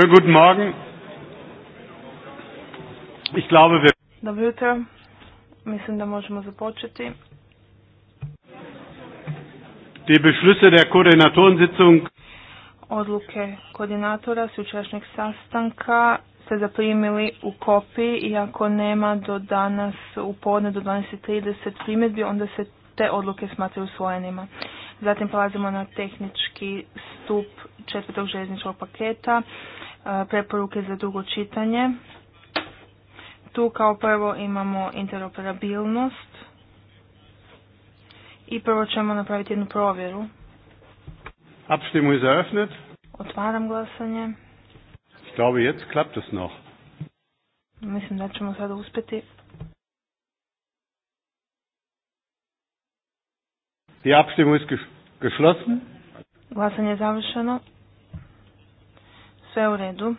Schönen guten Morgen. Ich glaube, wir... Dobro jutro. Mislim da možemo započeti. Die Beschlüsse der Koordinatorensitzung. Odluke koordinatora s jučerašnjeg sastanka ste zaprimili u kopiji i ako nema do danas u podne do 12.30 primjedbi, onda se te odluke smatraju usvojenima. Zatim prelazimo na tehnički stup četvrtog željezničkog paketa preporuke za drugo čitanje. Tu kao prvo imamo interoperabilnost i prvo ćemo napraviti jednu provjeru. Abstimmung ist Otvaram glasanje. Ich glaube, jetzt klappt es noch. Mislim da ćemo sada uspjeti. Die Abstimmung ist geschlossen. Glasanje je završeno. Sve u redu.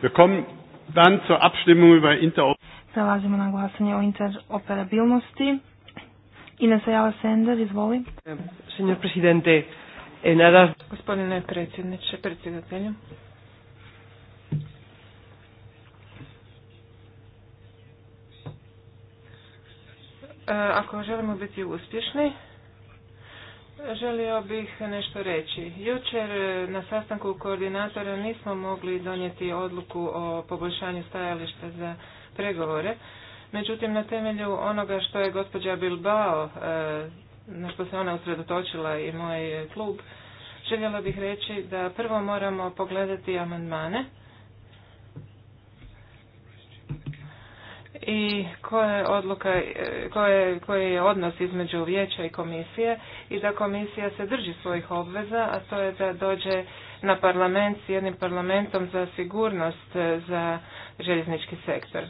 Wir dann zur Abstimmung über Prelazimo na glasanje o interoperabilnosti. Inesa Java Sender, izvoli. Senjor presidente, en aras... Gospodine predsjedniče, predsjedatelju. E, ako želimo biti uspješni, Želio bih nešto reći. Jučer e, na sastanku koordinatora nismo mogli donijeti odluku o poboljšanju stajališta za pregovore. Međutim, na temelju onoga što je gospođa Bilbao, e, na što se ona usredotočila i moj klub, željela bih reći da prvo moramo pogledati amandmane i koje odluka, e, koje, koji je odnos između vijeća i komisije i da komisija se drži svojih obveza, a to je da dođe na parlament s jednim parlamentom za sigurnost e, za željeznički sektor.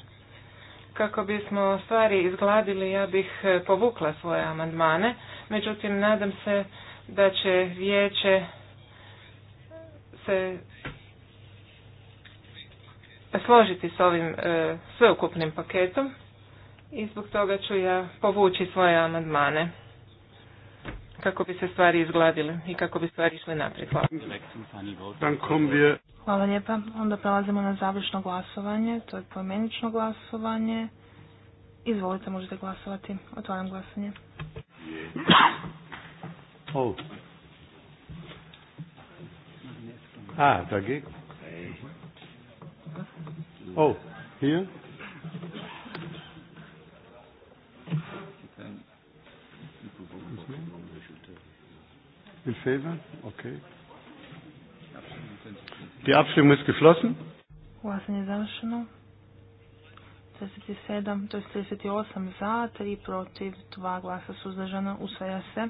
Kako bismo stvari izgladili, ja bih e, povukla svoje amandmane, međutim nadam se da će vijeće se složiti s ovim e, sveukupnim paketom i zbog toga ću ja povući svoje amandmane kako bi se stvari izgladile i kako bi stvari išle naprijed. Hvala. Hvala lijepa. Onda prelazimo na završno glasovanje. To je pojmenično glasovanje. Izvolite, možete glasovati. Otvaram glasanje. Oh. A, je. Oh, here? In favor? Okay. Die Abstimmung ist geschlossen. Glasanje je završeno. 37, to je 38 za, 3 protiv, 2 glasa su suzdržana, usvaja se.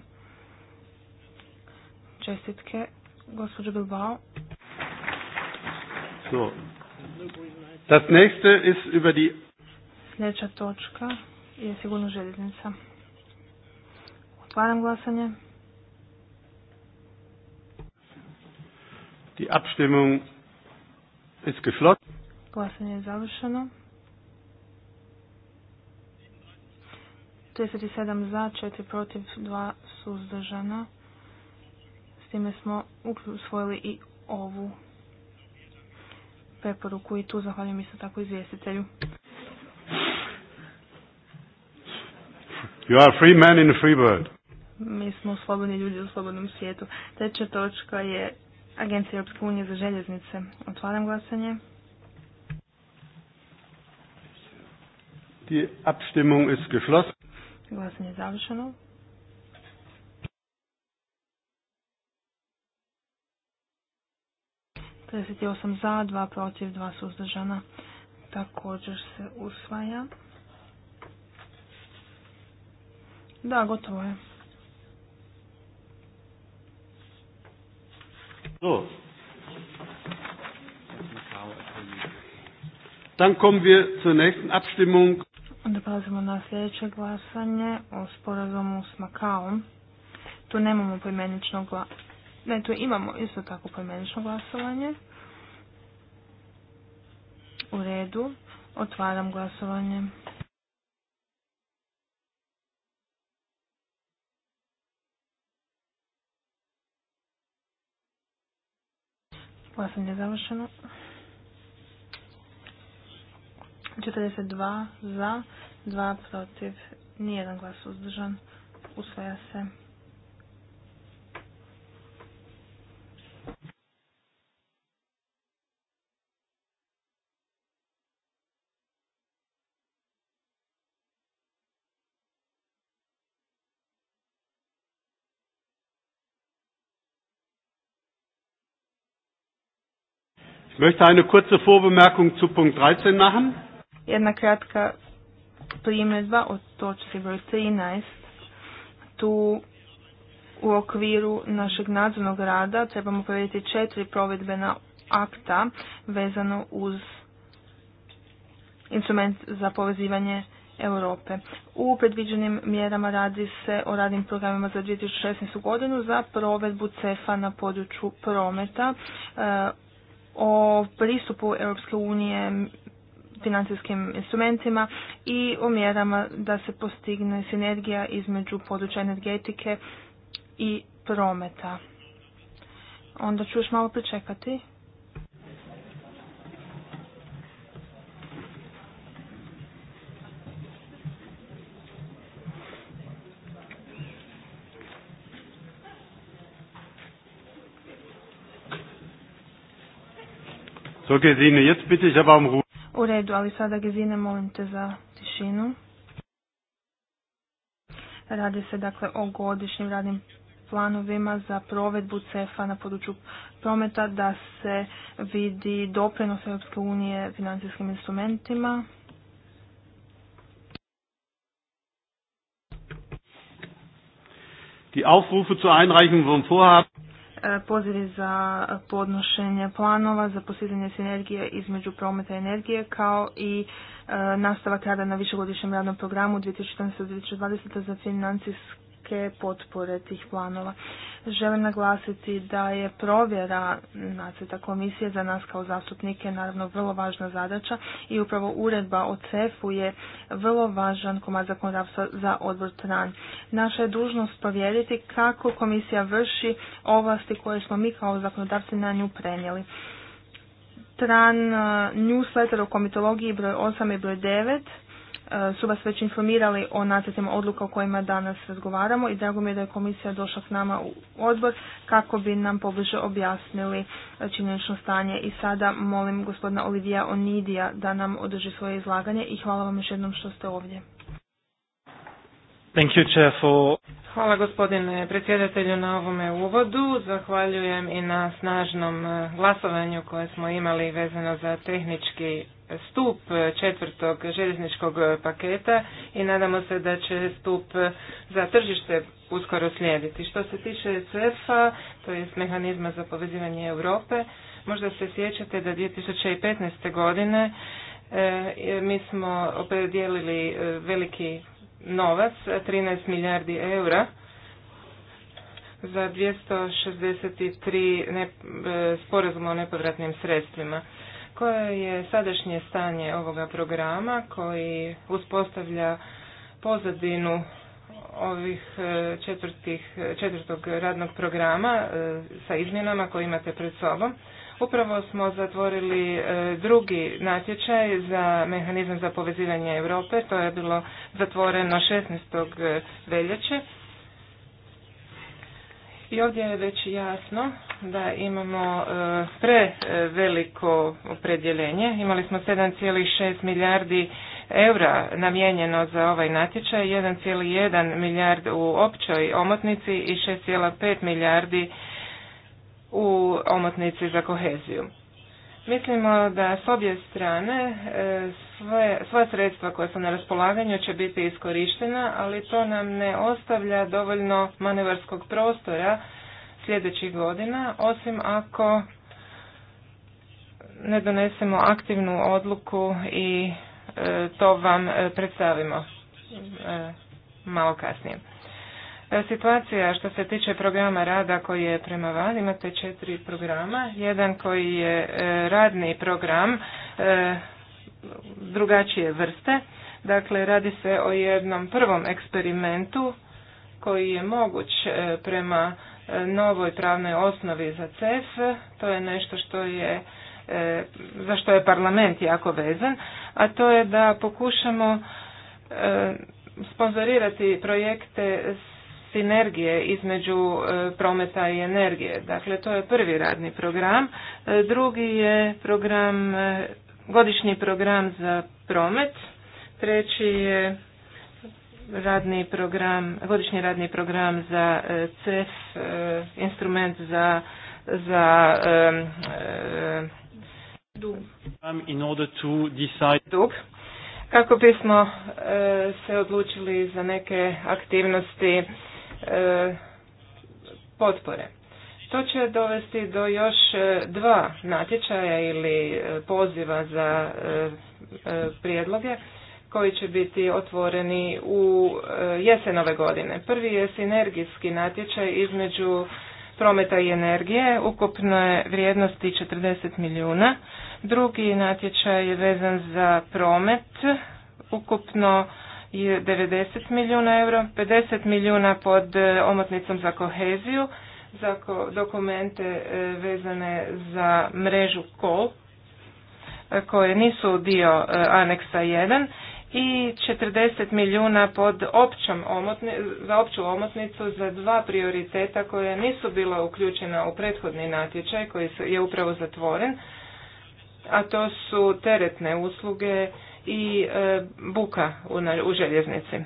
Čestitke, gospođo Bilbao. So, Das nächste ist über die Sljedeća točka je sigurno željeznica. Otvaram glasanje. Die Abstimmung ist geschlossen. Glasanje je završeno. 37 za, 4 protiv, 2 suzdržana. S time smo usvojili i ovu preporuku i tu zahvaljujem isto tako izvjestitelju. You are free man in a free world. Mi smo slobodni ljudi u slobodnom svijetu. Treća točka je Agencija Europske unije za željeznice. Otvaram glasanje. Die Abstimmung ist geschlossen. Glasanje je završeno. 38 za, 2 protiv, 2 suzdržana. Također se usvaja. Da, gotovo je. So. Dann kommen wir zur nächsten Abstimmung. Onda prelazimo na sljedeće glasanje o sporazumu s Makaom. Tu nemamo poimenično glasanje ne, tu imamo isto tako pojmenično glasovanje. U redu. Otvaram glasovanje. Glasanje je završeno. 42 za, 2 protiv, nijedan glas uzdržan. Usvaja se. Ich möchte eine kurze Vorbemerkung zu Punkt 13 machen. Jedna kratka primjedba od točke broj 13. Tu u okviru našeg nadzornog rada trebamo provjeriti četiri provedbena akta vezano uz instrument za povezivanje Europe. U predviđenim mjerama radi se o radnim programima za 2016. godinu za provedbu CEFA na području prometa, e, o pristupu Europske unije financijskim instrumentima i o mjerama da se postigne sinergija između područja energetike, i prometa. Onda ću još malo pričekati. So, jetzt bitte ich Ruhe. U redu, ali sada Gezine molim te za tišinu. Radi se dakle o godišnjim radnim planovima za provedbu CEFA na području prometa da se vidi doprinos Europske unije financijskim instrumentima. Die Aufrufe zur Einreichung von Vorhaben e, pozivi za podnošenje planova za postizanje sinergije između prometa i energije kao i e, nastavak rada na višegodišnjem radnom programu 2014-2020 za financijsku potpore tih planova. Želim naglasiti da je provjera nacrta komisije za nas kao zastupnike naravno vrlo važna zadaća i upravo uredba o CEF-u je vrlo važan komad zakonodavstva za odbor TRAN. Naša je dužnost provjeriti kako komisija vrši ovlasti koje smo mi kao zakonodavci na nju prenijeli. TRAN eh, newsletter o komitologiji broj 8 i broj 9 E, su vas već informirali o nacrtima odluka o kojima danas razgovaramo i drago mi je da je komisija došla k nama u odbor kako bi nam pobliže objasnili e, činjenično stanje. I sada molim gospodina Olivija Onidija da nam održi svoje izlaganje i hvala vam još jednom što ste ovdje. Thank you, Hvala gospodine predsjedatelju na ovome uvodu. Zahvaljujem i na snažnom e, glasovanju koje smo imali vezano za tehnički stup četvrtog željezničkog paketa i nadamo se da će stup za tržište uskoro slijediti. Što se tiče CEF-a, to je mehanizma za povezivanje Europe, možda se sjećate da 2015. godine e, mi smo opredijelili e, veliki novac, 13 milijardi eura, za 263 ne, e, sporazuma o nepovratnim sredstvima koje je sadašnje stanje ovoga programa koji uspostavlja pozadinu ovih e, četvrtih, četvrtog radnog programa e, sa izmjenama koje imate pred sobom. Upravo smo zatvorili e, drugi natječaj za mehanizam za povezivanje Europe, to je bilo zatvoreno 16. veljače i ovdje je već jasno da imamo e, preveliko opredjeljenje. Imali smo 7,6 milijardi eura namijenjeno za ovaj natječaj, 1,1 milijard u općoj omotnici i 6,5 milijardi u omotnici za koheziju. Mislimo da s obje strane e, sve, sva sredstva koja su na raspolaganju će biti iskorištena, ali to nam ne ostavlja dovoljno manevarskog prostora sljedećih godina, osim ako ne donesemo aktivnu odluku i e, to vam e, predstavimo e, malo kasnije. Situacija što se tiče programa rada koji je prema van, imate četiri programa. Jedan koji je radni program drugačije vrste. Dakle, radi se o jednom prvom eksperimentu koji je moguć e, prema e, novoj pravnoj osnovi za CEF. To je nešto što je e, za što je parlament jako vezan, a to je da pokušamo sponzorirati projekte sinergije između prometa i energije. Dakle, to je prvi radni program. Drugi je program godišnji program za promet, treći je radni program, godišnji radni program za e, CEF, e, instrument za, za e, In order to decide... dug. Kako bismo se odlučili za neke aktivnosti potpore. To će dovesti do još e, dva natječaja ili e, poziva za e, prijedloge koji će biti otvoreni u jesen ove godine. Prvi je sinergijski natječaj između prometa i energije, ukupno je vrijednosti 40 milijuna. Drugi natječaj je vezan za promet, ukupno je 90 milijuna euro, 50 milijuna pod omotnicom za koheziju za dokumente e, vezane za mrežu col e, koje nisu dio e, aneksa 1 i 40 milijuna pod općom za opću omotnicu za dva prioriteta koje nisu bila uključena u prethodni natječaj koji je upravo zatvoren, a to su teretne usluge i buka u željeznici.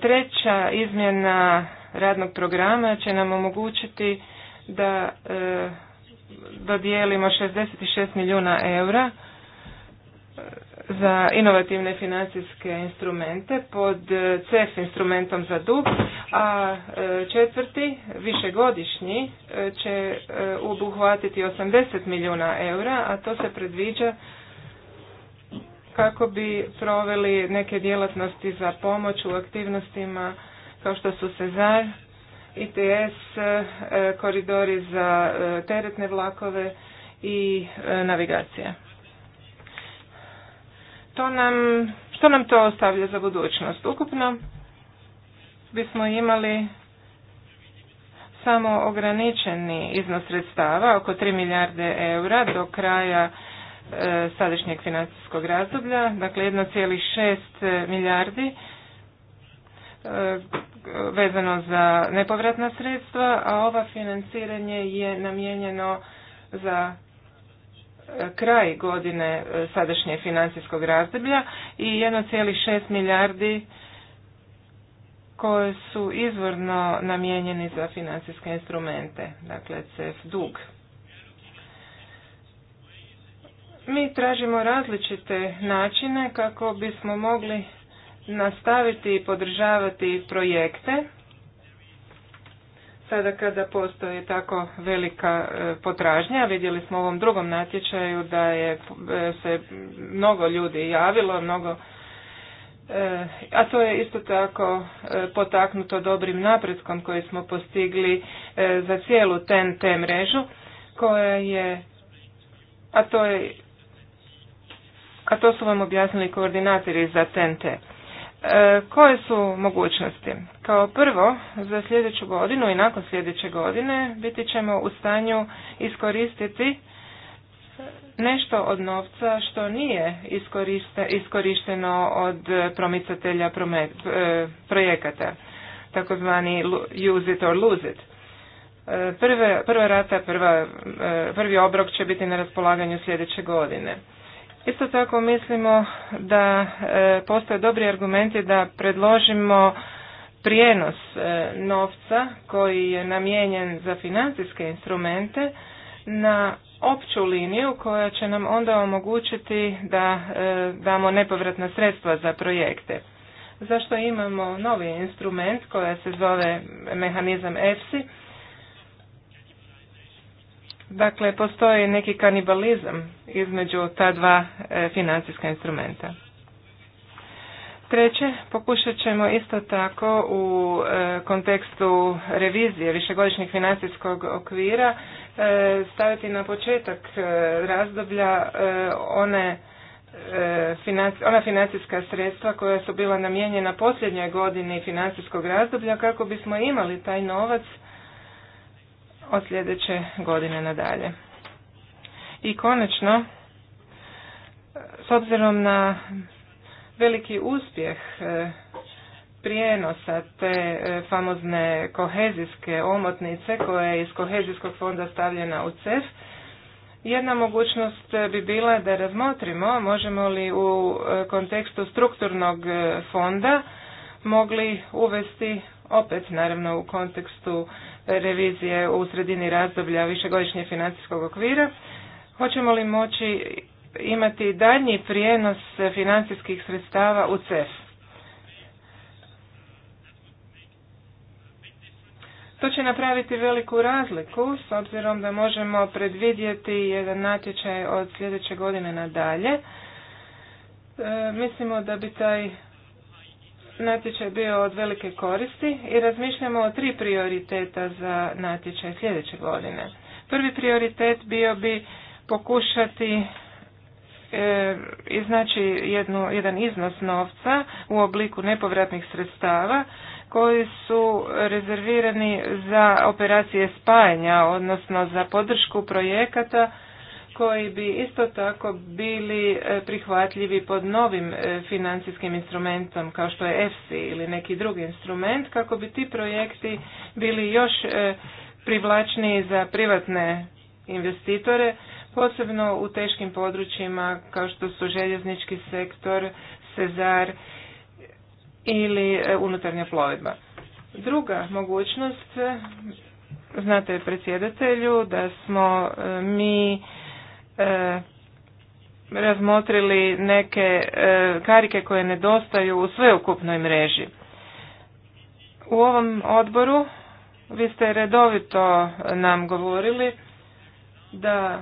Treća izmjena radnog programa će nam omogućiti da e, dodijelimo 66 milijuna eura e, za inovativne financijske instrumente pod e, CEF instrumentom za dug, a četvrti, višegodišnji, će obuhvatiti 80 milijuna eura, a to se predviđa kako bi proveli neke djelatnosti za pomoć u aktivnostima kao što su Sezar, ITS, e, koridori za e, teretne vlakove i e, navigacija. To nam, što nam to ostavlja za budućnost? Ukupno bismo imali samo ograničeni iznos sredstava, oko 3 milijarde eura do kraja E, sadašnjeg financijskog razdoblja, dakle 1,6 milijardi e, vezano za nepovratna sredstva, a ova financiranje je namijenjeno za e, kraj godine sadašnje financijskog razdoblja i 1,6 milijardi koje su izvorno namijenjeni za financijske instrumente, dakle CEF dug. Mi tražimo različite načine kako bismo mogli nastaviti i podržavati projekte sada kada postoji tako velika e, potražnja, vidjeli smo u ovom drugom natječaju da je e, se mnogo ljudi javilo, mnogo e, a to je isto tako potaknuto dobrim napretkom koji smo postigli za cijelu TNT mrežu koja je a to je a to su vam objasnili koordinatori za TNT. E, koje su mogućnosti? Kao prvo, za sljedeću godinu i nakon sljedeće godine biti ćemo u stanju iskoristiti nešto od novca što nije iskorišteno od promicatelja e, projekata, takozvani use it or lose it. E, prva rata, prva, prvi obrok će biti na raspolaganju sljedeće godine. Isto tako mislimo da e, postoje dobri argumenti da predložimo prijenos e, novca koji je namijenjen za financijske instrumente na opću liniju koja će nam onda omogućiti da e, damo nepovratna sredstva za projekte. Zašto imamo novi instrument koja se zove mehanizam EFSI Dakle, postoji neki kanibalizam između ta dva e, financijska instrumenta. Treće, pokušat ćemo isto tako u e, kontekstu revizije višegodišnjeg financijskog okvira e, staviti na početak razdoblja one ona financijska sredstva koja su bila namijenjena posljednjoj godini financijskog razdoblja kako bismo imali taj novac od sljedeće godine nadalje. I konačno, s obzirom na veliki uspjeh e, prijenosa te e, famozne kohezijske omotnice koja je iz kohezijskog fonda stavljena u CEF, jedna mogućnost e, bi bila da razmotrimo možemo li u kontekstu strukturnog fonda mogli uvesti opet naravno u kontekstu revizije u sredini razdoblja višegodišnje financijskog okvira. Hoćemo li moći imati daljnji prijenos financijskih sredstava u CEF? To će napraviti veliku razliku s obzirom da možemo predvidjeti jedan natječaj od sljedeće godine nadalje. E, mislimo da bi taj natječaj bio od velike koristi i razmišljamo o tri prioriteta za natječaj sljedeće godine. Prvi prioritet bio bi pokušati e, iznaći jedan iznos novca u obliku nepovratnih sredstava koji su rezervirani za operacije spajanja, odnosno za podršku projekata koji bi isto tako bili e, prihvatljivi pod novim e, financijskim instrumentom kao što je EFSI ili neki drugi instrument kako bi ti projekti bili još e, privlačniji za privatne investitore posebno u teškim područjima kao što su željeznički sektor, Cezar ili unutarnja plovidba. Druga mogućnost, znate predsjedatelju, da smo mi E, razmotrili neke e, karike koje nedostaju u sveukupnoj mreži. U ovom odboru vi ste redovito nam govorili da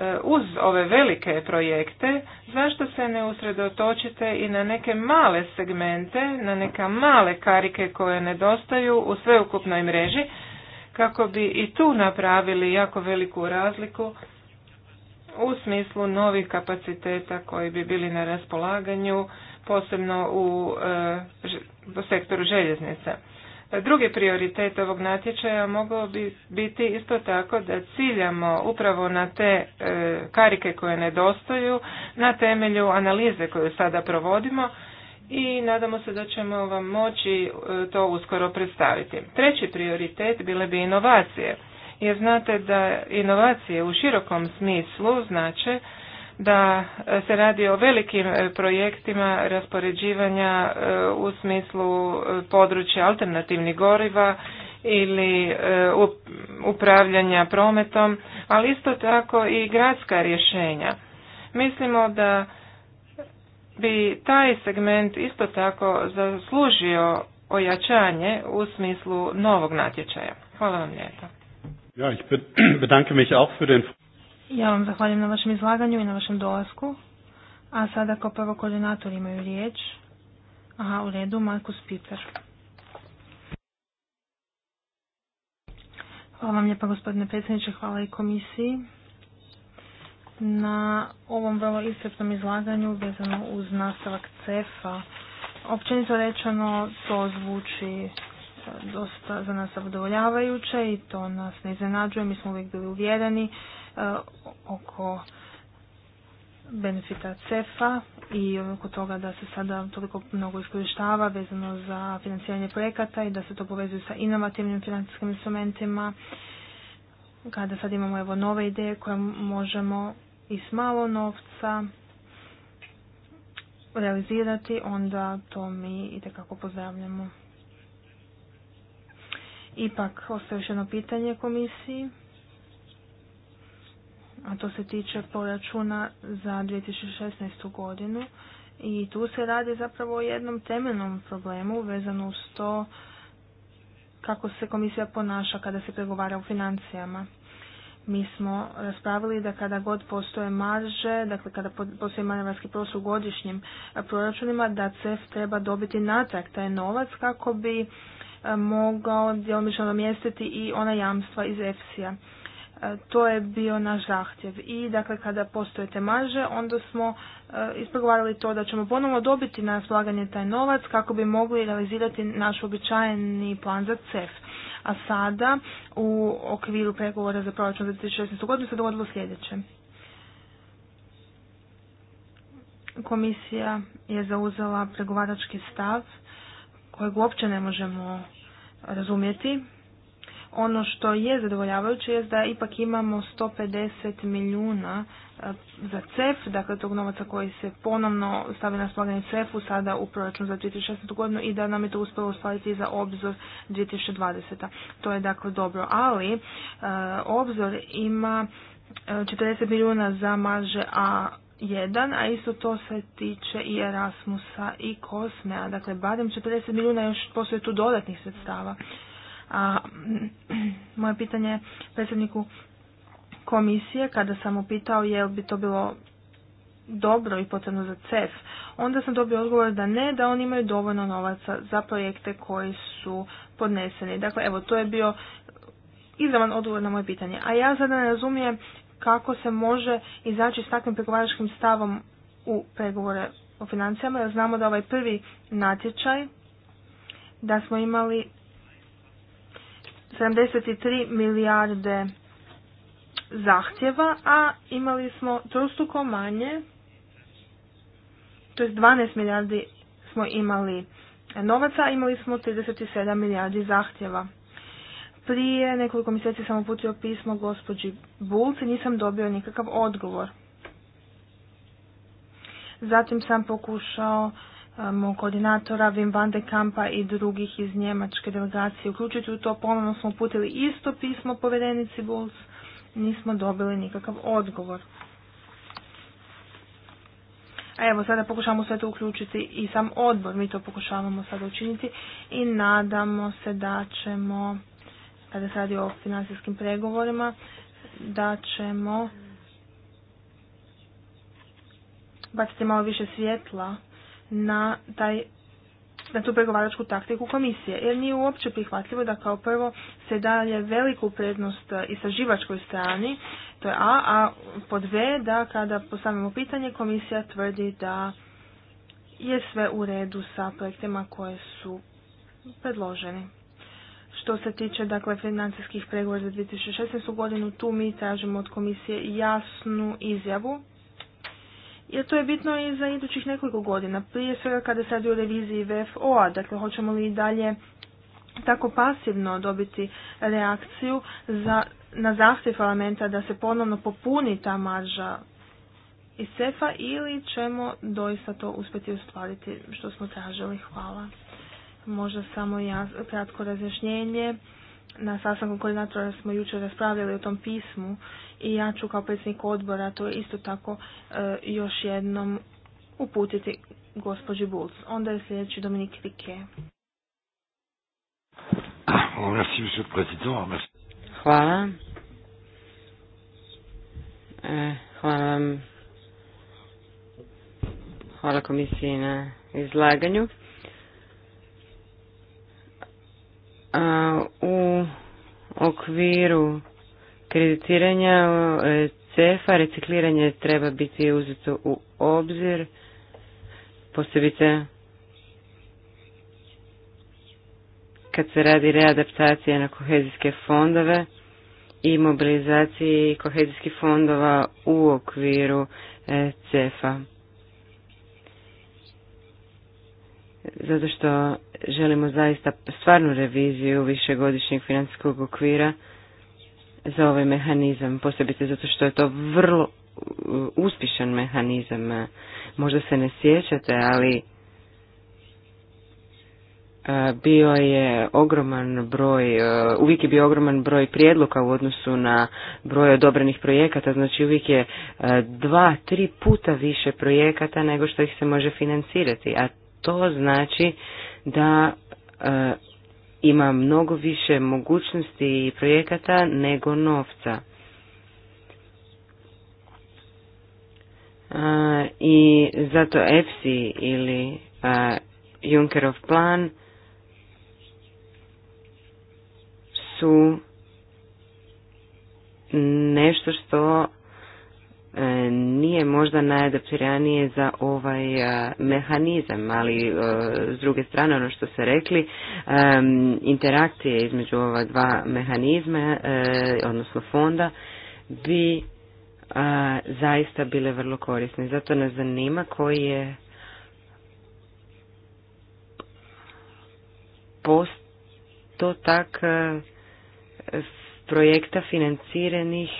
e, uz ove velike projekte, zašto se ne usredotočite i na neke male segmente, na neka male karike koje nedostaju u sveukupnoj mreži, kako bi i tu napravili jako veliku razliku u smislu novih kapaciteta koji bi bili na raspolaganju, posebno u, e, u sektoru željeznice. Drugi prioritet ovog natječaja mogao bi biti isto tako da ciljamo upravo na te e, karike koje nedostaju na temelju analize koju sada provodimo i nadamo se da ćemo vam moći e, to uskoro predstaviti. Treći prioritet bile bi inovacije jer znate da inovacije u širokom smislu znače da se radi o velikim e, projektima raspoređivanja e, u smislu e, područja alternativnih goriva ili upravljanja prometom, ali isto tako i gradska rješenja. Mislimo da bi taj segment isto tako zaslužio ojačanje u smislu novog natječaja. Hvala vam lijepa. Ja, ich bedanke mich auch für den... Ja vam zahvaljujem na vašem izlaganju i na vašem dolasku. A sada kao prvo koordinator imaju riječ. Aha, u redu, Markus Piper. Hvala vam lijepa gospodine predsjedniče, hvala i komisiji na ovom vrlo iscrpnom izlaganju vezano uz nastavak CEFA. Općenito rečeno to zvuči dosta za nas zadovoljavajuće i to nas ne iznenađuje. Mi smo uvijek bili uvjereni e, oko benefita CEFA i oko toga da se sada toliko mnogo iskorištava vezano za financiranje projekata i da se to povezuje sa inovativnim financijskim instrumentima. Kada sad imamo evo nove ideje koje možemo i s malo novca realizirati, onda to mi itekako pozdravljamo. Ipak ostaje još jedno pitanje komisiji, a to se tiče proračuna za 2016. godinu i tu se radi zapravo o jednom temeljnom problemu vezano uz to kako se komisija ponaša kada se pregovara o financijama. Mi smo raspravili da kada god postoje marže, dakle kada postoji manevarski prostor u godišnjim proračunima, da CEF treba dobiti natrag taj novac kako bi mogao djelomično namjestiti i ona jamstva iz EFSI-a. E, to je bio naš zahtjev. I dakle kada postoje te marže onda smo e, ispregovarali to da ćemo ponovno dobiti na slaganje taj novac kako bi mogli realizirati naš običajeni plan za CEF. A sada u okviru pregovora za proračun za 2016. godinu se dogodilo sljedeće. Komisija je zauzela pregovarački stav kojeg uopće ne možemo razumjeti. Ono što je zadovoljavajuće je da ipak imamo 150 milijuna e, za CEF, dakle tog novaca koji se ponovno stavi na slaganje CEF-u sada u proračun za 2016. godinu i da nam je to uspjelo ostvariti za obzor 2020. To je dakle dobro, ali e, obzor ima 40 e, milijuna za marže A jedan, a isto to se tiče i Erasmusa i Kosmea, dakle barem 40 milijuna još postoje tu dodatnih sredstava. A, moje pitanje predsjedniku komisije, kada sam upitao je li bi to bilo dobro i potrebno za CEF, onda sam dobio odgovor da ne, da oni imaju dovoljno novaca za projekte koji su podneseni. Dakle, evo, to je bio izravan odgovor na moje pitanje. A ja sada ne razumijem kako se može izaći s takvim pregovaračkim stavom u pregovore o financijama, jer znamo da ovaj prvi natječaj, da smo imali 73 milijarde zahtjeva, a imali smo trostruko manje, to je 12 milijardi smo imali novaca, a imali smo 37 milijardi zahtjeva prije nekoliko mjeseci sam uputio pismo gospođi Bulci, nisam dobio nikakav odgovor. Zatim sam pokušao e, mog koordinatora Wim van de Kampa i drugih iz njemačke delegacije uključiti u to. Ponovno smo uputili isto pismo povjerenici Bulc, nismo dobili nikakav odgovor. A evo, sada pokušavamo sve to uključiti i sam odbor, mi to pokušavamo sada učiniti i nadamo se da ćemo kada se radi o financijskim pregovorima, da ćemo baciti malo više svjetla na taj na tu pregovaračku taktiku komisije, jer nije uopće prihvatljivo da kao prvo se dalje veliku prednost istraživačkoj strani, to je A, a pod V da kada postavimo pitanje, komisija tvrdi da je sve u redu sa projektima koje su predloženi. Što se tiče dakle financijskih pregovora za 2016. godinu, tu mi tražimo od komisije jasnu izjavu jer to je bitno i za idućih nekoliko godina. Prije svega kada se radi o reviziji VFO-a, dakle hoćemo li i dalje tako pasivno dobiti reakciju za, na zahtjev parlamenta da se ponovno popuni ta marža iz CEFA ili ćemo doista to uspjeti ostvariti što smo tražili. Hvala. Možda samo ja, kratko razjašnjenje. Na sastanku koordinatora smo jučer raspravljali o tom pismu i ja ću kao predsjednik odbora to isto tako e, još jednom uputiti gospođi Bulc. Onda je sljedeći Dominik Rike. Hvala. E, hvala vam. Hvala komisiji na izlaganju. u okviru kreditiranja e, CEFA recikliranje treba biti uzeto u obzir, posebice kad se radi readaptacije na kohezijske fondove i mobilizaciji kohezijskih fondova u okviru e, CEFA. Zato što želimo zaista stvarnu reviziju višegodišnjeg financijskog okvira za ovaj mehanizam, posebice zato što je to vrlo uh, uspješan mehanizam. Možda se ne sjećate, ali uh, bio je ogroman broj, uh, uvijek je bio ogroman broj prijedloga u odnosu na broj odobrenih projekata, znači uvijek je dva, tri puta više projekata nego što ih se može financirati, a to znači da e, ima mnogo više mogućnosti i projekata nego novca. E, I zato EFSI ili e, junkerov plan su nešto što E, nije možda najadaptiranije za ovaj e, mehanizam, ali e, s druge strane ono što ste rekli, interakcije između ova dva mehanizma, odnosno fonda, bi zaista bile vrlo korisne. Zato nas zanima koji je postotak projekta financiranih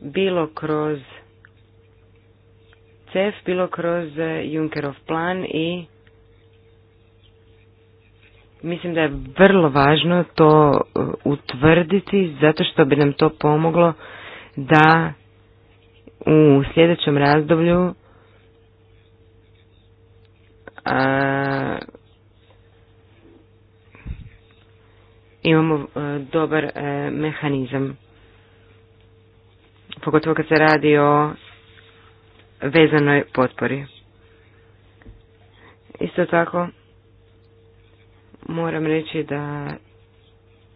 bilo kroz CEF, bilo kroz e, Junkerov plan i mislim da je vrlo važno to e, utvrditi zato što bi nam to pomoglo da u sljedećem razdoblju imamo e, dobar mehanizam pogotovo kad se radi o vezanoj potpori. Isto tako moram reći da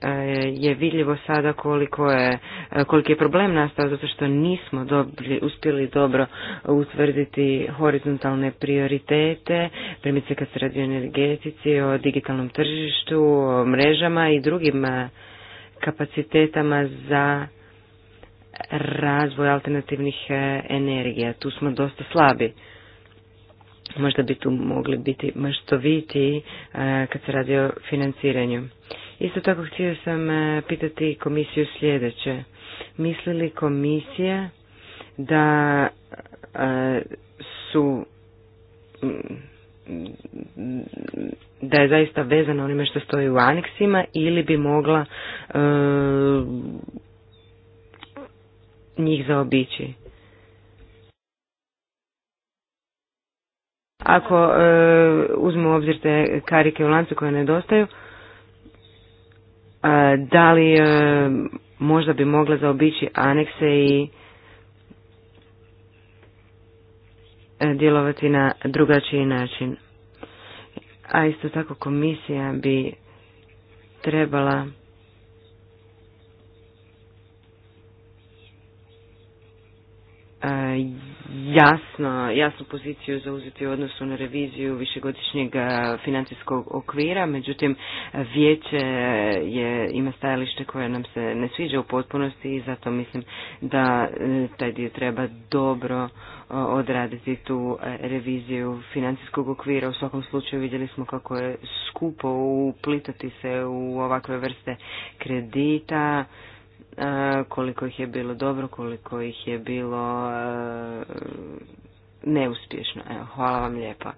e, je vidljivo sada koliko je, e, koliki je problem nastao zato što nismo dobili uspjeli dobro utvrditi horizontalne prioritete, primice kad se radi o energetici, o digitalnom tržištu, o mrežama i drugim e, kapacitetama za razvoj alternativnih e, energija. Tu smo dosta slabi. Možda bi tu mogli biti maštoviti e, kad se radi o financiranju. Isto tako htio sam e, pitati komisiju sljedeće. Misli li komisija da su mm, da je zaista vezana onime što stoji u aneksima ili bi mogla njih zaobići. Ako e, uzmemo u obzir te karike u lancu koje nedostaju, e, da li e, možda bi mogla zaobići anekse i e, djelovati na drugačiji način. A isto tako komisija bi trebala E, jasno, jasnu poziciju zauzeti u odnosu na reviziju višegodišnjeg e, financijskog okvira, međutim vijeće je, ima stajalište koje nam se ne sviđa u potpunosti i zato mislim da e, taj dio treba dobro odraditi tu reviziju financijskog okvira. U svakom slučaju vidjeli smo kako je skupo uplitati se u ovakve vrste kredita, E, koliko ih je bilo dobro, koliko ih je bilo e, neuspješno. Evo, hvala vam lijepa.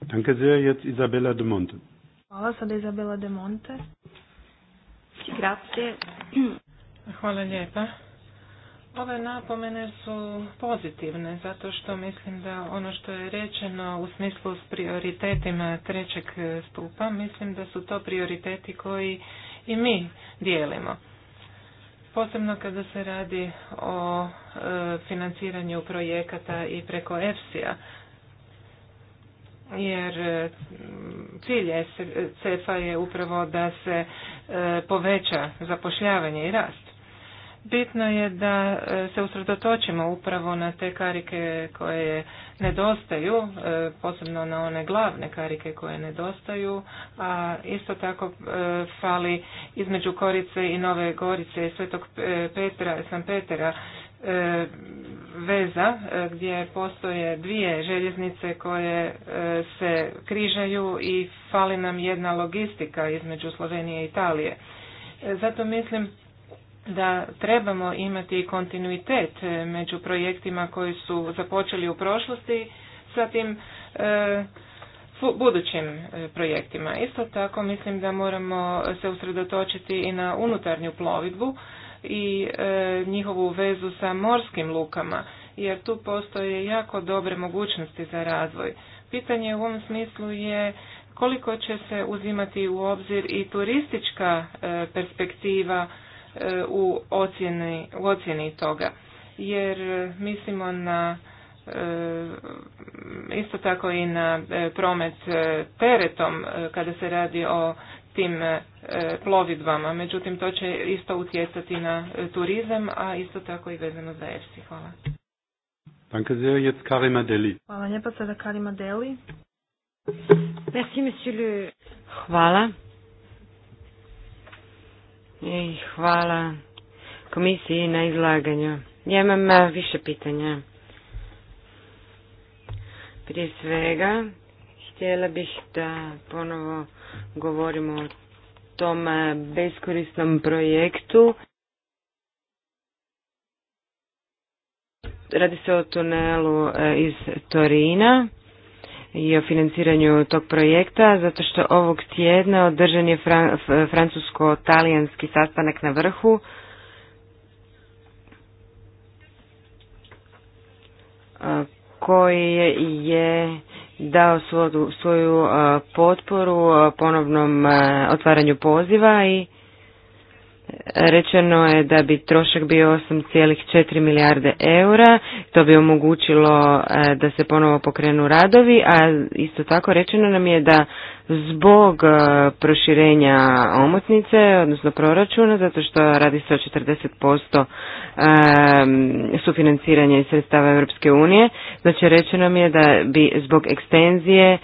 Danke sehr, jetzt Isabella de Monte. Hvala, sada Isabella de Monte. Grazie. Hvala lijepa. Ove napomene su pozitivne zato što mislim da ono što je rečeno u smislu s prioritetima trećeg stupa, mislim da su to prioriteti koji i mi dijelimo. Posebno kada se radi o e, financiranju projekata i preko EFSI-a, jer e, cilj CEFA je upravo da se e, poveća zapošljavanje i rast. Bitno je da e, se usredotočimo upravo na te karike koje nedostaju, e, posebno na one glavne karike koje nedostaju, a isto tako e, fali između Korice i Nove Gorice i Svetog Petra, San Petera veza gdje postoje dvije željeznice koje se križaju i fali nam jedna logistika između Slovenije i Italije. Zato mislim da trebamo imati kontinuitet među projektima koji su započeli u prošlosti sa tim e, budućim e, projektima. Isto tako mislim da moramo se usredotočiti i na unutarnju plovidbu i e, njihovu vezu sa morskim lukama, jer tu postoje jako dobre mogućnosti za razvoj. Pitanje u ovom smislu je koliko će se uzimati u obzir i turistička perspektiva E, u ocjeni, u ocjeni toga. Jer e, mislimo na e, isto tako i na promet teretom kada se radi o tim plovidbama. Međutim, to će isto utjecati na turizam, a isto tako i vezano za EFSI. Hvala. Danke sehr, jetzt Karima Deli. Hvala lijepa sada Karima Deli. Merci, monsieur le... Hvala. I hvala komisiji na izlaganju. Ja imam eh, više pitanja. Prije svega, htjela bih da ponovo govorimo o tom eh, beskorisnom projektu. Radi se o tunelu eh, iz Torina i o financiranju tog projekta, zato što ovog tjedna održan je francusko-talijanski sastanak na vrhu. koji je dao svoju, svoju potporu ponovnom otvaranju poziva i Rečeno je da bi trošak bio 8,4 milijarde eura, to bi omogućilo e, da se ponovo pokrenu radovi, a isto tako rečeno nam je da zbog e, proširenja omotnice, odnosno proračuna, zato što radi se o 40% sufinanciranja iz sredstava Europske unije. Znači, rečeno nam je da bi zbog ekstenzije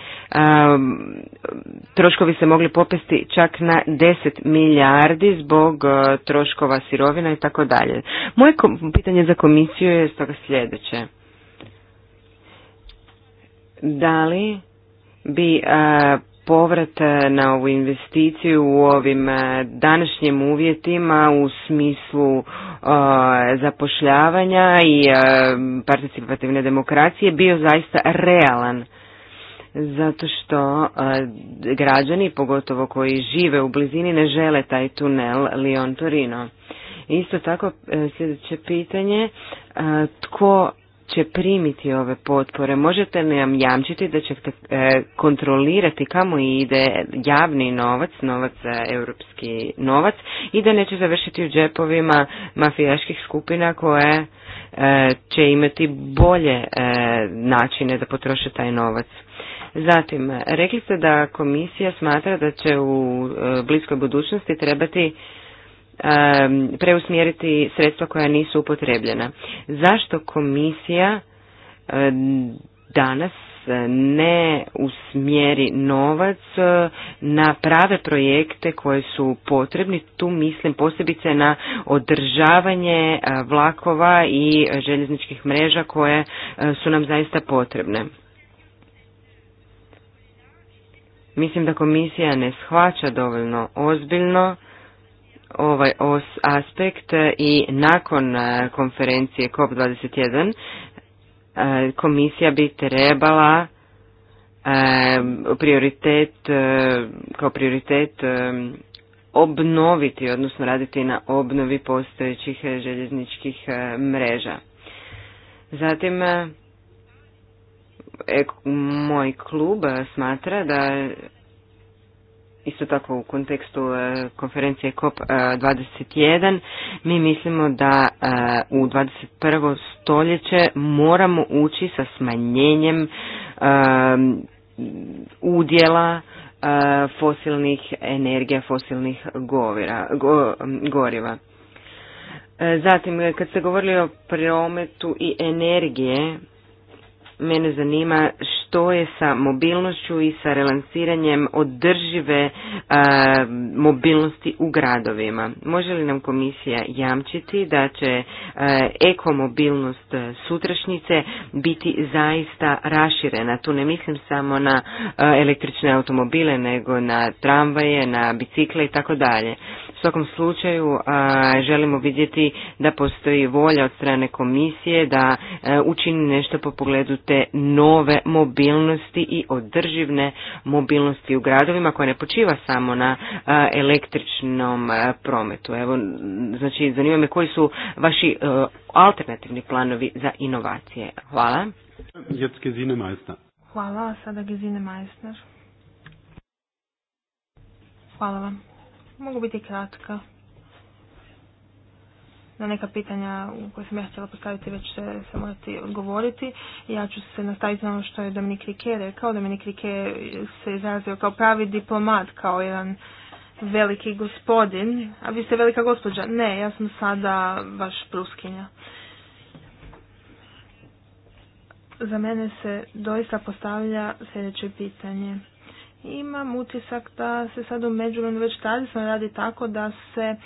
troškovi se mogli popesti čak na 10 milijardi zbog e, troškova sirovina i tako dalje. Moje pitanje za komisiju je stoga sljedeće. Da li bi e, povrat na ovu investiciju u ovim e, današnjim uvjetima u smislu e, zapošljavanja i e, participativne demokracije bio zaista realan zato što građani, pogotovo koji žive u blizini, ne žele taj tunel Lyon-Torino. Isto tako sljedeće pitanje, tko će primiti ove potpore? Možete li nam jamčiti da ćete e, kontrolirati kamo ide javni novac, novac za e, europski novac i da neće završiti u džepovima mafijaških skupina koje e, će imati bolje načine da potroše taj novac? Zatim, rekli ste da komisija smatra da će u bliskoj budućnosti trebati preusmjeriti sredstva koja nisu upotrebljena. Zašto komisija danas ne usmjeri novac na prave projekte koje su potrebni, tu mislim posebice na održavanje vlakova i željezničkih mreža koje su nam zaista potrebne. Mislim da komisija ne shvaća dovoljno ozbiljno ovaj os aspekt e, i nakon e, konferencije COP21 e, komisija bi trebala prioritet kao prioritet obnoviti, odnosno raditi na obnovi postojećih željezničkih mreža. Zatim, moj klub smatra da isto tako u kontekstu e, konferencije COP21, e, mi mislimo da e, u 21. stoljeće moramo ući sa smanjenjem udjela fosilnih energija, fosilnih goriva. Zatim, kad ste govorili o prometu i energije, Mene zanima što je sa mobilnošću i sa relansiranjem održive e, mobilnosti u gradovima. Može li nam komisija jamčiti da će e, ekomobilnost sutrašnjice biti zaista raširena? Tu ne mislim samo na e, električne automobile, nego na tramvaje, na bicikle i tako dalje. U svakom slučaju želimo vidjeti da postoji volja od strane komisije da e, učini nešto po pogledu te nove mobilnosti i održivne mobilnosti u gradovima koja ne počiva samo na električnom prometu. Evo, znači, zanima me koji su vaši e, alternativni planovi za inovacije. Hvala. Hvala, sada Hvala vam mogu biti kratka. Na neka pitanja u koje sam ja htjela postaviti već se, se morati odgovoriti. Ja ću se nastaviti na ono što je Dominik Rike rekao. Dominik Rike se izrazio kao pravi diplomat, kao jedan veliki gospodin. A vi ste velika gospođa. Ne, ja sam sada vaš pruskinja. Za mene se doista postavlja sljedeće pitanje. Imam utisak da se sad u međuvremenu već tradično radi tako da se e,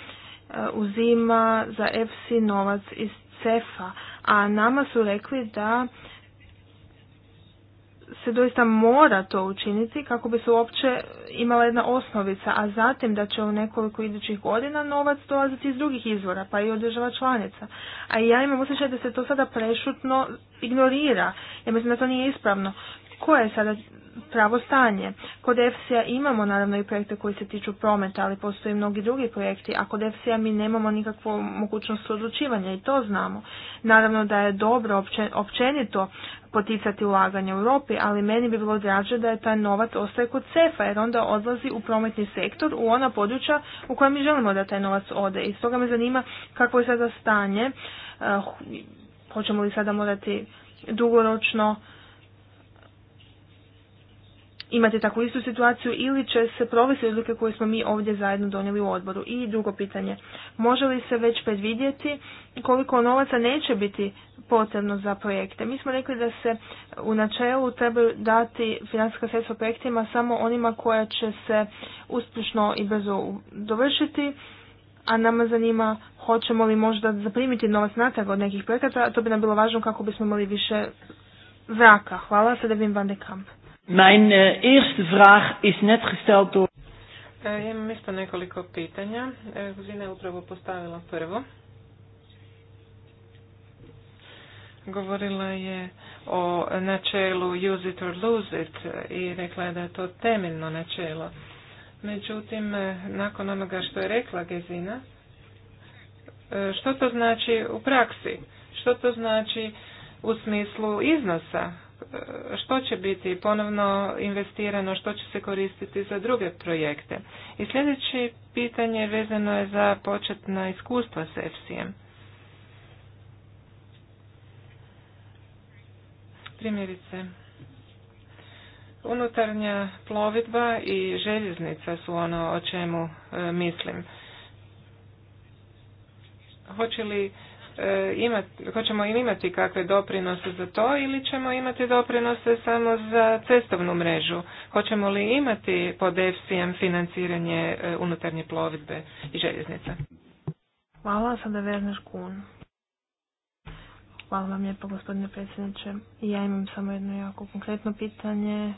uzima za EFSI novac iz CEFA, a nama su rekli da se doista mora to učiniti kako bi se uopće imala jedna osnovica, a zatim da će u nekoliko idućih godina novac dolaziti iz drugih izvora, pa i od država članica. A ja imam osjećaj da se to sada prešutno ignorira. Ja mislim da to nije ispravno koje je sada pravo stanje. Kod EFSI-a imamo naravno i projekte koji se tiču prometa, ali postoje mnogi drugi projekti, a kod EFSI-a mi nemamo nikakvu mogućnost odlučivanja i to znamo. Naravno da je dobro općenito poticati ulaganje u Europi, ali meni bi bilo draže da je taj novac ostaje kod cefa, jer onda odlazi u prometni sektor, u ona područja u koja mi želimo da taj novac ode. I stoga me zanima kakvo je sada stanje, eh, hoćemo li sada morati dugoročno imati takvu istu situaciju ili će se provesti odluke koje smo mi ovdje zajedno donijeli u odboru. I drugo pitanje, može li se već predvidjeti koliko novaca neće biti potrebno za projekte? Mi smo rekli da se u načelu trebaju dati financijska sredstva projektima samo onima koja će se uspješno i brzo dovršiti, a nama zanima hoćemo li možda zaprimiti novac natrag od nekih projekata, a to bi nam bilo važno kako bismo imali više zraka. Hvala, sada bim van de Mijn eh, eerste vraag is net gesteld door... E, imam isto nekoliko pitanja. E, je upravo postavila prvo. Govorila je o načelu use it or lose it e, i rekla je da je to temeljno načelo. Međutim, e, nakon onoga što je rekla Gezina, što to znači u praksi? Što to znači u smislu iznosa? što će biti ponovno investirano, što će se koristiti za druge projekte. I sljedeće pitanje vezano je za početna iskustva s EFSI-em. Primjerice, unutarnja plovidba i željeznica su ono o čemu e, mislim. Hoće li E, imati, hoćemo imati kakve doprinose za to ili ćemo imati doprinose samo za cestovnu mrežu? Hoćemo li imati pod FCM financiranje e, unutarnje plovidbe i željeznica? Hvala, sada verneš Kun. Hvala vam lijepo gospodine predsjedniče. Ja imam samo jedno jako konkretno pitanje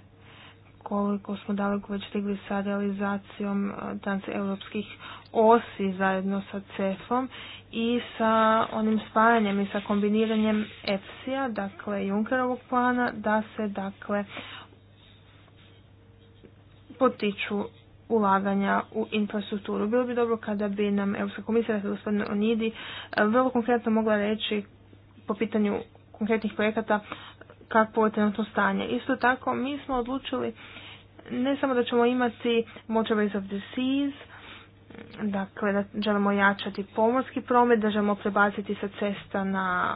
koliko smo daleko već stigli sa realizacijom e, europskih osi zajedno sa CEF-om i sa onim spajanjem i sa kombiniranjem EPSI-a, dakle Junkerovog plana, da se dakle potiču ulaganja u infrastrukturu. Bilo bi dobro kada bi nam Europska komisija, dakle gospodin Onidi, e, vrlo konkretno mogla reći po pitanju konkretnih projekata kakvo je trenutno stanje. Isto tako, mi smo odlučili ne samo da ćemo imati Motorways of the Seas, dakle da želimo jačati pomorski promet, da želimo prebaciti sa cesta na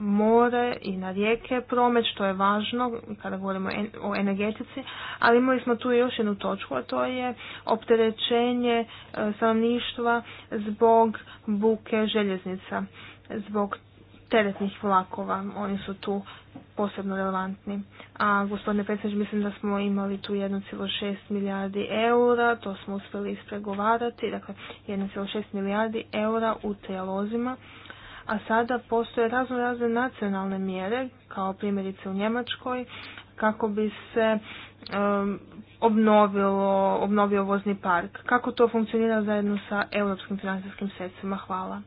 more i na rijeke promet, što je važno kada govorimo o energetici, ali imali smo tu još jednu točku, a to je opterećenje e, stanovništva zbog buke željeznica, zbog teretnih vlakova. Oni su tu posebno relevantni. A gospodine predsjedniče, mislim da smo imali tu 1,6 milijardi eura, to smo uspjeli ispregovarati, dakle 1,6 milijardi eura u trijalozima. A sada postoje razno razne nacionalne mjere, kao primjerice u Njemačkoj, kako bi se um, obnovilo, obnovio vozni park. Kako to funkcionira zajedno sa europskim financijskim sredstvima? Hvala.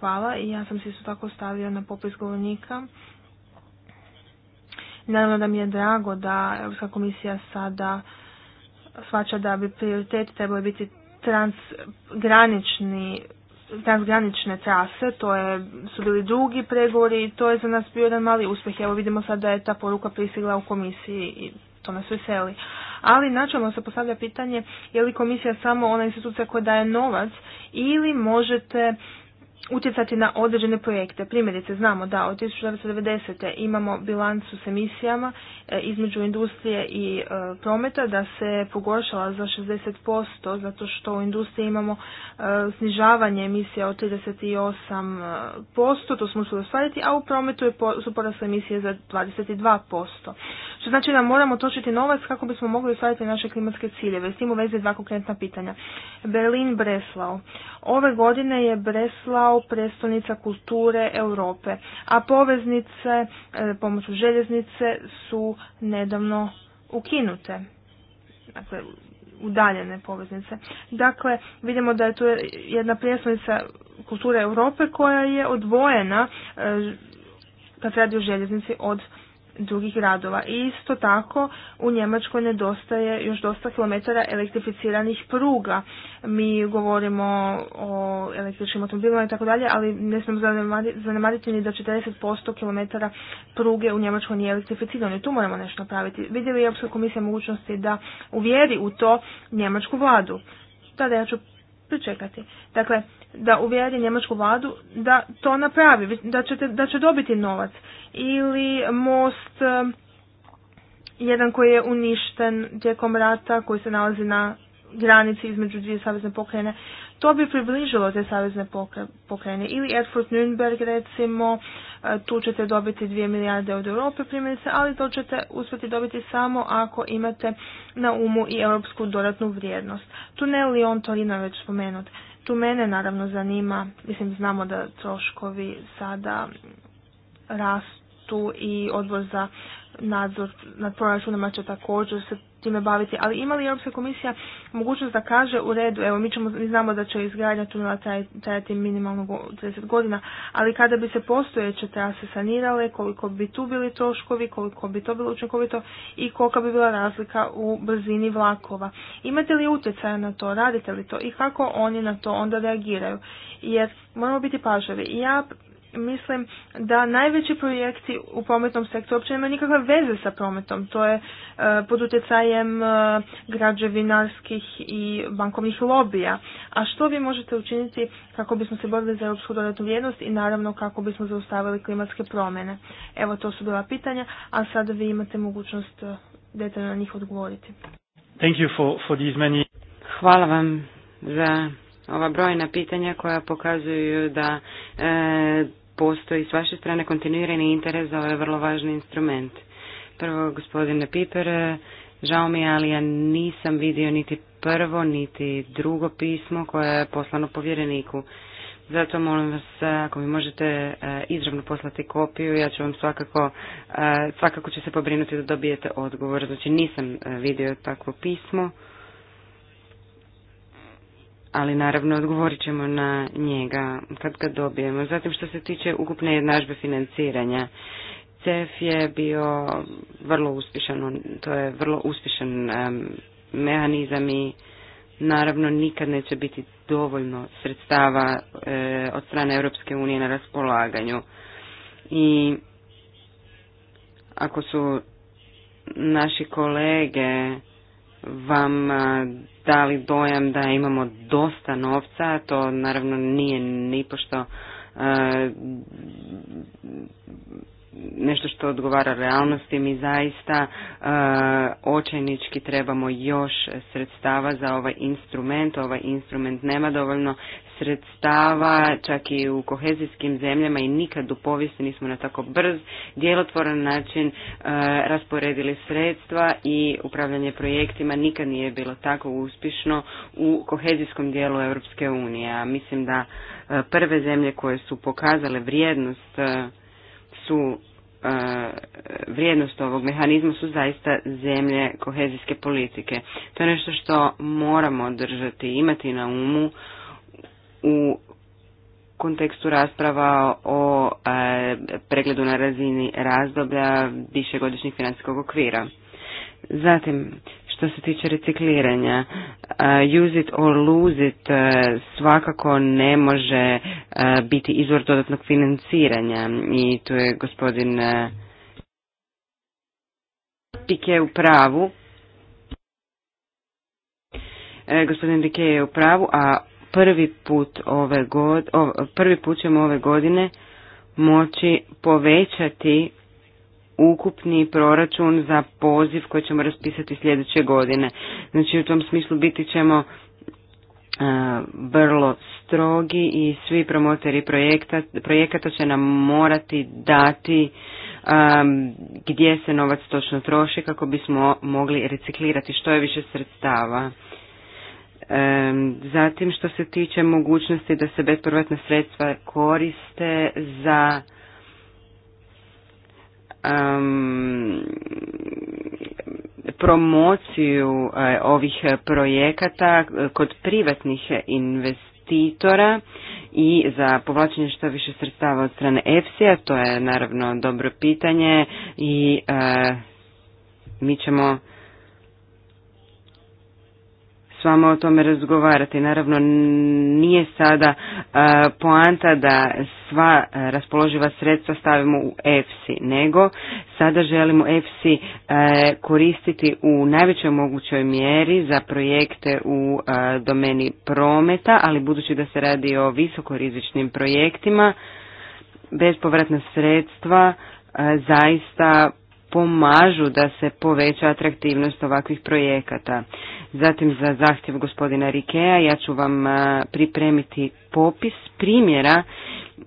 Hvala i ja sam se isto tako stavio na popis govornika Naravno da mi je drago da Europska komisija sada svača da bi prioritet trebao biti transgranični transgranične trase, to je, su bili drugi pregovori i to je za nas bio jedan mali uspjeh. Evo vidimo sad da je ta poruka prisigla u komisiji i to nas veseli. Ali načelno se postavlja pitanje je li komisija samo ona institucija koja daje novac ili možete utjecati na određene projekte. Primjerice, znamo da od 1990. imamo bilancu s emisijama e, između industrije i e, prometa, da se pogoršala za 60%, zato što u industriji imamo e, snižavanje emisija od 38%, to smo su ostvariti, a u prometu su porasle emisije za 22% znači da moramo točiti novac kako bismo mogli ostvariti naše klimatske ciljeve. S tim u vezi dva konkretna pitanja. Berlin breslau Ove godine je Breslau prestonica kulture Europe, a poveznice e, pomoću željeznice su nedavno ukinute. Dakle, udaljene poveznice. Dakle, vidimo da je tu jedna prijestolnica kulture Europe koja je odvojena e, kad se radi o željeznici od drugih gradova. I isto tako u Njemačkoj nedostaje još dosta kilometara elektrificiranih pruga. Mi govorimo o električnim automobilima i tako dalje, ali ne smijemo zanemariti ni da 40% kilometara pruge u Njemačkoj nije elektrificirano i tu moramo nešto napraviti. Vidjeli je Europska komisija mogućnosti da uvjeri u to Njemačku vladu. Tada ja ću pričekati. Dakle, da uvjeri njemačku vladu da to napravi, da, ćete, da će dobiti novac. Ili most, um, jedan koji je uništen tijekom rata, koji se nalazi na granici između dvije savezne pokrajine. To bi približilo te savezne pokrajine. Ili Erfurt Nürnberg recimo, e, tu ćete dobiti 2 milijarde od Europe primjerice, ali to ćete uspjeti dobiti samo ako imate na umu i europsku dodatnu vrijednost. Tunel i on Torino već spomenut. Tu mene naravno zanima, mislim znamo da troškovi sada rastu i odbor za nadzor nad proračunama će također se time baviti, ali ima li Europska komisija mogućnost da kaže u redu, evo mi, ćemo, mi znamo da će izgradnja tunela trajati minimalno 30 godina, ali kada bi se postojeće trase sanirale, koliko bi tu bili troškovi, koliko bi to bilo učinkovito i kolika bi bila razlika u brzini vlakova. Imate li utjecaja na to, radite li to i kako oni na to onda reagiraju? Jer moramo biti pažljivi. Ja mislim da najveći projekti u prometnom sektoru uopće nemaju nikakve veze sa prometom. To je e, pod utjecajem e, građevinarskih i bankovnih lobija. A što vi možete učiniti kako bismo se borili za europsku dodatnu vrijednost i naravno kako bismo zaustavili klimatske promjene? Evo to su bila pitanja, a sada vi imate mogućnost e, detaljno na njih odgovoriti. Thank you for, for these many... Hvala vam za ova brojna pitanja koja pokazuju da postoji s vaše strane kontinuirani interes za ovaj vrlo važni instrument. Prvo, gospodine Piper, žao mi je, ali ja nisam vidio niti prvo, niti drugo pismo koje je poslano povjereniku. Zato molim vas, ako mi možete e, izravno poslati kopiju, ja ću vam svakako, e, svakako ću se pobrinuti da dobijete odgovor. Znači nisam e, vidio takvo pismo ali naravno odgovorit ćemo na njega kad ga dobijemo. Zatim što se tiče ukupne jednažbe financiranja, CEF je bio vrlo uspješan, to je vrlo uspješan mehanizam i naravno nikad neće biti dovoljno sredstava e, od strane Europske unije na raspolaganju. I ako su naši kolege vam dali dojam da imamo dosta novca, to naravno nije nipošto nešto što odgovara realnosti, mi zaista očajnički trebamo još sredstava za ovaj instrument, ovaj instrument nema dovoljno sredstava, čak i u kohezijskim zemljama i nikad u povijesti nismo na tako brz, djelotvoran način e, rasporedili sredstva i upravljanje projektima nikad nije bilo tako uspješno u kohezijskom dijelu Europske unije. A mislim da e, prve zemlje koje su pokazale vrijednost e, su vrijednost ovog mehanizma su zaista zemlje kohezijske politike. To je nešto što moramo držati, imati na umu u kontekstu rasprava o e, pregledu na razini razdoblja višegodišnjeg financijskog okvira. Zatim, što se tiče recikliranja, e, use it or lose it e, svakako ne može biti izvor dodatnog financiranja i tu je gospodin Pike u pravu. Gospodin Dike je u pravu, a prvi put ove god, prvi put ćemo ove godine moći povećati ukupni proračun za poziv koji ćemo raspisati sljedeće godine. Znači u tom smislu biti ćemo e, vrlo strogi i svi promoteri projekta, projekata će nam morati dati gdje se novac točno troši kako bismo mogli reciklirati što je više sredstava. Zatim što se tiče mogućnosti da se bespovratna sredstva koriste za promociju e, ovih projekata kod privatnih investitora i za povlačenje što više sredstava od strane EFSI-a, to je naravno dobro pitanje i e, mi ćemo s vama o tome razgovarati. Naravno, nije sada poanta da sva raspoloživa sredstva stavimo u EFSI, nego sada želimo EFSI koristiti u najvećoj mogućoj mjeri za projekte u domeni prometa, ali budući da se radi o visokorizičnim projektima, bezpovratna sredstva zaista pomažu da se poveća atraktivnost ovakvih projekata. Zatim za zahtjev gospodina Rikea ja ću vam pripremiti popis primjera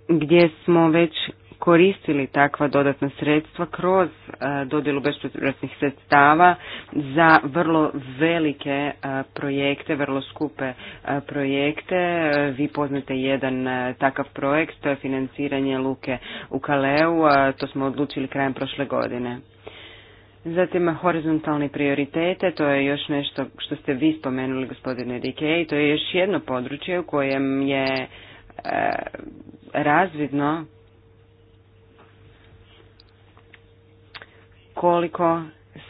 gdje smo već koristili takva dodatna sredstva kroz e, dodjelu bespovratnih sredstava za vrlo velike e, projekte, vrlo skupe e, projekte. Vi poznate jedan takav projekt, to je financiranje Luke u Kaleu, to smo odlučili krajem prošle godine. Zatim horizontalne prioritete, to je još nešto što ste vi spomenuli gospodine Rike i to je još jedno područje u kojem je razvidno koliko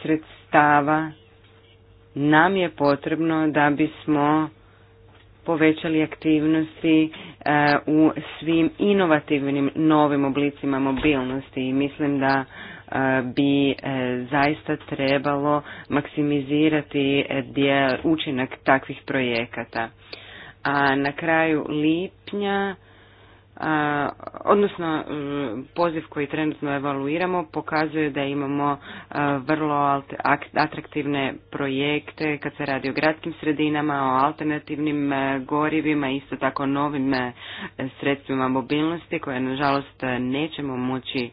sredstava nam je potrebno da bismo povećali aktivnosti e, u svim inovativnim novim oblicima mobilnosti i mislim da e, bi e, zaista trebalo maksimizirati učinak takvih projekata. A na kraju lipnja odnosno e, poziv koji trenutno evaluiramo pokazuje da imamo e, vrlo atraktivne projekte kad se radi o gradskim sredinama, o alternativnim e, gorivima, isto tako novim sredstvima mobilnosti koje nažalost nećemo moći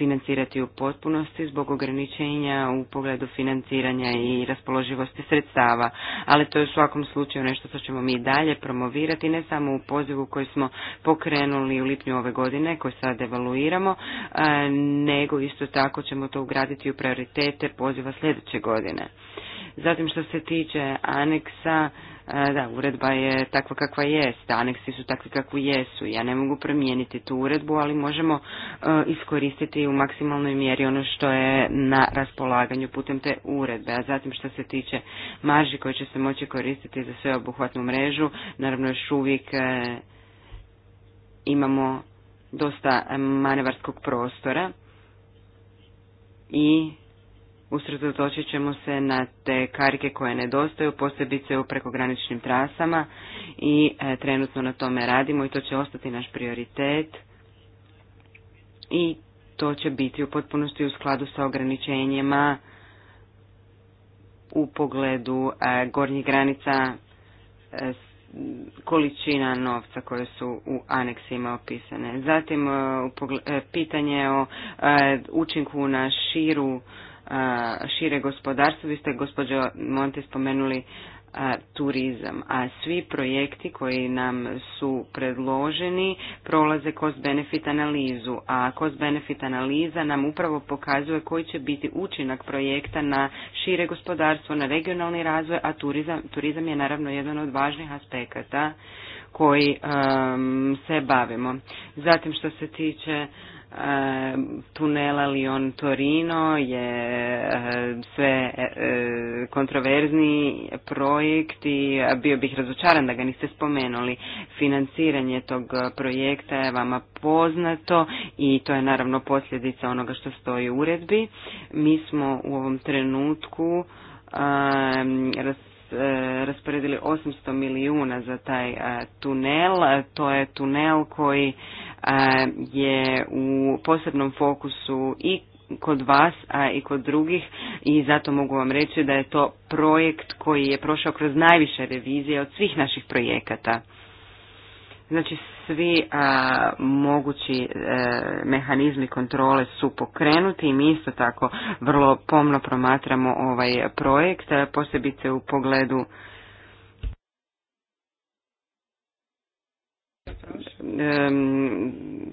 financirati u potpunosti zbog ograničenja u pogledu financiranja i raspoloživosti sredstava. Ali to je u svakom slučaju nešto što ćemo mi dalje promovirati, ne samo u pozivu koji smo pokrenuli u lipnju ove godine, koji sad evaluiramo, e, nego isto tako ćemo to ugraditi u prioritete poziva sljedeće godine. Zatim što se tiče aneksa, E, da, uredba je takva kakva jest, aneksi su takvi kakvi jesu. Ja ne mogu promijeniti tu uredbu, ali možemo e, iskoristiti u maksimalnoj mjeri ono što je na raspolaganju putem te uredbe. A zatim što se tiče marži koje će se moći koristiti za sveobuhvatnu mrežu, naravno još uvijek e, imamo dosta manevarskog prostora i usredotočit ćemo se na te karike koje nedostaju, posebice u prekograničnim trasama i e, trenutno na tome radimo i to će ostati naš prioritet i to će biti u potpunosti u skladu sa ograničenjima u pogledu e, gornjih granica e, količina novca koje su u aneksima opisane. Zatim pitanje o učinku na širu šire gospodarstvo. Vi ste, gospođo Monte, spomenuli turizam, a svi projekti koji nam su predloženi prolaze cost benefit analizu, a cost benefit analiza nam upravo pokazuje koji će biti učinak projekta na šire gospodarstvo, na regionalni razvoj, a turizam, turizam je naravno jedan od važnih aspekata koji se bavimo. Zatim što se tiče E, tunela Lion Torino je e, sve e, kontroverzni projekt i bio bih razočaran da ga niste spomenuli. Financiranje tog projekta je vama poznato i to je naravno posljedica onoga što stoji u uredbi. Mi smo u ovom trenutku E, rasporedili 800 milijuna za taj e, tunel. To je tunel koji e, je u posebnom fokusu i kod vas, a i kod drugih i zato mogu vam reći da je to projekt koji je prošao kroz najviše revizije od svih naših projekata. Znači svi a, mogući e, mehanizmi kontrole su pokrenuti i mi isto tako vrlo pomno promatramo ovaj projekt, posebice u pogledu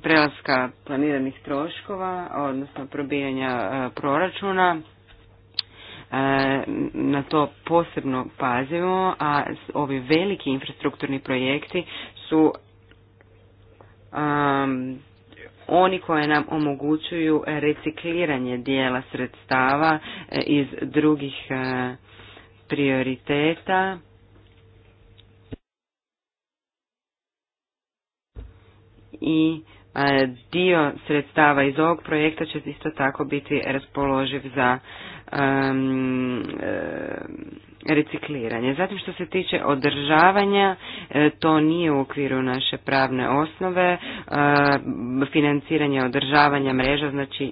prelaska planiranih troškova, odnosno probijanja e, proračuna. E, na to posebno pazimo, a ovi veliki infrastrukturni projekti su um, oni koje nam omogućuju recikliranje dijela sredstava e, iz drugih e, prioriteta. I e, dio sredstava iz ovog projekta će isto tako biti raspoloživ za recikliranje. Zatim što se tiče održavanja, e, to nije u okviru naše pravne osnove. E, financiranje održavanja mreža znači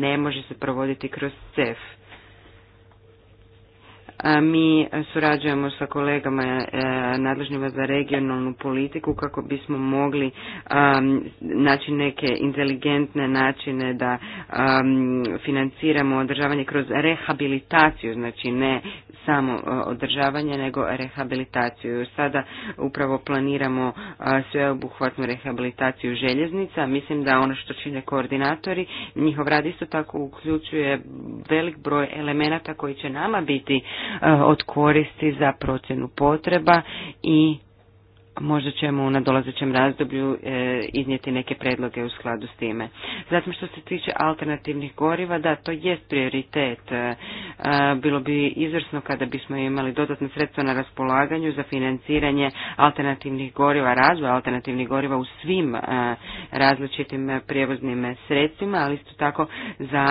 ne može se provoditi kroz CEF. Mi surađujemo sa kolegama e, nadležnjima za regionalnu politiku kako bismo mogli naći neke inteligentne načine da financiramo održavanje kroz rehabilitaciju, znači ne samo e, održavanje nego rehabilitaciju. Sada upravo planiramo sveobuhvatnu rehabilitaciju željeznica. Mislim da ono što čine koordinatori, njihov rad isto tako uključuje velik broj elemenata koji će nama biti E, od koristi za procjenu potreba i možda ćemo u nadolazećem razdoblju e, iznijeti neke predloge u skladu s time. Zatim što se tiče alternativnih goriva, da, to jest prioritet. E, bilo bi izvrsno kada bismo imali dodatne sredstva na raspolaganju za financiranje alternativnih goriva, razvoja alternativnih goriva u svim različitim prijevoznim sredstvima, ali isto tako za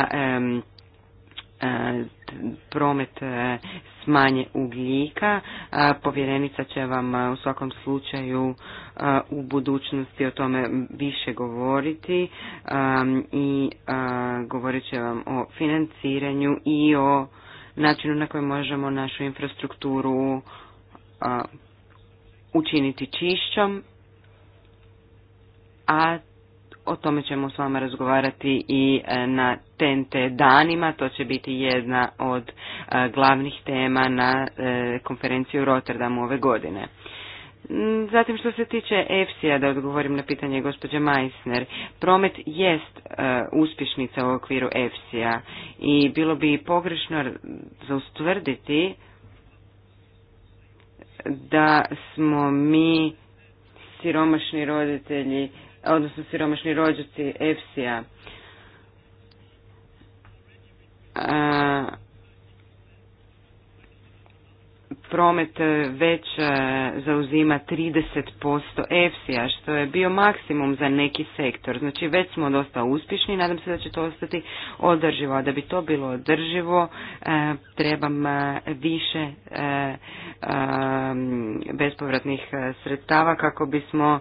E, promet e, smanje ugljika. E, povjerenica će vam u svakom slučaju u budućnosti o tome više govoriti i govorit će vam o financiranju i o načinu na koji možemo našu infrastrukturu učiniti čišćom, a o tome ćemo s vama razgovarati i e, na TNT danima. To će biti jedna od e, glavnih tema na e, konferenciju u Rotterdamu ove godine. Mm, zatim što se tiče EFSI-a, da odgovorim na pitanje gospođe Meissner, promet jest uspješnica u okviru EFSI-a i bilo bi pogrešno zaustvrditi da smo mi siromašni roditelji odnosno siromašni rođaci EFSI-a. Promet već e, zauzima 30% EFSI-a, što je bio maksimum za neki sektor. Znači već smo dosta uspješni nadam se da će to ostati održivo. A da bi to bilo održivo, e, trebam e, više bespovratnih sredstava kako bismo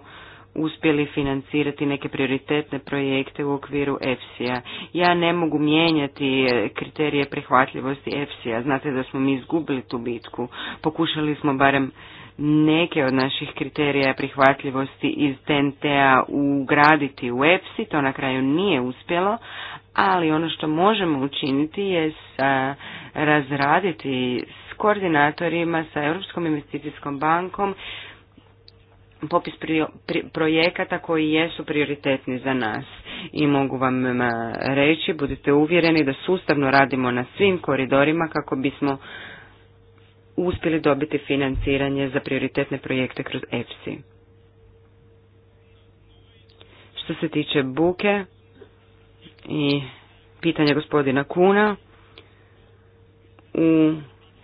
uspjeli financirati neke prioritetne projekte u okviru EFSI-a. Ja ne mogu mijenjati e, kriterije prihvatljivosti EFSI-a. Znate da smo mi izgubili tu bitku. Pokušali smo barem neke od naših kriterija prihvatljivosti iz TNT-a ugraditi u EFSI, to na kraju nije uspjelo, ali ono što možemo učiniti je razraditi s koordinatorima, sa Europskom investicijskom bankom, popis projekata koji jesu prioritetni za nas i mogu vam eh, reći, budite uvjereni da sustavno radimo na svim koridorima kako bismo uspjeli dobiti financiranje za prioritetne projekte kroz EFSI. Što se tiče buke i pitanja gospodina Kuna, u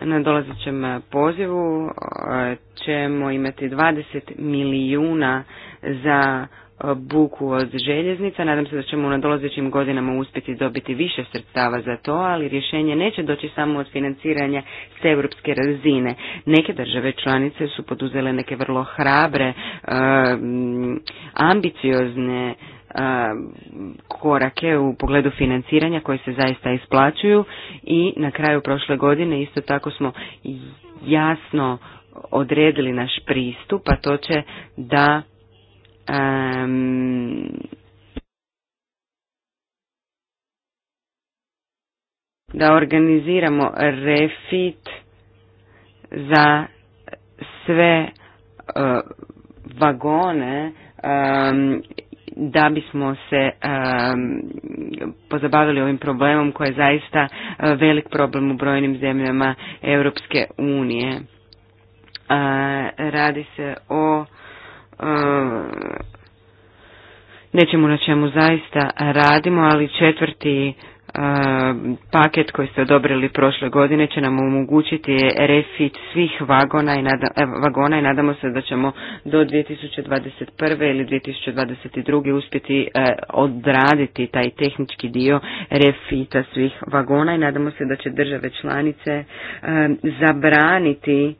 na dolazećem e, pozivu e, ćemo imati 20 milijuna za e, buku od željeznica. Nadam se da ćemo u nadolazećim godinama uspjeti dobiti više sredstava za to, ali rješenje neće doći samo od financiranja s europske razine. Neke države članice su poduzele neke vrlo hrabre, ambiciozne korake u pogledu financiranja koje se zaista isplaćuju i na kraju prošle godine isto tako smo jasno odredili naš pristup, a to će da da organiziramo refit za sve e, vagone da bismo se pozabavili ovim problemom koji je zaista e, velik problem u brojnim zemljama Europske unije. E, radi se o Nećemo nečemu na čemu zaista radimo, ali četvrti paket koji ste odobrili prošle godine će nam omogućiti refit svih vagona i nada, vagona i nadamo se da ćemo do 2021. ili 2022. uspjeti e, odraditi taj tehnički dio refita svih vagona i nadamo se da će države članice e, zabraniti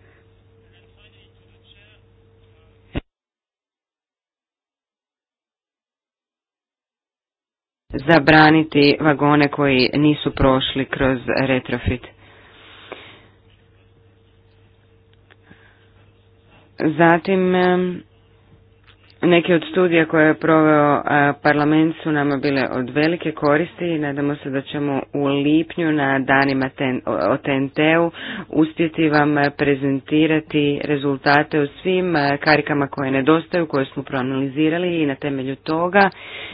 zabraniti vagone koji nisu prošli kroz retrofit. Zatim Neke od studija koje je proveo parlament su nama bile od velike koristi i nadamo se da ćemo u lipnju na danima ten, o TNT-u uspjeti vam prezentirati rezultate u svim karikama koje nedostaju, koje smo proanalizirali i na temelju toga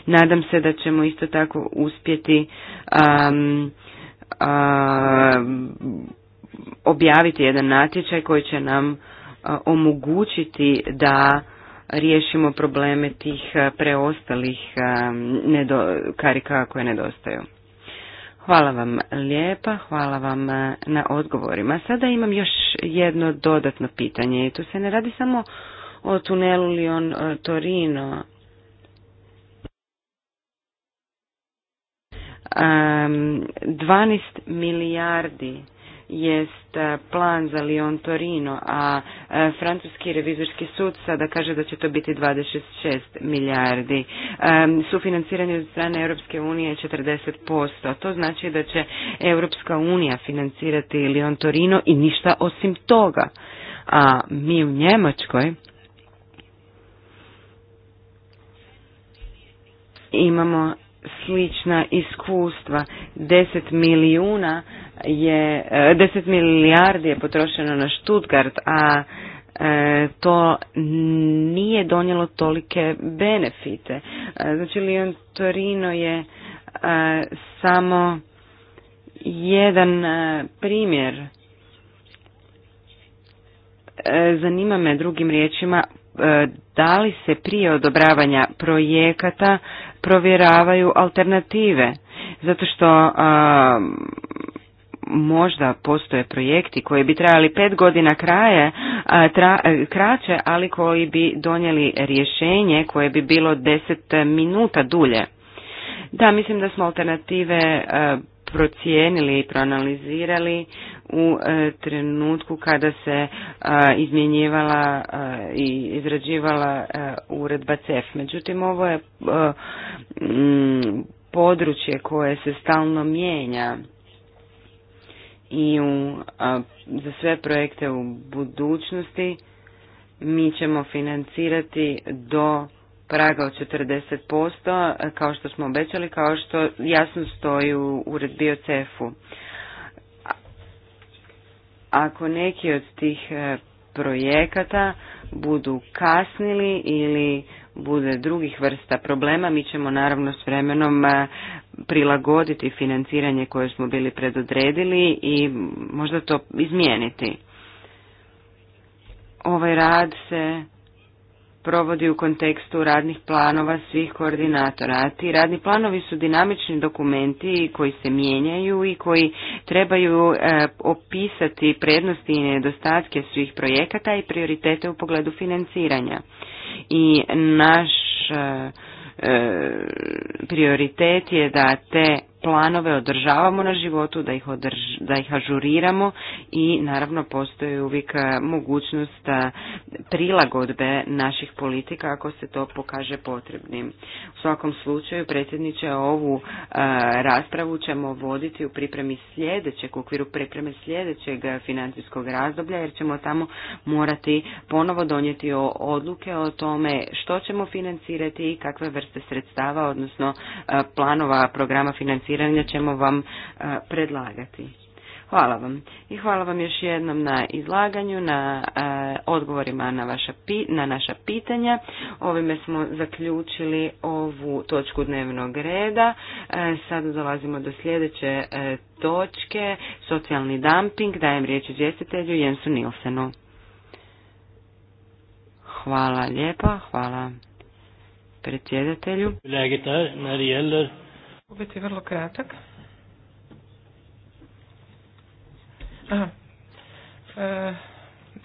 nadam se da ćemo isto tako uspjeti objaviti jedan natječaj koji će nam omogućiti da riješimo probleme tih eh, preostalih eh, karika koje nedostaju. Hvala vam lijepa, hvala vam eh, na odgovorima. Sada imam još jedno dodatno pitanje i tu se ne radi samo o tunelu Lion Torino. Um, 12 milijardi jest e, plan za Lyon Torino, a e, francuski revizorski sud sada kaže da će to biti 26 milijardi. E, sufinanciranje od strane Europske unije je 40%. To znači da će Europska unija financirati Lyon Torino i ništa osim toga. A mi u Njemačkoj imamo slična iskustva. 10 milijuna je, e, deset milijardi je potrošeno na Stuttgart, a e, to nije donijelo tolike benefite. E, znači Lion Torino je samo jedan primjer. Zanima me drugim riječima da li se prije odobravanja projekata provjeravaju alternative zato što a, možda postoje projekti koji bi trajali pet godina kraje, e, kraće, ali koji bi donijeli rješenje koje bi bilo deset minuta dulje. Da, mislim da smo alternative procijenili i proanalizirali u e, trenutku kada se e, izmjenjivala e, i izrađivala uredba CEF. Međutim, ovo je područje koje se stalno mijenja i u, za sve projekte u budućnosti mi ćemo financirati do praga od 40%, kao što smo obećali, kao što jasno stoji u uredbi o CEF-u. Ako neki od tih e, projekata budu kasnili ili bude drugih vrsta problema, mi ćemo naravno s vremenom e, prilagoditi financiranje koje smo bili predodredili i možda to izmijeniti. Ovaj rad se provodi u kontekstu radnih planova svih koordinatora. ti radni planovi su dinamični dokumenti koji se mijenjaju i koji trebaju e, opisati prednosti i nedostatke svih projekata i prioritete u pogledu financiranja. I naš e, e, prioritet je da te planove održavamo na životu, da ih, održ, da ih ažuriramo i naravno postoji uvijek e, mogućnost e, prilagodbe naših politika ako se to pokaže potrebnim. U svakom slučaju, predsjedniče, ovu e, raspravu ćemo voditi u pripremi sljedećeg, u okviru pripreme sljedećeg financijskog razdoblja jer ćemo tamo morati ponovo donijeti odluke o tome što ćemo financirati i kakve vrste sredstava, odnosno planova programa financiranja financiranja ćemo vam e, predlagati. Hvala vam. I hvala vam još jednom na izlaganju, na e, odgovorima na, vaša, na naša pitanja. Ovime smo zaključili ovu točku dnevnog reda. E, sada dolazimo do sljedeće točke, socijalni dumping. Dajem riječ izvjestitelju Jensu Nilsenu. Hvala lijepa, hvala predsjedatelju. Hvala biti vrlo kratak. Aha. E,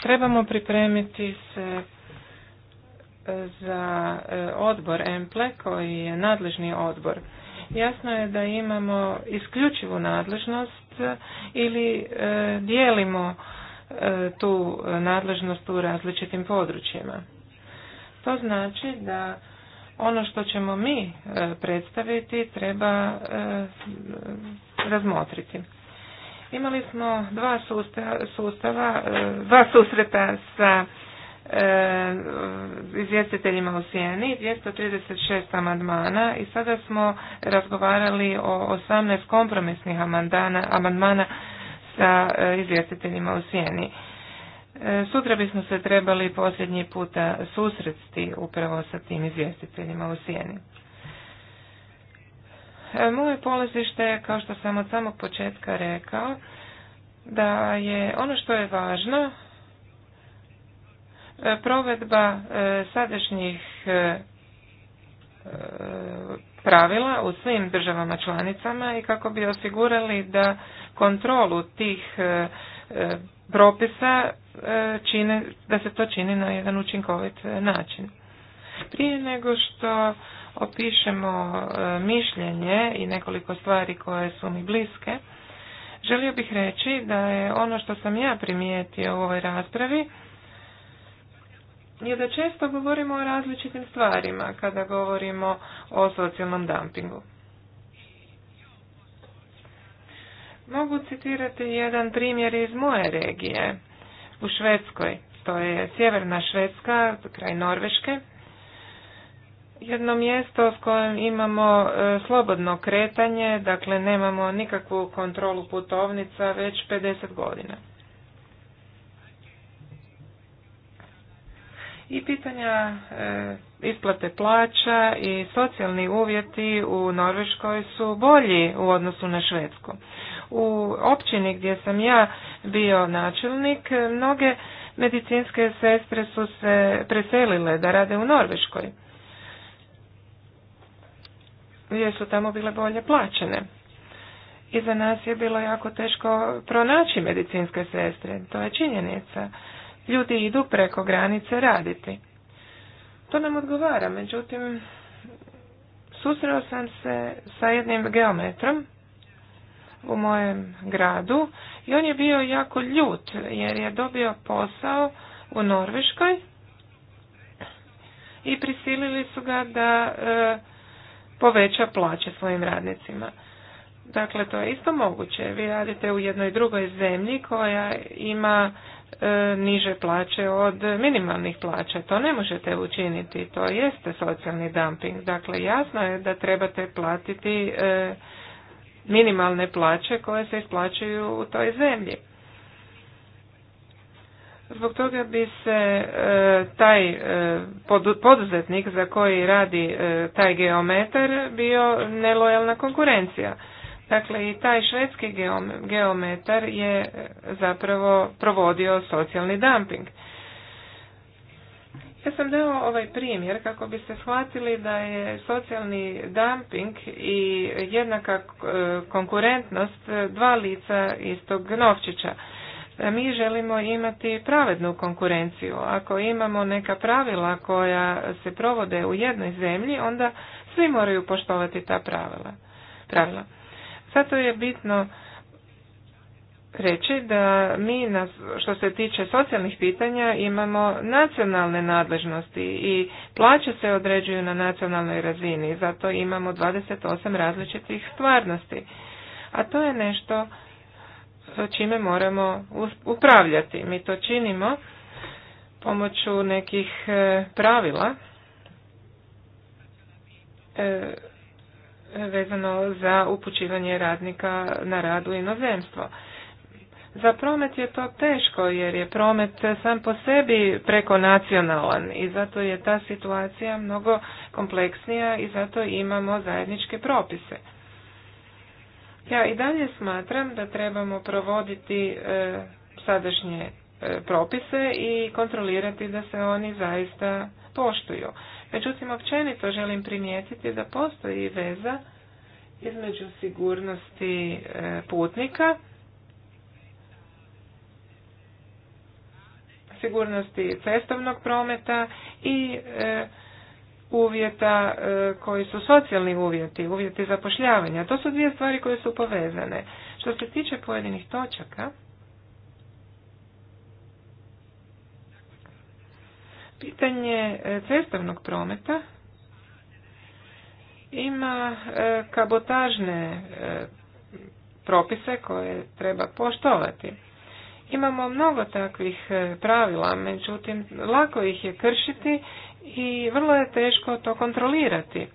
trebamo pripremiti se e, za e, odbor EMPLE koji je nadležni odbor. Jasno je da imamo isključivu nadležnost ili dijelimo tu nadležnost u različitim područjima. To znači da ono što ćemo mi e, predstaviti treba e, razmotriti. Imali smo dva sustava, e, dva susreta sa izvjestiteljima u Sijeni, 236 amandmana i sada smo razgovarali o 18 kompromisnih amandmana sa izvjestiteljima u Sijeni. E, sutra bismo se trebali posljednji puta susresti upravo sa tim izvjestiteljima u sjeni. E, moje polazište je, kao što sam od samog početka rekao, da je ono što je važno e, provedba sadašnjih pravila u svim državama članicama i kako bi osigurali da kontrolu tih propisa e, čine, da se to čini na jedan učinkovit e, način. Prije nego što opišemo e, mišljenje i nekoliko stvari koje su mi bliske, želio bih reći da je ono što sam ja primijetio u ovoj raspravi je da često govorimo o različitim stvarima kada govorimo o socijalnom dumpingu. Mogu citirati jedan primjer iz moje regije u Švedskoj. To je sjeverna Švedska, kraj Norveške. Jedno mjesto s kojim imamo e, slobodno kretanje, dakle nemamo nikakvu kontrolu putovnica već 50 godina. I pitanja e, isplate plaća i socijalni uvjeti u Norveškoj su bolji u odnosu na Švedsku. U općini gdje sam ja bio načelnik, mnoge medicinske sestre su se preselile da rade u Norveškoj. Gdje su tamo bile bolje plaćene. I za nas je bilo jako teško pronaći medicinske sestre. To je činjenica. Ljudi idu preko granice raditi. To nam odgovara, međutim, susreo sam se sa jednim geometrom u mojem gradu i on je bio jako ljut jer je dobio posao u Norveškoj i prisilili su ga da e, poveća plaće svojim radnicima. Dakle, to je isto moguće. Vi radite u jednoj drugoj zemlji koja ima e, niže plaće od minimalnih plaća. To ne možete učiniti. To jeste socijalni dumping. Dakle, jasno je da trebate platiti e, minimalne plaće koje se isplaćuju u toj zemlji. Zbog toga bi se e, taj e, poduzetnik za koji radi e, taj geometar bio nelojalna konkurencija. Dakle, i taj švedski geometar je zapravo provodio socijalni dumping. Ja sam dao ovaj primjer kako biste shvatili da je socijalni dumping i jednaka e, konkurentnost dva lica istog novčića. E, mi želimo imati pravednu konkurenciju. Ako imamo neka pravila koja se provode u jednoj zemlji, onda svi moraju poštovati ta pravila. pravila. Zato je bitno reći da mi što se tiče socijalnih pitanja imamo nacionalne nadležnosti i plaće se određuju na nacionalnoj razini, zato imamo 28 različitih stvarnosti. A to je nešto čime moramo upravljati. Mi to činimo pomoću nekih e, pravila e, vezano za upućivanje radnika na radu inozemstvo. Za promet je to teško jer je promet sam po sebi nacionalan i zato je ta situacija mnogo kompleksnija i zato imamo zajedničke propise. Ja i dalje smatram da trebamo provoditi e, sadašnje e, propise i kontrolirati da se oni zaista poštuju. Međutim, općenito želim primijetiti da postoji veza između sigurnosti e, putnika sigurnosti cestovnog prometa i e, uvjeta e, koji su socijalni uvjeti, uvjeti zapošljavanja. To su dvije stvari koje su povezane. Što se tiče pojedinih točaka, pitanje e, cestovnog prometa ima kabotažne propise koje treba poštovati. Imamo mnogo takvih e, pravila, međutim, lako ih je kršiti i vrlo je teško to kontrolirati.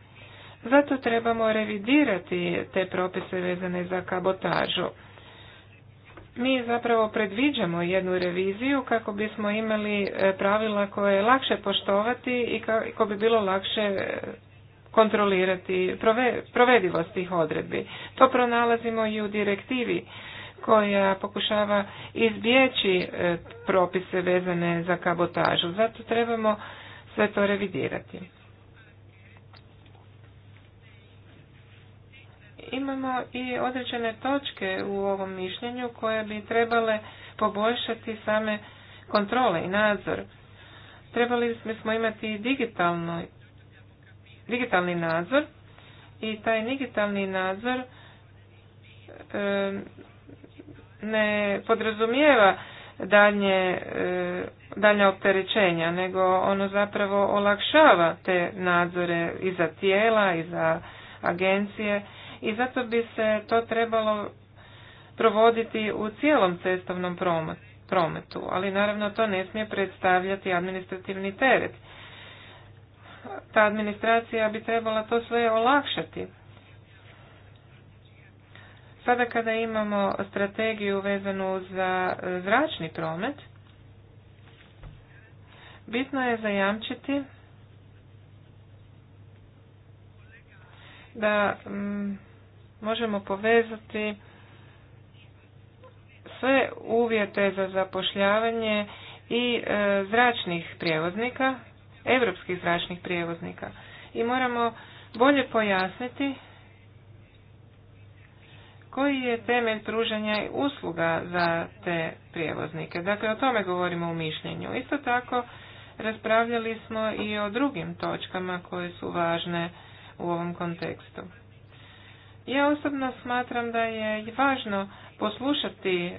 Zato trebamo revidirati te propise vezane za kabotažu. Mi zapravo predviđamo jednu reviziju kako bismo imali e, pravila koje je lakše poštovati i kako bi bilo lakše e, kontrolirati provedivost tih odredbi. To pronalazimo i u direktivi koja pokušava izbjeći e, propise vezane za kabotažu. Zato trebamo sve to revidirati. Imamo i određene točke u ovom mišljenju koje bi trebale poboljšati same kontrole i nadzor. Trebali smo imati digitalni nadzor i taj digitalni nadzor e, ne podrazumijeva daljnje, e, daljnje opterećenja, nego ono zapravo olakšava te nadzore i za tijela i za agencije i zato bi se to trebalo provoditi u cijelom cestovnom prometu, ali naravno to ne smije predstavljati administrativni teret. Ta administracija bi trebala to sve olakšati. Sada kada imamo strategiju vezanu za e, zračni promet, bitno je zajamčiti da mm, možemo povezati sve uvjete za zapošljavanje i e, zračnih prijevoznika, europskih zračnih prijevoznika. I moramo bolje pojasniti koji je temelj pružanja usluga za te prijevoznike. Dakle, o tome govorimo u mišljenju. Isto tako, raspravljali smo i o drugim točkama koje su važne u ovom kontekstu. Ja osobno smatram da je važno poslušati e,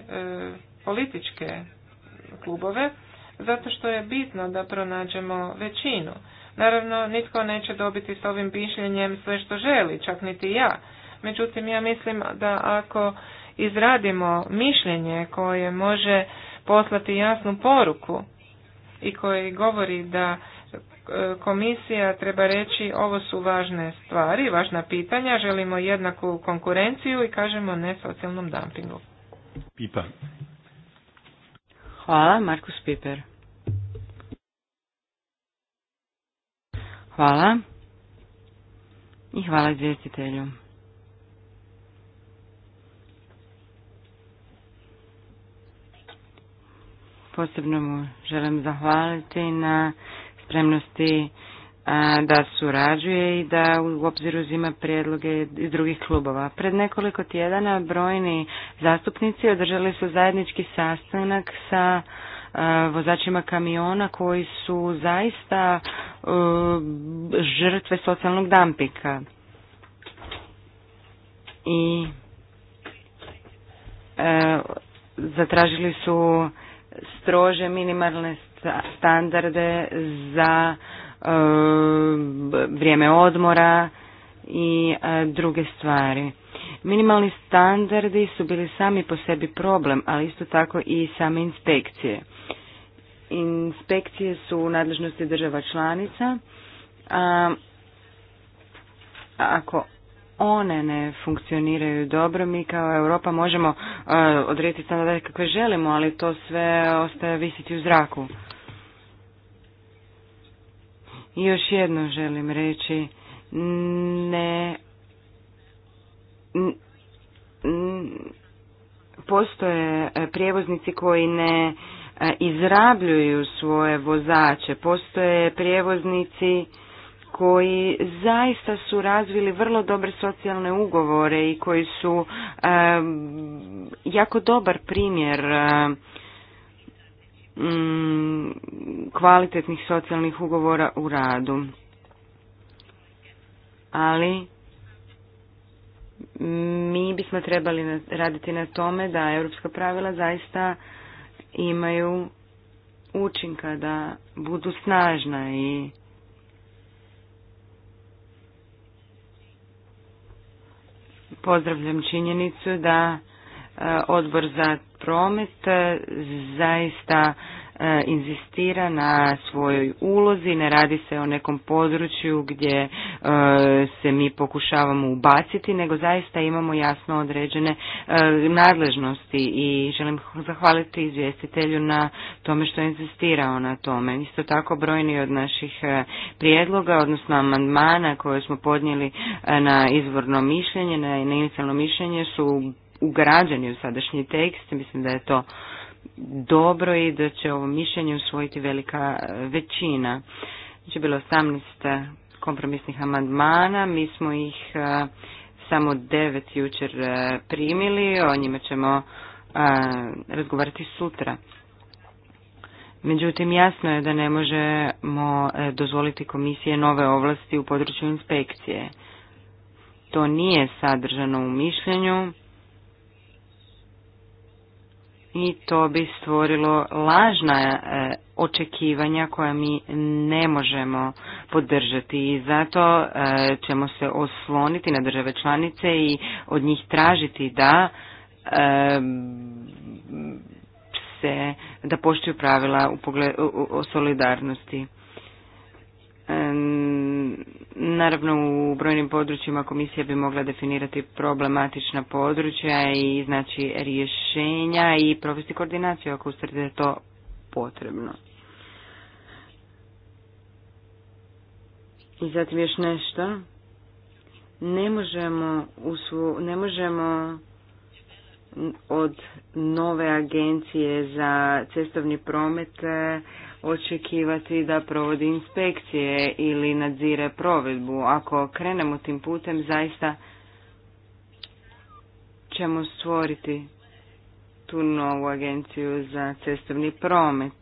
političke klubove, zato što je bitno da pronađemo većinu. Naravno, nitko neće dobiti s ovim mišljenjem sve što želi, čak niti ja. Međutim, ja mislim da ako izradimo mišljenje koje može poslati jasnu poruku i koje govori da e, komisija treba reći ovo su važne stvari, važna pitanja, želimo jednaku konkurenciju i kažemo ne socijalnom dumpingu. Pipa. Hvala, Markus Piper. Hvala i hvala izvjestitelju. Posebno mu želim zahvaliti na spremnosti da surađuje i da u obzir uzima prijedloge iz drugih klubova. Pred nekoliko tjedana brojni zastupnici održali su zajednički sastanak sa vozačima kamiona koji su zaista žrtve socijalnog dampika. I e, zatražili su strože minimalne standarde za e, vrijeme odmora i e, druge stvari. Minimalni standardi su bili sami po sebi problem, ali isto tako i same inspekcije. Inspekcije su u nadležnosti država članica. A, ako one ne funkcioniraju dobro, mi kao Europa možemo e, odrediti standarde kakve želimo, ali to sve ostaje visiti u zraku. I još jedno želim reći, ne, postoje prijevoznici koji ne e, izrabljuju svoje vozače, postoje prijevoznici koji zaista su razvili vrlo dobre socijalne ugovore i koji su jako dobar primjer mm, kvalitetnih socijalnih ugovora u radu. Ali mi bismo trebali raditi na tome da europska pravila zaista imaju učinka da budu snažna i Pozdravljam činjenicu da e, odbor za promet e, zaista E, inzistira na svojoj ulozi, ne radi se o nekom području gdje e, se mi pokušavamo ubaciti, nego zaista imamo jasno određene e, nadležnosti i želim zahvaliti izvjestitelju na tome što je inzistirao na tome. Isto tako brojni od naših prijedloga, odnosno amandmana koje smo podnijeli na izvorno mišljenje, na inicijalno mišljenje su ugrađeni u sadašnji tekst, mislim da je to dobro i da će ovo mišljenje usvojiti velika e, većina. Znači bilo 18 kompromisnih amandmana, mi smo ih e, samo devet jučer e, primili, o njima ćemo razgovarati sutra. Međutim, jasno je da ne možemo dozvoliti komisije nove ovlasti u području inspekcije. To nije sadržano u mišljenju i to bi stvorilo lažna e, očekivanja koja mi ne možemo podržati i zato e, ćemo se osloniti na države članice i od njih tražiti da e, se da poštuju pravila u, solidarnosti. Naravno u brojnim područjima komisija bi mogla definirati problematična područja i znači rješenja i provesti koordinaciju ako ustvrdi da je to potrebno. I zatim još nešto. Ne možemo, usvu, ne možemo od nove agencije za cestovni promet očekivati da provodi inspekcije ili nadzire provedbu. Ako krenemo tim putem, zaista ćemo stvoriti tu novu agenciju za cestovni promet.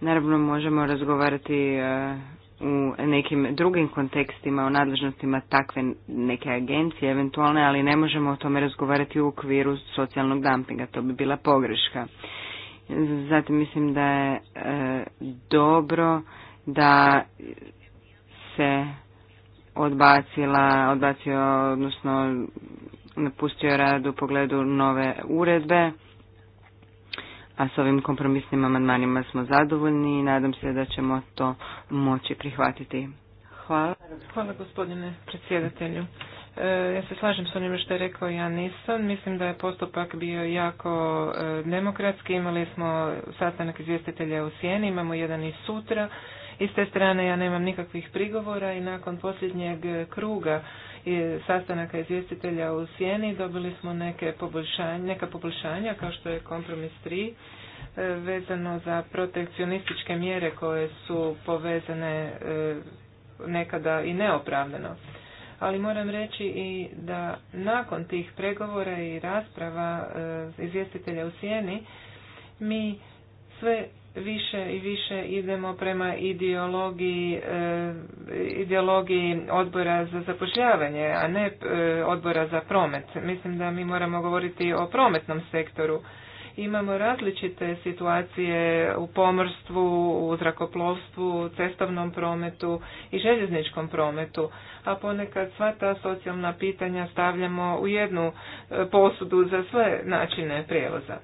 Naravno, možemo razgovarati e, u nekim drugim kontekstima o nadležnostima takve neke agencije eventualne, ali ne možemo o tome razgovarati u okviru socijalnog dumpinga, to bi bila pogreška. Zatim mislim da je e, dobro da se odbacila, odbacio, odnosno napustio rad u pogledu nove uredbe, a s ovim kompromisnim amandmanima smo zadovoljni i nadam se da ćemo to moći prihvatiti. Hvala. Hvala gospodine predsjedatelju. E, ja se slažem s onim što je rekao ja Nison. Mislim da je postupak bio jako e, demokratski. Imali smo sastanak izvjestitelja u Sijeni, imamo jedan i sutra. I s te strane ja nemam nikakvih prigovora i nakon posljednjeg kruga sastanaka izvjestitelja u Sijeni dobili smo neke poboljšanja, neka poboljšanja kao što je kompromis 3 e, vezano za protekcionističke mjere koje su povezane nekada i neopravdano ali moram reći i da nakon tih pregovora i rasprava e, izvjestitelja u sjeni mi sve više i više idemo prema ideologiji e, ideologiji odbora za zapošljavanje, a ne e, odbora za promet. Mislim da mi moramo govoriti o prometnom sektoru Imamo različite situacije u pomorstvu, u zrakoplovstvu, cestovnom prometu i željezničkom prometu, a ponekad sva ta socijalna pitanja stavljamo u jednu e, posudu za sve načine prijevoza.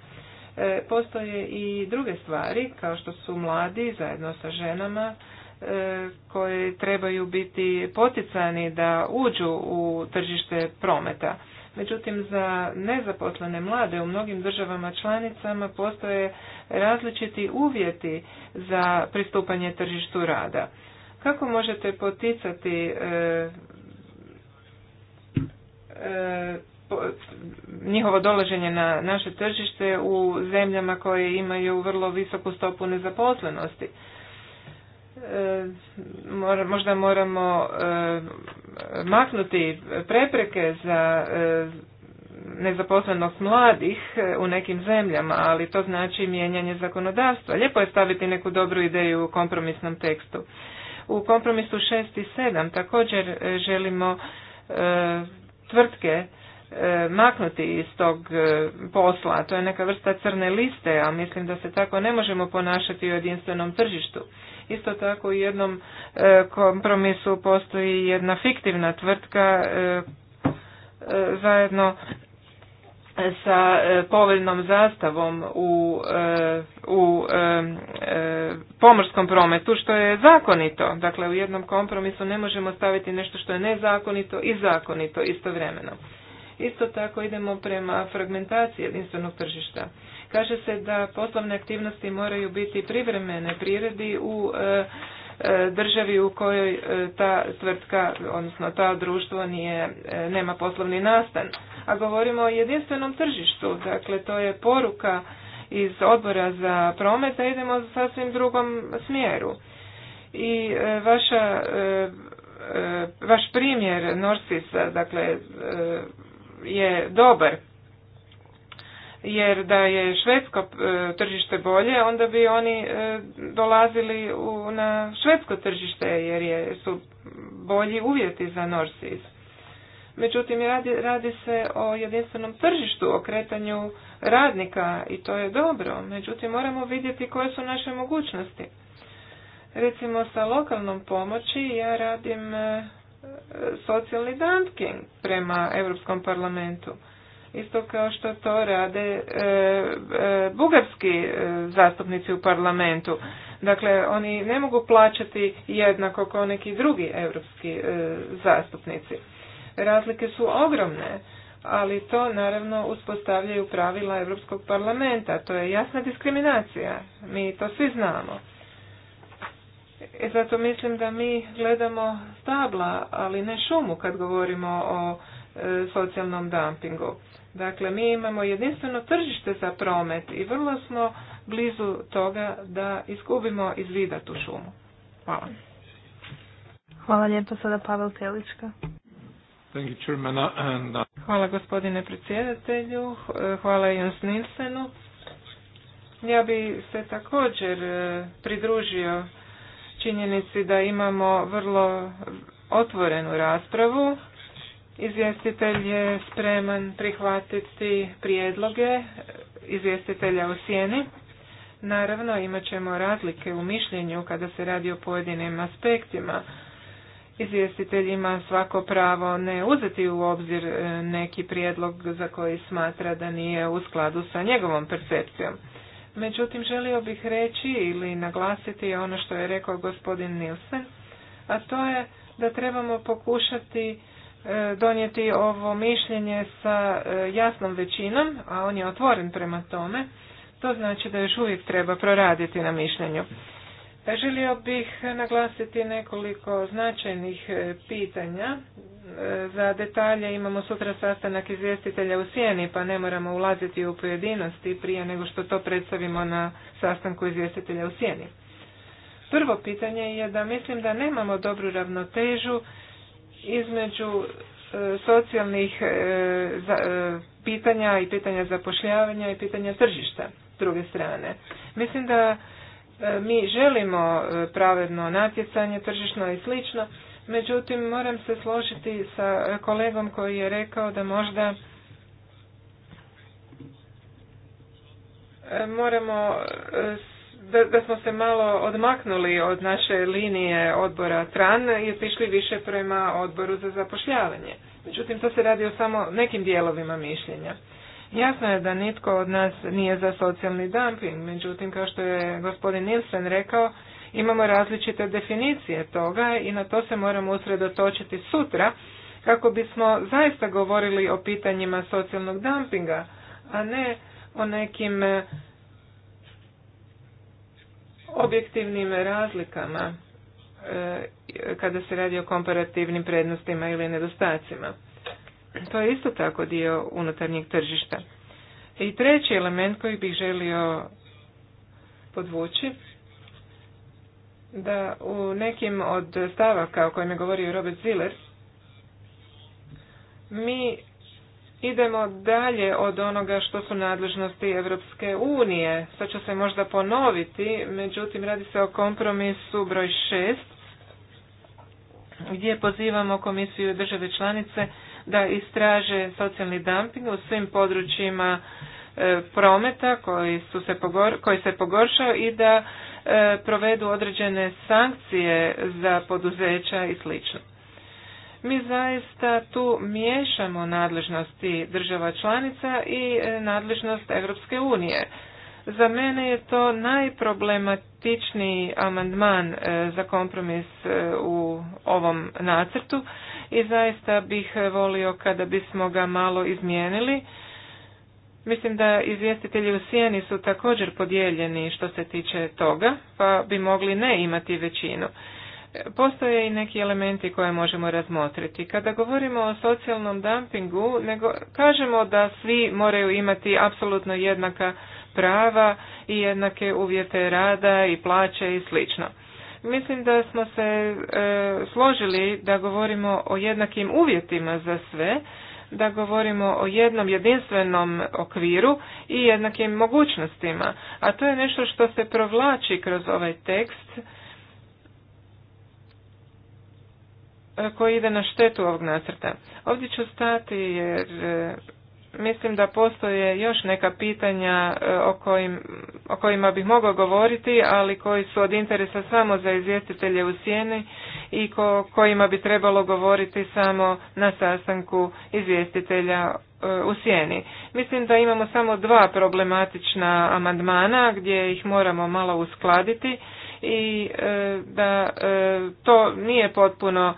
E, postoje i druge stvari, kao što su mladi zajedno sa ženama, e, koje trebaju biti poticani da uđu u tržište prometa. Međutim, za nezaposlene mlade u mnogim državama članicama postoje različiti uvjeti za pristupanje tržištu rada. Kako možete poticati e, e, njihovo dolaženje na naše tržište u zemljama koje imaju vrlo visoku stopu nezaposlenosti? E, možda moramo e, maknuti prepreke za e, nezaposlenost mladih u nekim zemljama, ali to znači mijenjanje zakonodavstva. Lijepo je staviti neku dobru ideju u kompromisnom tekstu. U kompromisu 6 i 7 također želimo tvrtke maknuti iz tog posla. To je neka vrsta crne liste, a mislim da se tako ne možemo ponašati u jedinstvenom tržištu. Isto tako u jednom e, kompromisu postoji jedna fiktivna tvrtka e, e, zajedno sa povoljnom zastavom u, u pomorskom prometu što je zakonito. Dakle, u jednom kompromisu ne možemo staviti nešto što je nezakonito i zakonito istovremeno. Isto tako idemo prema fragmentaciji jedinstvenog tržišta. Kaže se da poslovne aktivnosti moraju biti privremene priredi u e, e, državi u kojoj e, ta tvrtka, odnosno ta društvo nije, nema poslovni nastan. A govorimo o jedinstvenom tržištu, dakle to je poruka iz odbora za promet da idemo u sasvim drugom smjeru. I vaša, vaš primjer Norsisa, dakle, je dobar jer da je švedsko e, tržište bolje, onda bi oni e, dolazili u, na švedsko tržište jer je, su bolji uvjeti za Norsis. Međutim, radi, radi se o jedinstvenom tržištu, o kretanju radnika i to je dobro. Međutim, moramo vidjeti koje su naše mogućnosti. Recimo, sa lokalnom pomoći ja radim e, socijalni dumping prema Europskom parlamentu isto kao što to rade e, e, bugarski e, zastupnici u parlamentu. Dakle, oni ne mogu plaćati jednako kao neki drugi europski zastupnici. Razlike su ogromne, ali to naravno uspostavljaju pravila Europskog parlamenta. To je jasna diskriminacija. Mi to svi znamo. zato mislim da mi gledamo stabla, ali ne šumu kad govorimo o socijalnom dumpingu. Dakle, mi imamo jedinstveno tržište za promet i vrlo smo blizu toga da izgubimo iz vida tu šumu. Hvala. Hvala lijepo sada Pavel Telička. Uh, hvala gospodine predsjedatelju, hvala Jens Nilsenu. Ja bi se također e, pridružio činjenici da imamo vrlo otvorenu raspravu Izvjestitelj je spreman prihvatiti prijedloge izvjestitelja u sjeni. Naravno, imat ćemo razlike u mišljenju kada se radi o pojedinim aspektima. Izvjestitelj ima svako pravo ne uzeti u obzir e, neki prijedlog za koji smatra da nije u skladu sa njegovom percepcijom. Međutim, želio bih reći ili naglasiti ono što je rekao gospodin Nilsen, a to je da trebamo pokušati E, donijeti ovo mišljenje sa e, jasnom većinom, a on je otvoren prema tome, to znači da još uvijek treba proraditi na mišljenju. E, želio bih naglasiti nekoliko značajnih pitanja. Za detalje imamo sutra sastanak izvjestitelja u Sijeni, pa ne moramo ulaziti u pojedinosti prije nego što to predstavimo na sastanku izvjestitelja u Sijeni. Prvo pitanje je da mislim da nemamo dobru ravnotežu između e, socijalnih e, e, pitanja i pitanja zapošljavanja i pitanja tržišta s druge strane. Mislim da mi želimo pravedno natjecanje tržišno i slično, međutim moram se složiti sa kolegom koji je rekao da možda moramo da, da smo se malo odmaknuli od naše linije odbora TRAN i otišli više prema odboru za zapošljavanje. Međutim, to se radi o samo nekim dijelovima mišljenja. Jasno je da nitko od nas nije za socijalni dumping, međutim, kao što je gospodin Nilsen rekao, imamo različite definicije toga i na to se moramo usredotočiti sutra kako bismo zaista govorili o pitanjima socijalnog dumpinga, a ne o nekim objektivnim razlikama e, kada se radi o komparativnim prednostima ili nedostacima. To je isto tako dio unutarnjeg tržišta. I treći element koji bih želio podvući da u nekim od stavaka o kojima je govorio Robert Ziller mi idemo dalje od onoga što su nadležnosti Europske unije. Sad ću se možda ponoviti, međutim radi se o kompromisu broj 6 gdje pozivamo komisiju države članice da istraže socijalni dumping u svim područjima e, prometa koji, su se koji se pogoršao i da e, provedu određene sankcije za poduzeća i slično. Mi zaista tu miješamo nadležnosti država članica i e, nadležnost Europske unije. Za mene je to najproblematičniji amandman e, za kompromis e, u ovom nacrtu i zaista bih volio kada bismo ga malo izmijenili. Mislim da izvjestitelji u Sijeni su također podijeljeni što se tiče toga, pa bi mogli ne imati većinu postoje i neki elementi koje možemo razmotriti. Kada govorimo o socijalnom dumpingu, nego kažemo da svi moraju imati apsolutno jednaka prava i jednake uvjete rada i plaće i slično. Mislim da smo se e, složili da govorimo o jednakim uvjetima za sve, da govorimo o jednom jedinstvenom okviru i jednakim mogućnostima, a to je nešto što se provlači kroz ovaj tekst E, koji ide na štetu ovog nacrta. Ovdje ću stati jer e, mislim da postoje još neka pitanja e, o, kojima bih mogao govoriti, ali koji su od interesa samo za izvjestitelje u sjeni i ko, kojima bi trebalo govoriti samo na sastanku izvjestitelja u sjeni. Mislim da imamo samo dva problematična amandmana gdje ih moramo malo uskladiti i da to nije potpuno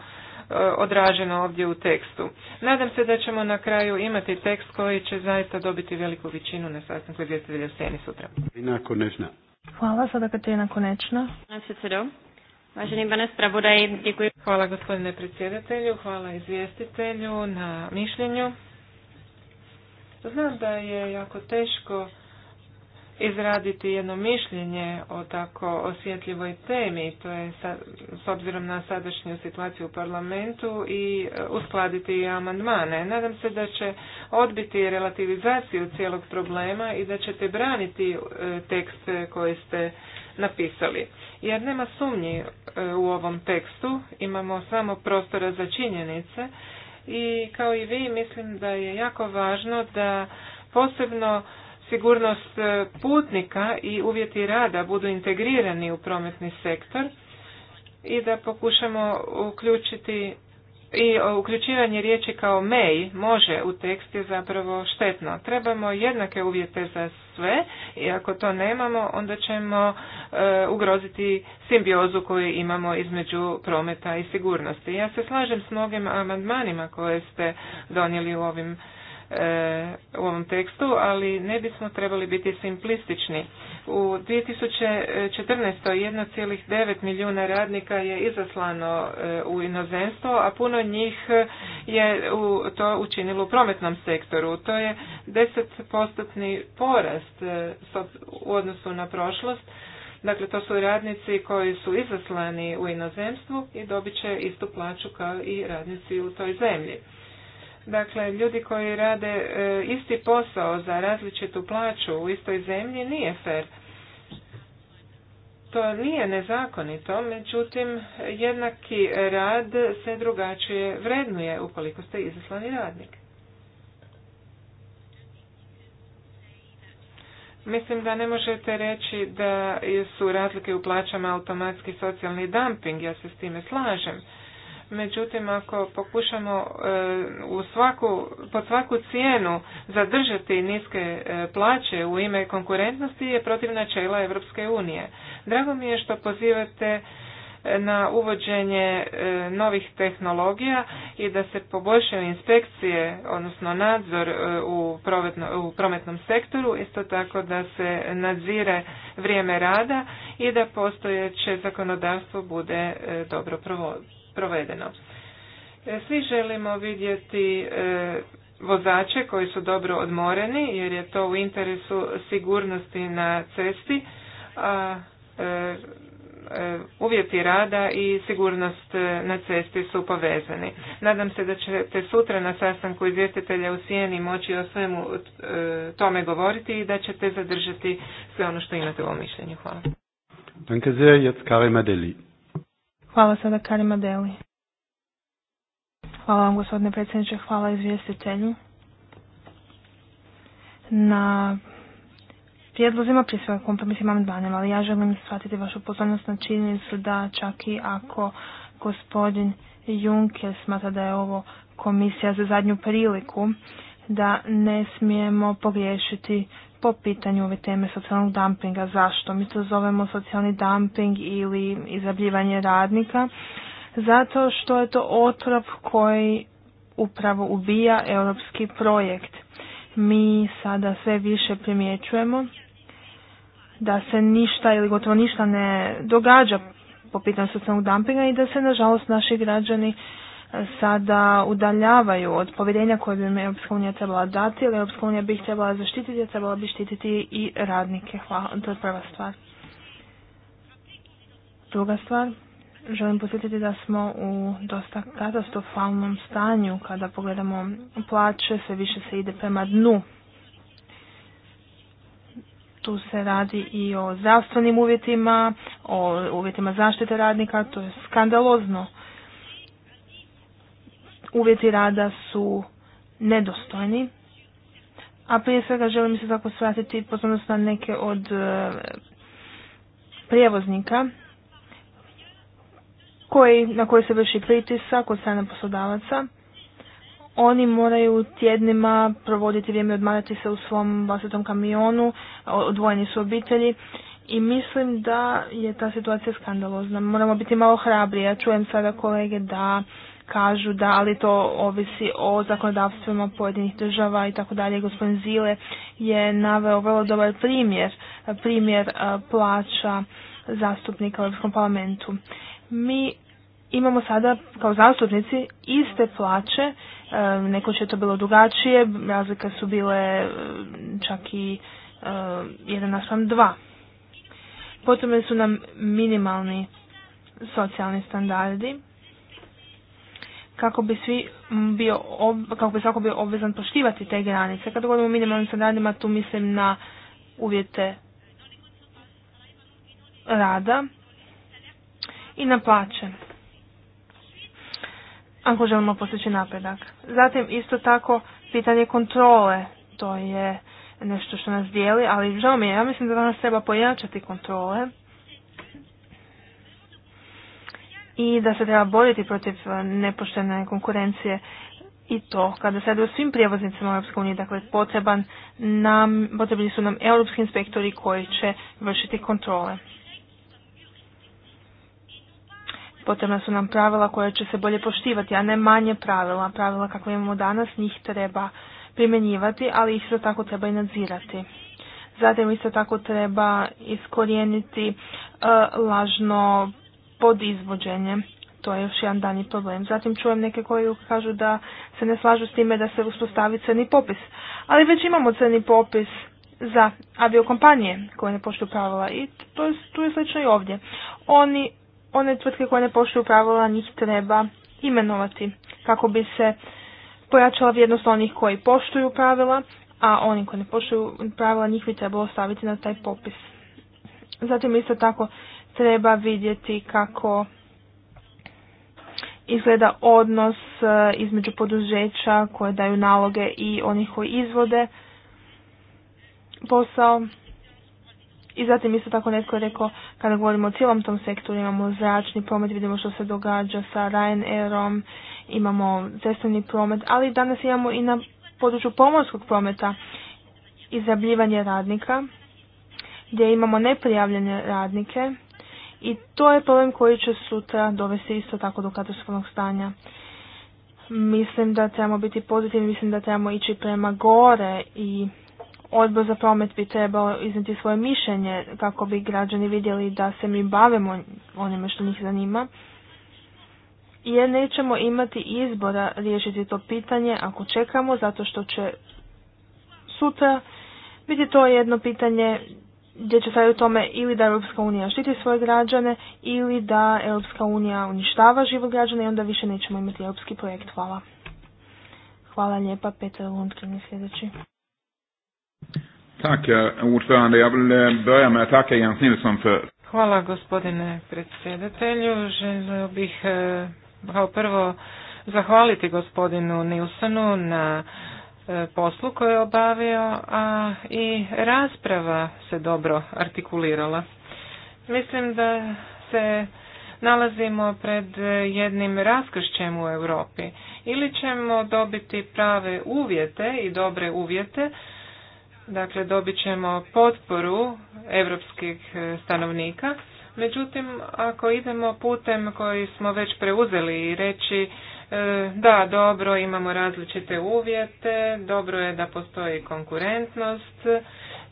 E, odraženo ovdje u tekstu. Nadam se da ćemo na kraju imati tekst koji će zaista dobiti veliku većinu na sastanku izvjestitelja sjeni sutra. Konečna. Hvala, sada Katarina Konečna. Važeni pane Hvala gospodine predsjedatelju, hvala izvjestitelju na mišljenju. Znam da je jako teško izraditi jedno mišljenje o tako osjetljivoj temi, to je sa, s obzirom na sadašnju situaciju u parlamentu i e, uskladiti i amandmane. Nadam se da će odbiti relativizaciju cijelog problema i da ćete braniti e, tekst koji ste napisali. Jer nema sumnji e, u ovom tekstu, imamo samo prostora za činjenice i kao i vi mislim da je jako važno da posebno sigurnost e, putnika i uvjeti rada budu integrirani u prometni sektor i da pokušamo uključiti i uključivanje riječi kao may može u tekst je zapravo štetno. Trebamo jednake uvjete za sve i ako to nemamo onda ćemo e, ugroziti simbiozu koju imamo između prometa i sigurnosti. Ja se slažem s mnogim amandmanima koje ste donijeli u ovim E, u ovom tekstu, ali ne bismo trebali biti simplistični. U 2014. 1,9 milijuna radnika je izaslano e, u inozemstvo, a puno njih je to učinilo u prometnom sektoru. To je 10% porast e, u odnosu na prošlost. Dakle, to su radnici koji su izaslani u inozemstvu i dobit će istu plaću kao i radnici u toj zemlji. Dakle, ljudi koji rade e, isti posao za različitu plaću u istoj zemlji nije fer. To nije nezakonito, međutim, jednaki rad se drugačije vrednuje ukoliko ste izaslani radnik. Mislim da ne možete reći da su razlike u plaćama automatski socijalni dumping, ja se s time slažem međutim ako pokušamo e, u svaku, pod svaku cijenu zadržati niske e, plaće u ime konkurentnosti je protiv načela Europske unije. Drago mi je što pozivate e, na uvođenje novih tehnologija i da se poboljšaju inspekcije, odnosno nadzor u, u prometnom sektoru, isto tako da se nadzire vrijeme rada i da postojeće zakonodavstvo bude dobro provoditi provedeno. E, svi želimo vidjeti e, vozače koji su dobro odmoreni jer je to u interesu sigurnosti na cesti, a e, uvjeti rada i sigurnost na cesti su povezani. Nadam se da ćete sutra na sastanku izvjestitelja u Sijeni moći o svemu tome govoriti i da ćete zadržati sve ono što imate u mišljenju. Hvala. Danke Hvala sada Karima Deli. Hvala vam gospodine predsjedniče, hvala izvjestitelju na prijedlozima, prije svega imam amandmanima, ali ja želim shvatiti vašu pozornost na činjenicu da čak i ako gospodin Juncker smatra da je ovo komisija za zadnju priliku, da ne smijemo pogriješiti po pitanju ove teme socijalnog dumpinga. Zašto? Mi to zovemo socijalni dumping ili izabljivanje radnika. Zato što je to otrov koji upravo ubija europski projekt. Mi sada sve više primjećujemo da se ništa ili gotovo ništa ne događa po pitanju socijalnog dumpinga i da se nažalost naši građani sada udaljavaju od povjerenja koje bi im Europska unija trebala dati, ali Europska unija bi ih trebala zaštititi, a trebala bi štititi i radnike. Hvala, to je prva stvar. Druga stvar, želim posjetiti da smo u dosta katastrofalnom stanju kada pogledamo plaće, sve više se ide prema dnu. Tu se radi i o zdravstvenim uvjetima, o uvjetima zaštite radnika, to je skandalozno uvjeti rada su nedostojni, a prije svega želim se tako svratiti pozornost na neke od e, prijevoznika koji, na koje se vrši pritisak od strane poslodavaca. Oni moraju tjednima provoditi vrijeme odmarati se u svom vlastitom kamionu, odvojeni su obitelji i mislim da je ta situacija skandalozna. Moramo biti malo hrabri. Ja čujem sada kolege da kažu da, ali to ovisi o zakonodavstvima pojedinih država i tako dalje. Gospodin Zile je naveo vrlo dobar primjer, primjer e, plaća zastupnika u Europskom parlamentu. Mi imamo sada kao zastupnici iste plaće, e, neko će to bilo drugačije, razlike su bile e, čak i jedan naspram dva. Potrebni su nam minimalni socijalni standardi kako bi svi bio, kako bi svako bio obvezan poštivati te granice. Kada govorimo o minimalnim standardima, tu mislim na uvjete rada i na plaće. Ako želimo postići napredak. Zatim isto tako pitanje kontrole. To je nešto što nas dijeli, ali žao mi je, ja mislim da danas treba pojačati kontrole i da se treba boriti protiv e, nepoštene konkurencije i to kada se radi o svim prijevoznicima u EU, dakle potreban nam, potrebni su nam europski inspektori koji će vršiti kontrole. Potrebna su nam pravila koja će se bolje poštivati, a ne manje pravila. Pravila kakve imamo danas njih treba primjenjivati, ali isto tako treba i nadzirati. Zatim isto tako treba iskorijeniti e, lažno izvođenje, To je još jedan danji problem. Zatim čujem neke koji kažu da se ne slažu s time da se uspostavi crni popis. Ali već imamo crni popis za aviokompanije koje ne poštuju pravila i to je, tu je slično i ovdje. Oni, one tvrtke koje ne poštuju pravila njih treba imenovati kako bi se pojačala vrijednost onih koji poštuju pravila, a oni koji ne poštuju pravila njih bi trebalo staviti na taj popis. Zatim isto tako treba vidjeti kako izgleda odnos e, između poduzeća koje daju naloge i onih koji izvode posao. I zatim isto tako netko je rekao, kada govorimo o cijelom tom sektoru, imamo zračni promet, vidimo što se događa sa Ryanairom, imamo cestovni promet, ali danas imamo i na području pomorskog prometa izrabljivanje radnika, gdje imamo neprijavljene radnike i to je problem koji će sutra dovesti isto tako do katastrofalnog stanja. Mislim da trebamo biti pozitivni, mislim da trebamo ići prema gore i odbor za promet bi trebao iznijeti svoje mišljenje kako bi građani vidjeli da se mi bavimo onime što njih zanima. Jer nećemo imati izbora riješiti to pitanje ako čekamo, zato što će sutra biti to jedno pitanje gdje će sad u tome ili da Europska unija štiti svoje građane ili da Europska unija uništava živo građane i onda više nećemo imati europski projekt. Hvala. Hvala lijepa, Petar Lundkin je sljedeći. ja ordförande. Jag vill börja med att tacka Jens Nilsson för... Hvala gospodine predsjedatelju. Želio bih eh, kao prvo zahvaliti gospodinu Nilsonu na E, poslu koju je obavio, a i rasprava se dobro artikulirala. Mislim da se nalazimo pred jednim raskršćem u Europi. Ili ćemo dobiti prave uvjete i dobre uvjete, dakle dobit ćemo potporu europskih e, stanovnika, međutim ako idemo putem koji smo već preuzeli i reći E, da, dobro, imamo različite uvjete, dobro je da postoji konkurentnost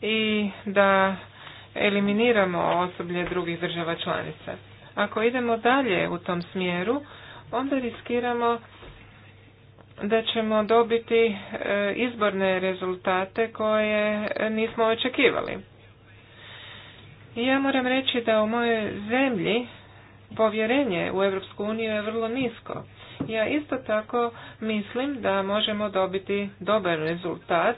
i da eliminiramo osoblje drugih država članica. Ako idemo dalje u tom smjeru, onda riskiramo da ćemo dobiti e, izborne rezultate koje nismo očekivali. Ja moram reći da u mojoj zemlji povjerenje u EU je vrlo nisko ja isto tako mislim da možemo dobiti dobar rezultat,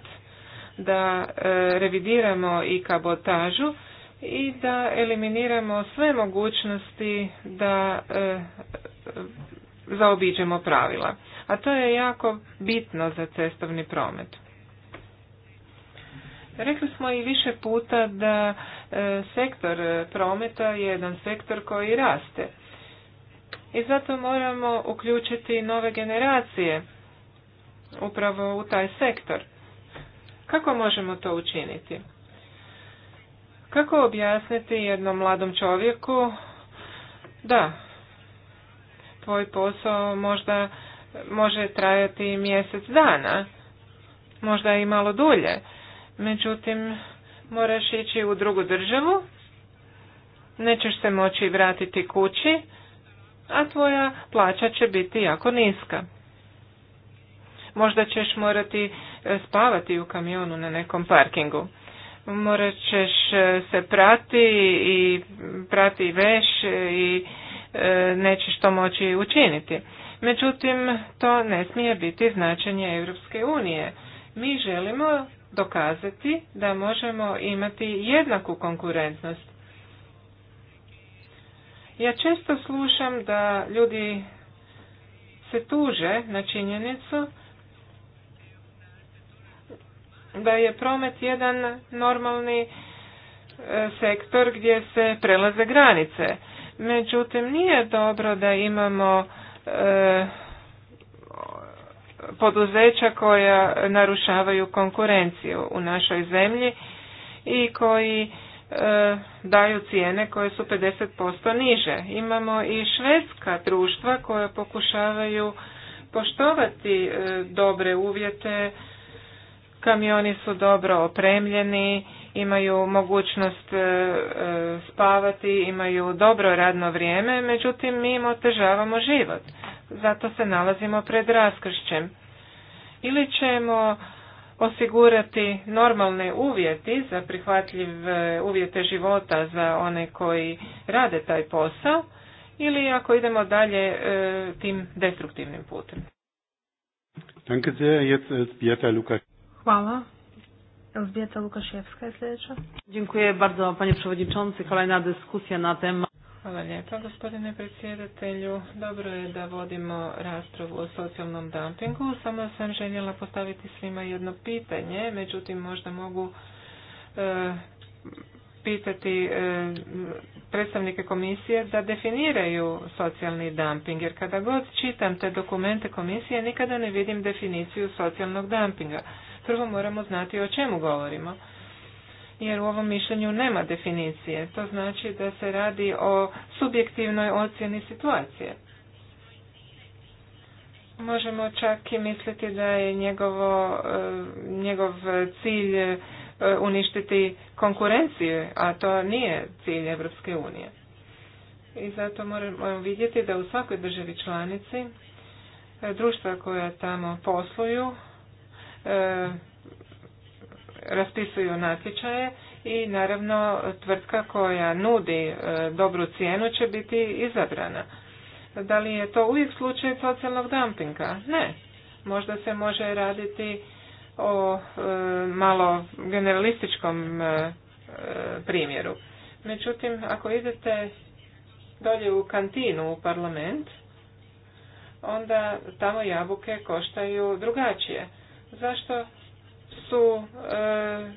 da e, revidiramo i kabotažu i da eliminiramo sve mogućnosti da e, zaobiđemo pravila. A to je jako bitno za cestovni promet. Rekli smo i više puta da e, sektor prometa je jedan sektor koji raste. I zato moramo uključiti nove generacije upravo u taj sektor. Kako možemo to učiniti? Kako objasniti jednom mladom čovjeku da tvoj posao možda može trajati mjesec dana, možda i malo dulje. Međutim, moraš ići u drugu državu, nećeš se moći vratiti kući, a tvoja plaća će biti jako niska. Možda ćeš morati e, spavati u kamionu na nekom parkingu. Morat ćeš e, se prati i prati veš e, i nećeš to moći učiniti. Međutim, to ne smije biti značenje Europske unije. Mi želimo dokazati da možemo imati jednaku konkurentnost ja često slušam da ljudi se tuže na činjenicu da je promet jedan normalni e, sektor gdje se prelaze granice. Međutim, nije dobro da imamo e, poduzeća koja narušavaju konkurenciju u našoj zemlji i koji E, daju cijene koje su 50% niže. Imamo i švedska društva koja pokušavaju poštovati e, dobre uvjete, kamioni su dobro opremljeni, imaju mogućnost e, spavati, imaju dobro radno vrijeme, međutim mi im otežavamo život. Zato se nalazimo pred raskršćem. Ili ćemo osigurati normalne uvjeti za prihvatljive uvjete života za one koji rade taj posao ili ako idemo dalje e, tim destruktivnim putem. Hvala. luka Lukaszewska jest sljedeća. Dziękuję bardzo Panie Przewodniczący. Kolejna dyskusja na temat Hvala lijepa gospodine predsjedatelju. Dobro je da vodimo raspravu o socijalnom dumpingu. Samo sam željela postaviti svima jedno pitanje, međutim možda mogu e, pitati e, predstavnike komisije da definiraju socijalni dumping, jer kada god čitam te dokumente komisije nikada ne vidim definiciju socijalnog dumpinga. Prvo moramo znati o čemu govorimo jer u ovom mišljenju nema definicije. To znači da se radi o subjektivnoj ocjeni situacije. Možemo čak i misliti da je njegovo, e, njegov cilj e, uništiti konkurenciju, a to nije cilj Evropske unije. I zato moramo vidjeti da u svakoj državi članici e, društva koja tamo posluju raspisuju natječaje i naravno tvrtka koja nudi e, dobru cijenu će biti izabrana. Da li je to uvijek slučaj socijalnog dumpinga? Ne. Možda se može raditi o e, malo generalističkom e, primjeru. Međutim, ako idete dolje u kantinu u parlament, onda tamo jabuke koštaju drugačije. Zašto su e,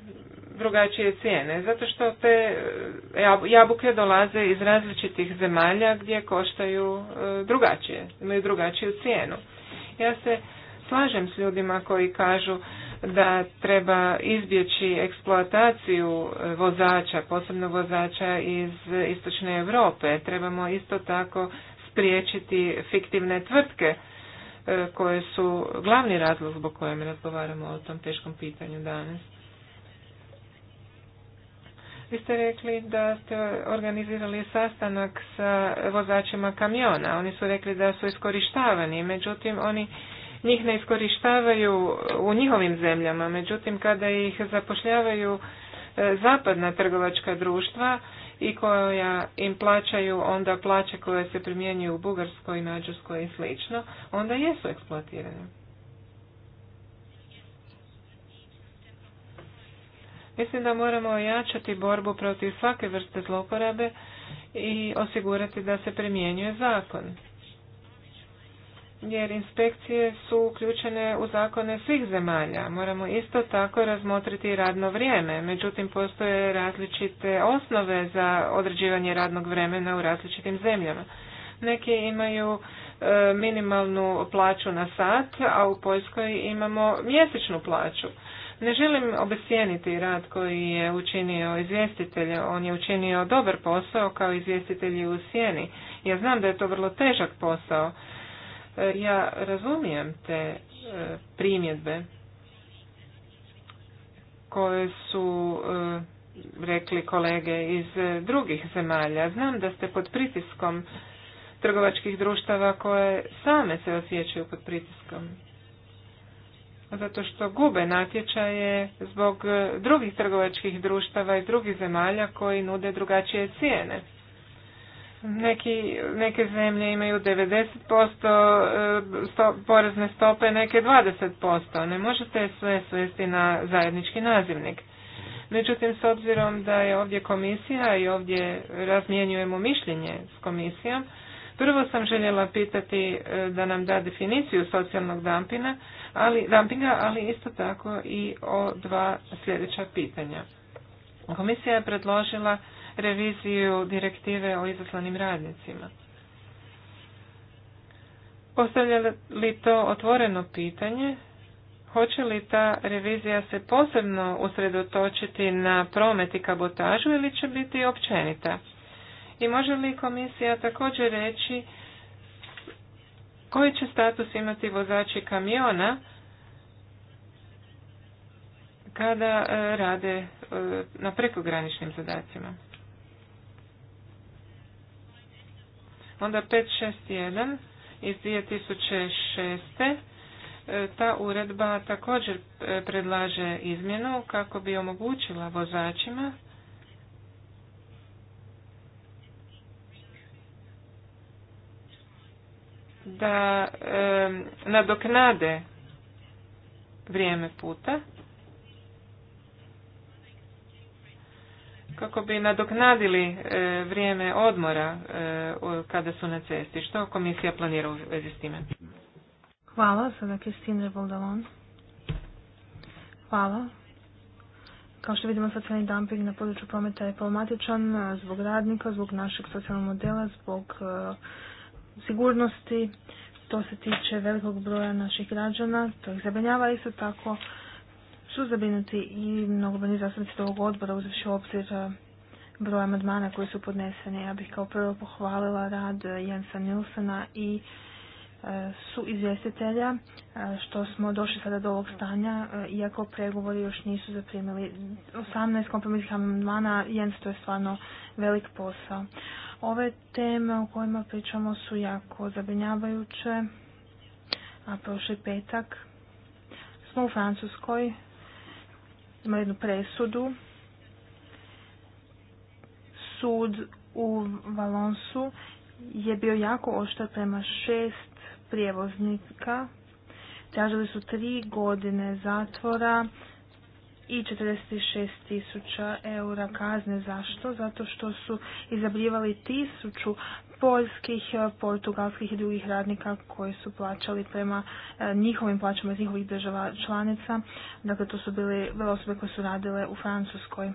drugačije cijene, zato što te e, jabuke dolaze iz različitih zemalja gdje koštaju e, drugačije, imaju drugačiju cijenu. Ja se slažem s ljudima koji kažu da treba izbjeći eksploataciju vozača, posebno vozača iz istočne Europe. Trebamo isto tako spriječiti fiktivne tvrtke E, koje su glavni razlog zbog mi razgovaramo o tom teškom pitanju danas. Vi ste rekli da ste organizirali sastanak sa vozačima kamiona. Oni su rekli da su iskorištavani, međutim oni njih ne iskorištavaju u njihovim zemljama, međutim kada ih zapošljavaju zapadna trgovačka društva i koja im plaćaju onda plaće koje se primjenjuju u Bugarskoj, Mađarskoj i slično, onda jesu eksploatirane. Mislim da moramo ojačati borbu protiv svake vrste zloporabe i osigurati da se primjenjuje zakon jer inspekcije su uključene u zakone svih zemalja. Moramo isto tako razmotriti radno vrijeme, međutim postoje različite osnove za određivanje radnog vremena u različitim zemljama. Neki imaju e, minimalnu plaću na sat, a u Poljskoj imamo mjesečnu plaću. Ne želim obesijeniti rad koji je učinio izvjestitelj, on je učinio dobar posao kao izvjestitelj u sjeni. Ja znam da je to vrlo težak posao, ja razumijem te e, primjedbe koje su e, rekli kolege iz e, drugih zemalja. Znam da ste pod pritiskom trgovačkih društava koje same se osjećaju pod pritiskom. Zato što gube natječaje zbog drugih trgovačkih društava iz drugih zemalja koji nude drugačije cijene. Neki, neke zemlje imaju 90% e, porezne stope, neke 20%. Ne možete sve svesti na zajednički nazivnik. Međutim, s obzirom da je ovdje komisija i ovdje razmjenjujemo mišljenje s komisijom, prvo sam željela pitati e, da nam da definiciju socijalnog dampina, ali, dampinga, ali isto tako i o dva sljedeća pitanja. Komisija je predložila reviziju direktive o izaslanim radnicima. Postavlja li to otvoreno pitanje? Hoće li ta revizija se posebno usredotočiti na promet i kabotažu ili će biti općenita? I može li komisija također reći koji će status imati vozači kamiona kada e, rade e, na prekograničnim zadacima? Onda 561 iz 2006. E, ta uredba također e, predlaže izmjenu kako bi omogućila vozačima da e, nadoknade vrijeme puta kako bi nadoknadili e, vrijeme odmora e, kada su na cesti. Što komisija planira u vezi s time? Hvala, sada Kristine Voldalon. Hvala. Kao što vidimo, socijalni dumping na području prometa je problematičan e, zbog radnika, zbog našeg socijalnog modela, zbog sigurnosti. To se tiče velikog broja naših građana, to ih zabrinjava isto tako su zabrinuti i mnogobrani zastupnici ovog odbora uzevši obzir e, broj madmana koji su podnesene. Ja bih kao prvo pohvalila rad Jensa Nilsena i e, su izvjestitelja e, što smo došli sada do ovog stanja iako pregovori još nisu zaprimili 18 kompromisnih amandmana Jens to je stvarno velik posao ove teme o kojima pričamo su jako zabrinjavajuće a prošli petak smo u Francuskoj imali jednu presudu. Sud u Valonsu je bio jako oštar prema šest prijevoznika. Tražili su tri godine zatvora i 46 tisuća eura kazne. Zašto? Zato što su izabljivali tisuću poljskih, e, portugalskih i drugih radnika koji su plaćali prema e, njihovim plaćama iz njihovih država članica. Dakle, to su bile osobe koje su radile u Francuskoj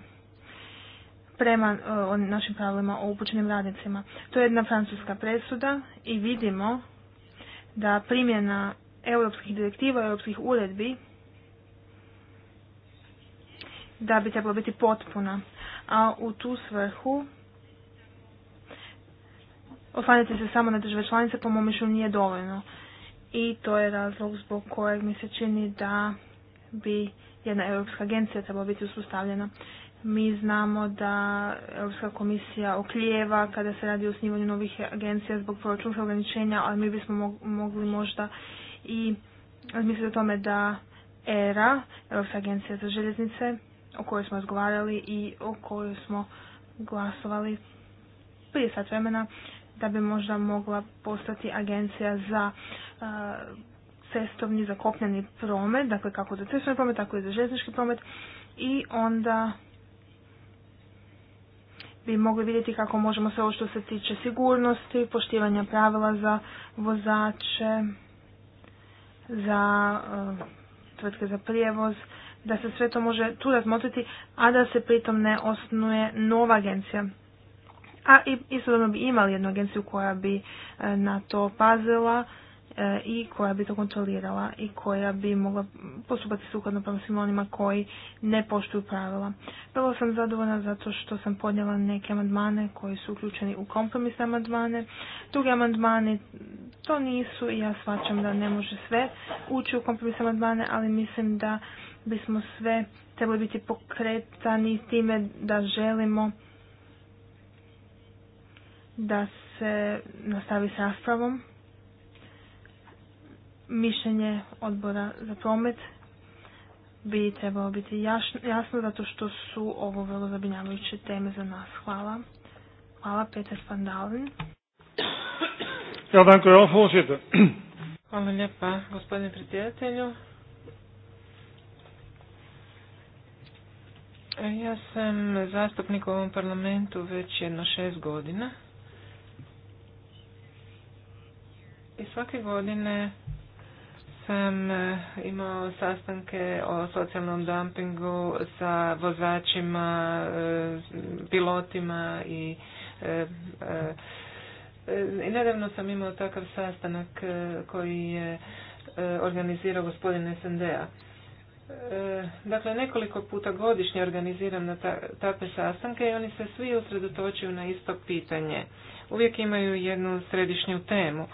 prema e, našim pravilima o upućenim radnicima. To je jedna francuska presuda i vidimo da primjena europskih direktiva, europskih uredbi da bi trebalo biti potpuna. A u tu svrhu oslanjati se samo na države članice po mom mišljenju nije dovoljno. I to je razlog zbog kojeg mi se čini da bi jedna europska agencija trebala biti uspostavljena. Mi znamo da Europska komisija oklijeva kada se radi o osnivanju novih agencija zbog proračunskih ograničenja, ali mi bismo mogli možda i razmisliti o tome da ERA, Europska agencija za željeznice, o kojoj smo razgovarali i o kojoj smo glasovali prije sat vremena, da bi možda mogla postati agencija za e, cestovni, za kopneni promet, dakle kako za cestovni promet, tako i za željeznički promet i onda bi mogli vidjeti kako možemo sve ovo što se tiče sigurnosti, poštivanja pravila za vozače, za e, tvrtke za prijevoz, da se sve to može tu razmotriti, a da se pritom ne osnuje nova agencija a istodobno bi imali jednu agenciju koja bi e, na to pazila e, i koja bi to kontrolirala i koja bi mogla postupati sukladno prema svima onima koji ne poštuju pravila. Prvo sam zadovoljna zato što sam podnijela neke amandmane koji su uključeni u kompromisne amandmane. Drugi amandmani to nisu i ja svačam da ne može sve ući u kompromisne amandmane, ali mislim da bismo sve trebali biti pokretani time da želimo da se nastavi s raspravom. Mišljenje odbora za promet bi trebalo biti jasno zato što su ovo vrlo zabrinjavajuće teme za nas. Hvala. Hvala Peter van Hvala lijepa, gospodine predsjedatelju. Ja sam zastupnik u ovom parlamentu već jedno šest godina. I svake godine sam e, imao sastanke o socijalnom dumpingu sa vozačima, e, pilotima i e, i nedavno sam imao takav sastanak koji je organizirao gospodin SND-a. Dakle, nekoliko puta godišnje organiziram na takve sastanke i oni se svi usredotočuju na isto pitanje. Uvijek imaju jednu središnju temu.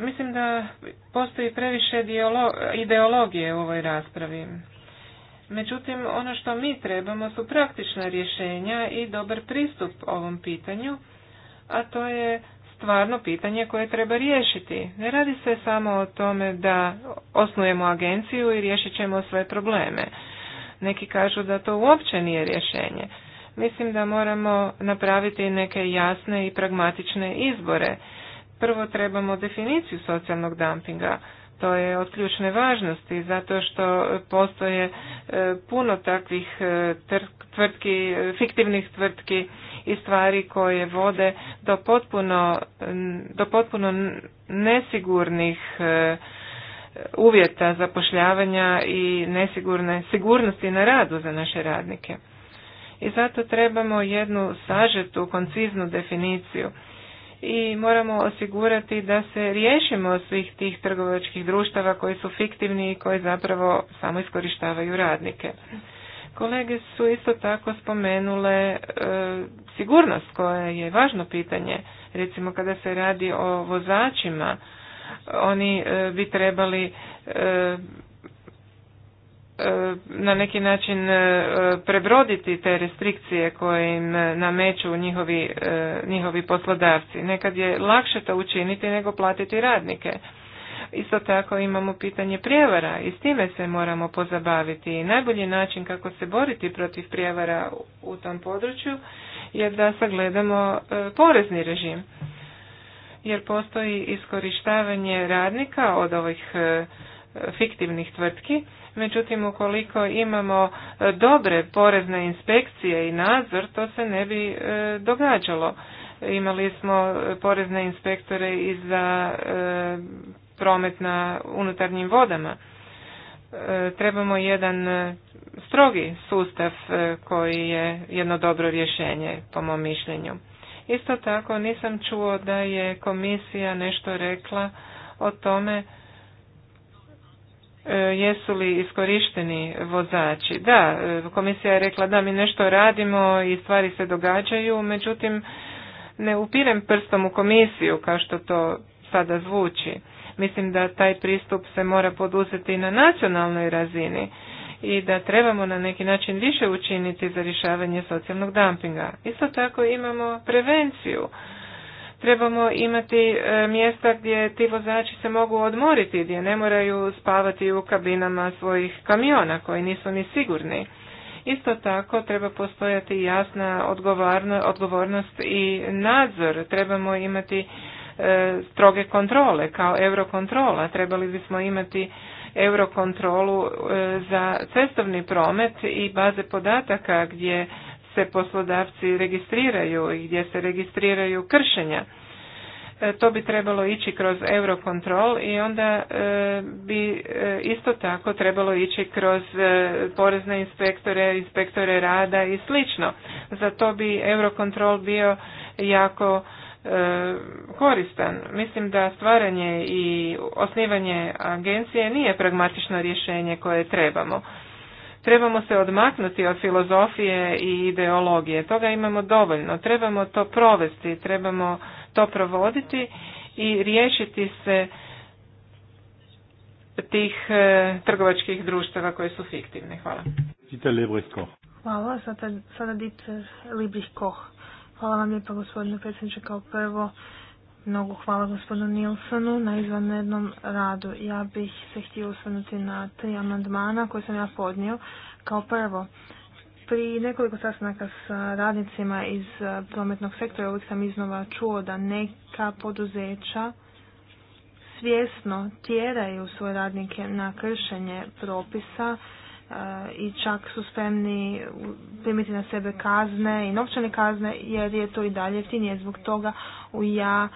Mislim da postoji previše ideologije u ovoj raspravi. Međutim, ono što mi trebamo su praktična rješenja i dobar pristup ovom pitanju, a to je stvarno pitanje koje treba riješiti. Ne radi se samo o tome da osnujemo agenciju i riješit ćemo sve probleme. Neki kažu da to uopće nije rješenje. Mislim da moramo napraviti neke jasne i pragmatične izbore prvo trebamo definiciju socijalnog dumpinga. To je od ključne važnosti zato što postoje e, puno takvih e, tvrtki, e, fiktivnih tvrtki i stvari koje vode do potpuno, do potpuno nesigurnih uvjeta zapošljavanja i nesigurne sigurnosti na radu za naše radnike. I zato trebamo jednu sažetu, konciznu definiciju i moramo osigurati da se riješimo svih tih trgovačkih društava koji su fiktivni i koji zapravo samo iskorištavaju radnike. Kolege su isto tako spomenule e, sigurnost koja je važno pitanje. Recimo kada se radi o vozačima, oni e, bi trebali e, E, na neki način e, prebroditi te restrikcije koje im e, nameću njihovi, njihovi poslodavci. Nekad je lakše to učiniti nego platiti radnike. Isto tako imamo pitanje prijevara i s time se moramo pozabaviti. najbolji način kako se boriti protiv prijevara u tom području je da sagledamo porezni režim. Jer postoji iskorištavanje radnika od ovih fiktivnih tvrtki međutim ukoliko imamo e, dobre porezne inspekcije i nadzor, to se ne bi e, događalo. Imali smo e, porezne inspektore i za promet na unutarnjim vodama. Trebamo jedan strogi sustav koji je jedno dobro rješenje po mom mišljenju. Isto tako nisam čuo da je komisija nešto rekla o tome E, jesu li iskorišteni vozači. Da, e, komisija je rekla da mi nešto radimo i stvari se događaju, međutim ne upirem prstom u komisiju kao što to sada zvuči. Mislim da taj pristup se mora poduzeti i na nacionalnoj razini i da trebamo na neki način više učiniti za rješavanje socijalnog dumpinga. Isto tako imamo prevenciju trebamo imati e, mjesta gdje ti vozači se mogu odmoriti, gdje ne moraju spavati u kabinama svojih kamiona koji nisu ni sigurni. Isto tako treba postojati jasna odgovornost i nadzor. Trebamo imati e, stroge kontrole kao eurokontrola. Trebali bismo imati eurokontrolu e, za cestovni promet i baze podataka gdje se poslodavci registriraju i gdje se registriraju kršenja. E, to bi trebalo ići kroz Eurocontrol i onda e, bi e, isto tako trebalo ići kroz porezne inspektore, inspektore rada i slično. Za to bi Eurocontrol bio jako koristan. Mislim da stvaranje i osnivanje agencije nije pragmatično rješenje koje trebamo. Trebamo se odmaknuti od filozofije i ideologije. Toga imamo dovoljno. Trebamo to provesti, trebamo to provoditi i riješiti se tih e, trgovačkih društava koje su fiktivne. Hvala. Hvala. Sada, sada Dieter Librich Hvala vam lijepa gospodine predsjedniče. Kao prvo Mnogo hvala gospodinu Nilsonu na izvanrednom radu. Ja bih se htio osvrnuti na tri amandmana koje sam ja podnio. Kao prvo, pri nekoliko sastanaka s radnicima iz e, prometnog sektora uvijek sam iznova čuo da neka poduzeća svjesno tjeraju svoje radnike na kršenje propisa E, i čak su spremni primiti na sebe kazne i novčane kazne jer je to i dalje jeftinije. Zbog toga ja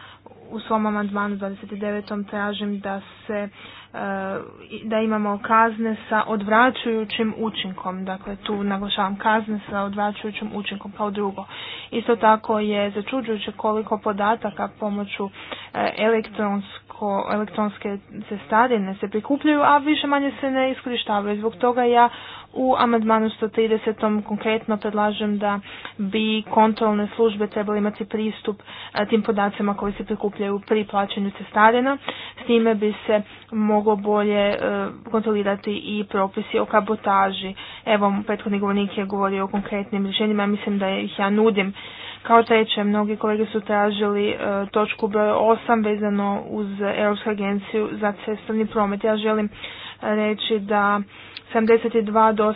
u svom amandmanu 29. tražim da se e, da imamo kazne sa odvraćujućim učinkom. Dakle, tu naglašavam kazne sa odvraćujućim učinkom kao drugo. Isto tako je začuđujuće koliko podataka pomoću e, elektronskog kako elektronske cestarine se prikupljaju, a više manje se ne iskorištavaju. Zbog toga ja u amandmanu 130. konkretno predlažem da bi kontrolne službe trebali imati pristup eh, tim podacima koji se prikupljaju pri plaćanju cestarina. S time bi se moglo bolje eh, kontrolirati i propisi o kabotaži. Evo, prethodni govornik je govorio o konkretnim rješenjima, mislim da ih ja nudim kao treće, mnogi kolege su tražili e, točku broj 8 vezano uz Europsku agenciju za cestovni promet. Ja želim reći da 72 do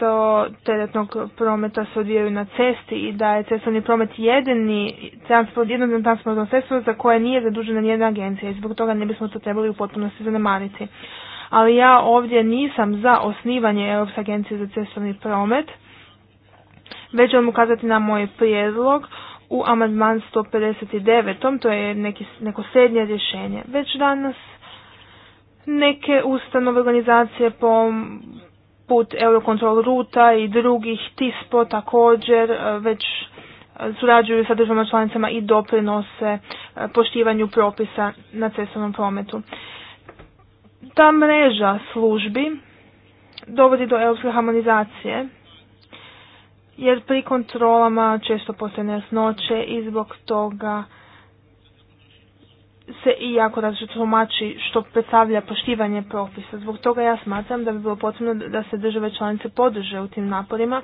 80% teretnog prometa se odvijaju na cesti i da je cestovni promet jedini transport, jedno transportno sredstvo za koje nije zadužena nijedna agencija i zbog toga ne bismo to trebali u potpunosti zanemariti. Ali ja ovdje nisam za osnivanje Europske agencije za cestovni promet, već vam ukazati na moj prijedlog u amandman 159. To je neko srednje rješenje. Već danas neke ustanove organizacije po put Eurocontrol ruta i drugih TISPO također e, već surađuju sa državama članicama i doprinose e, poštivanju propisa na cestovnom prometu. Ta mreža službi dovodi do europske harmonizacije jer pri kontrolama često postoje nejasnoće i zbog toga se i jako različito tumači što predstavlja poštivanje propisa. Zbog toga ja smatram da bi bilo potrebno da se države članice podrže u tim naporima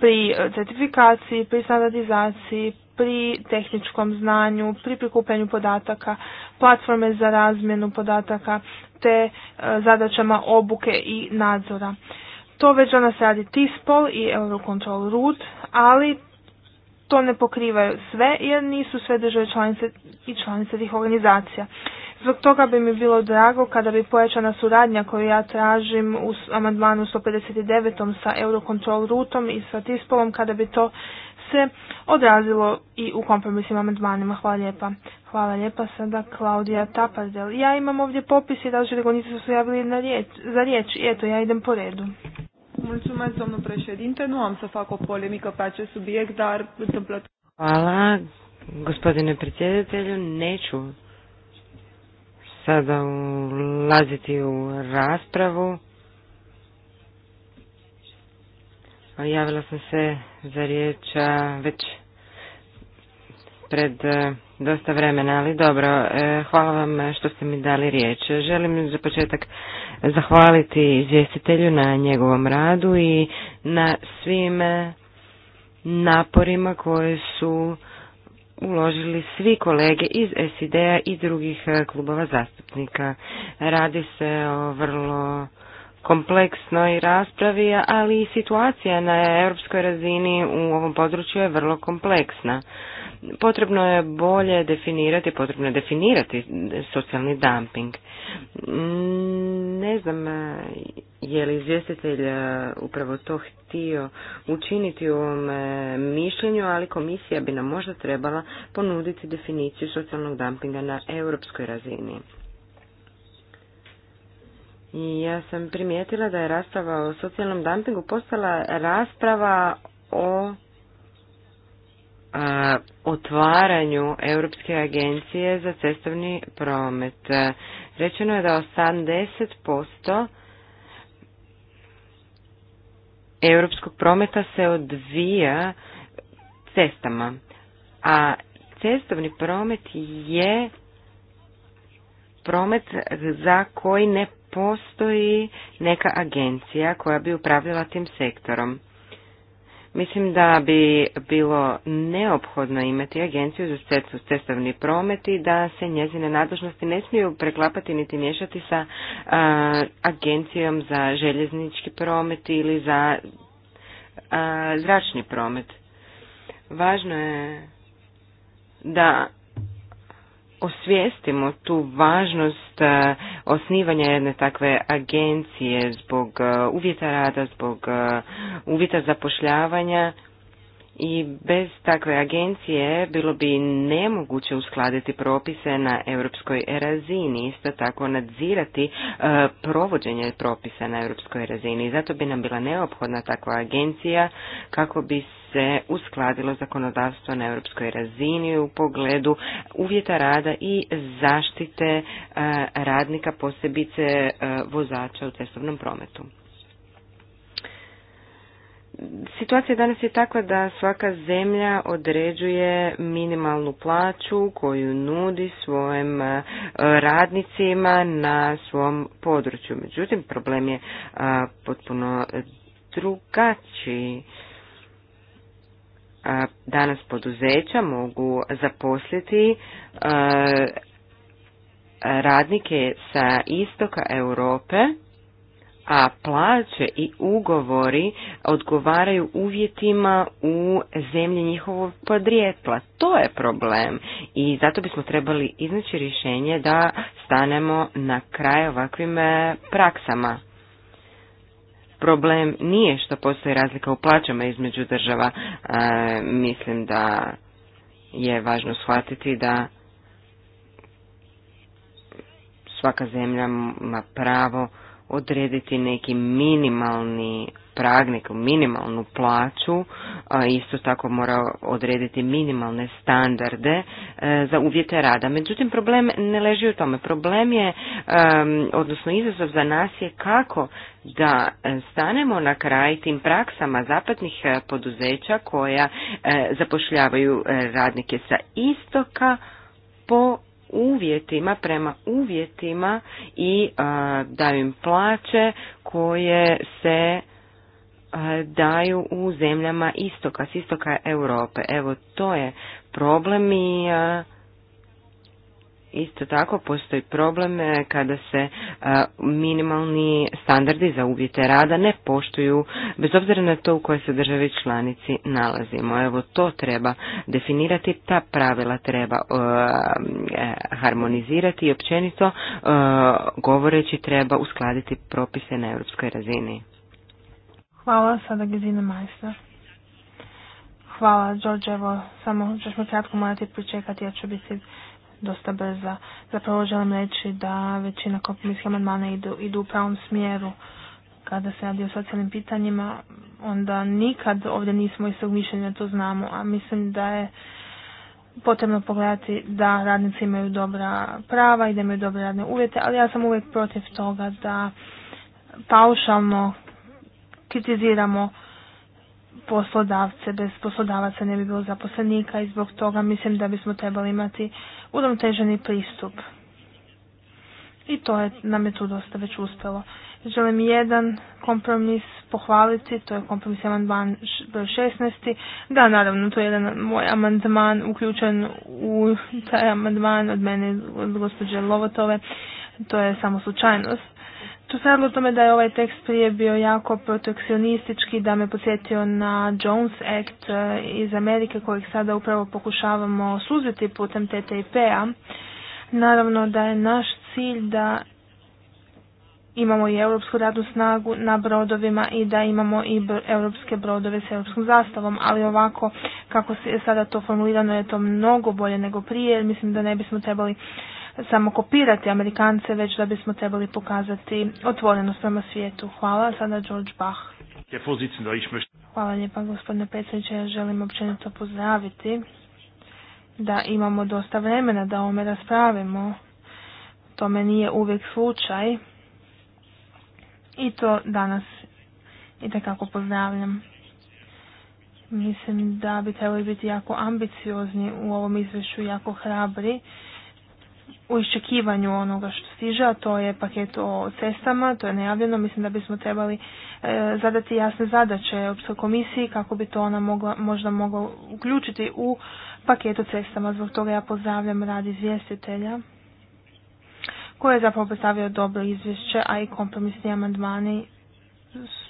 pri certifikaciji, pri standardizaciji, pri tehničkom znanju, pri prikupljanju podataka, platforme za razmjenu podataka te e, zadaćama obuke i nadzora. To već danas radi TISPOL i Eurocontrol Root, ali to ne pokrivaju sve jer nisu sve države članice i članice tih organizacija. Zbog toga bi mi bilo drago kada bi pojačana suradnja koju ja tražim u amandmanu 159. sa Eurocontrol rutom i sa Tispolom kada bi to se odrazilo i u kompromisnim amandmanima. Hvala lijepa. Hvala lijepa sada Klaudija Tapardel. Ja imam ovdje popis i različite gonice su se javili na za riječ eto ja idem po redu. Mulțumesc, domnul președinte. Nu am să fac o polemică pe acest subiect, dar întâmplător. Hvala, gospodine predsjedatelju. Neću sada ulaziti u raspravu. Javila sam se za riječ već pred e, dosta vremena, ali dobro, e, hvala vam što ste mi dali riječ. Želim za početak zahvaliti izvjestitelju na njegovom radu i na svim naporima koje su uložili svi kolege iz SID-a i drugih klubova zastupnika. Radi se o vrlo kompleksnoj raspravi, ali i situacija na europskoj razini u ovom području je vrlo kompleksna. Potrebno je bolje definirati, potrebno je definirati socijalni dumping. Ne znam je li izvjestitelj e, upravo to htio učiniti u ovom e, mišljenju, ali komisija bi nam možda trebala ponuditi definiciju socijalnog dumpinga na europskoj razini. I ja sam primijetila da je rasprava o socijalnom dumpingu postala rasprava o a, otvaranju Europske agencije za cestovni promet. Rečeno je da 80% europskog prometa se odvija cestama, a cestovni promet je promet za koji ne postoji neka agencija koja bi upravljala tim sektorom. Mislim da bi bilo neophodno imati agenciju za cestovni promet i da se njezine nadležnosti ne smiju preklapati niti miješati sa agencijom za željeznički promet ili za zračni promet. Važno je da osvijestimo tu važnost e, osnivanja jedne takve agencije zbog e, uvjeta rada, zbog e, uvjeta zapošljavanja i bez takve agencije bilo bi nemoguće uskladiti propise na europskoj razini, isto tako nadzirati e, provođenje propisa na europskoj razini. Zato bi nam bila neophodna takva agencija kako bi se uskladilo zakonodavstvo na europskoj razini u pogledu uvjeta rada i zaštite e, radnika, posebice e, vozača u cestovnom prometu. Situacija danas je takva da svaka zemlja određuje minimalnu plaću koju nudi svojim e, radnicima na svom području. Međutim, problem je e, potpuno drugačiji. E, danas poduzeća mogu zaposliti radnike sa istoka Europe a plaće i ugovori odgovaraju uvjetima u zemlji njihovog podrijetla. To je problem i zato bismo trebali iznaći rješenje da stanemo na kraj ovakvim e, praksama. Problem nije što postoji razlika u plaćama između država. E, mislim da je važno shvatiti da svaka zemlja ima pravo odrediti neki minimalni pragnik, minimalnu plaću, isto tako mora odrediti minimalne standarde e, za uvjete rada. Međutim, problem ne leži u tome. Problem je, odnosno izazov za nas je kako da stanemo na kraj tim praksama zapadnih e, poduzeća koja e, zapošljavaju radnike sa istoka po uvjetima prema uvjetima i daju im plaće koje se daju u zemljama istoka, s istoka Europe. Evo to je problem i Isto tako postoji problem e, kada se e, minimalni standardi za uvjete rada ne poštuju, bez obzira na to u kojoj se državi članici nalazimo. Evo to treba definirati, ta pravila treba e, harmonizirati i općenito govoreći treba uskladiti propise na europskoj razini. Hvala, sada gizine Majsa. Hvala, Đorđevo, samo ćeš kratko morati pričekati, ja ću biti dosta brza. Zapravo želim reći da većina kompromisnih amandmana idu, idu u pravom smjeru. Kada se radi o socijalnim pitanjima, onda nikad ovdje nismo tog mišljenja, to znamo, a mislim da je potrebno pogledati da radnici imaju dobra prava i da imaju dobre radne uvjete, ali ja sam uvijek protiv toga da paušalno kritiziramo poslodavce, bez poslodavaca ne bi bilo zaposlenika i zbog toga mislim da bismo trebali imati uravnoteženi pristup. I to je, nam je tu dosta već uspjelo. Želim jedan kompromis pohvaliti, to je kompromis amandman broj 16. Da, naravno, to je jedan moj amandman uključen u taj amandman od mene, od gospođe Lovotove. To je samo slučajnost. Tu se radilo tome da je ovaj tekst prije bio jako protekcionistički, da me podsjetio na Jones Act e, iz Amerike kojeg sada upravo pokušavamo suzeti putem TTIP-a. Naravno da je naš cilj da imamo i europsku radnu snagu na brodovima i da imamo i europske brodove s europskom zastavom, ali ovako kako je sada to formulirano je to mnogo bolje nego prije, mislim da ne bismo trebali samo kopirati Amerikance, već da bismo trebali pokazati otvorenost prema svijetu. Hvala, sada George Bach. Hvala lijepa gospodine predsjedniče, ja želim općenito pozdraviti da imamo dosta vremena da ome raspravimo. Tome nije uvijek slučaj i to danas i takako pozdravljam. Mislim da bi trebali biti jako ambiciozni u ovom izvješću, jako hrabri u iščekivanju onoga što stiže, a to je paket o cestama, to je najavljeno, mislim da bismo trebali e, zadati jasne zadaće Europskoj komisiji kako bi to ona mogla, možda mogla uključiti u paket o cestama. Zbog toga ja pozdravljam rad izvjestitelja koji je zapravo predstavio dobro izvješće, a i kompromisni amandmani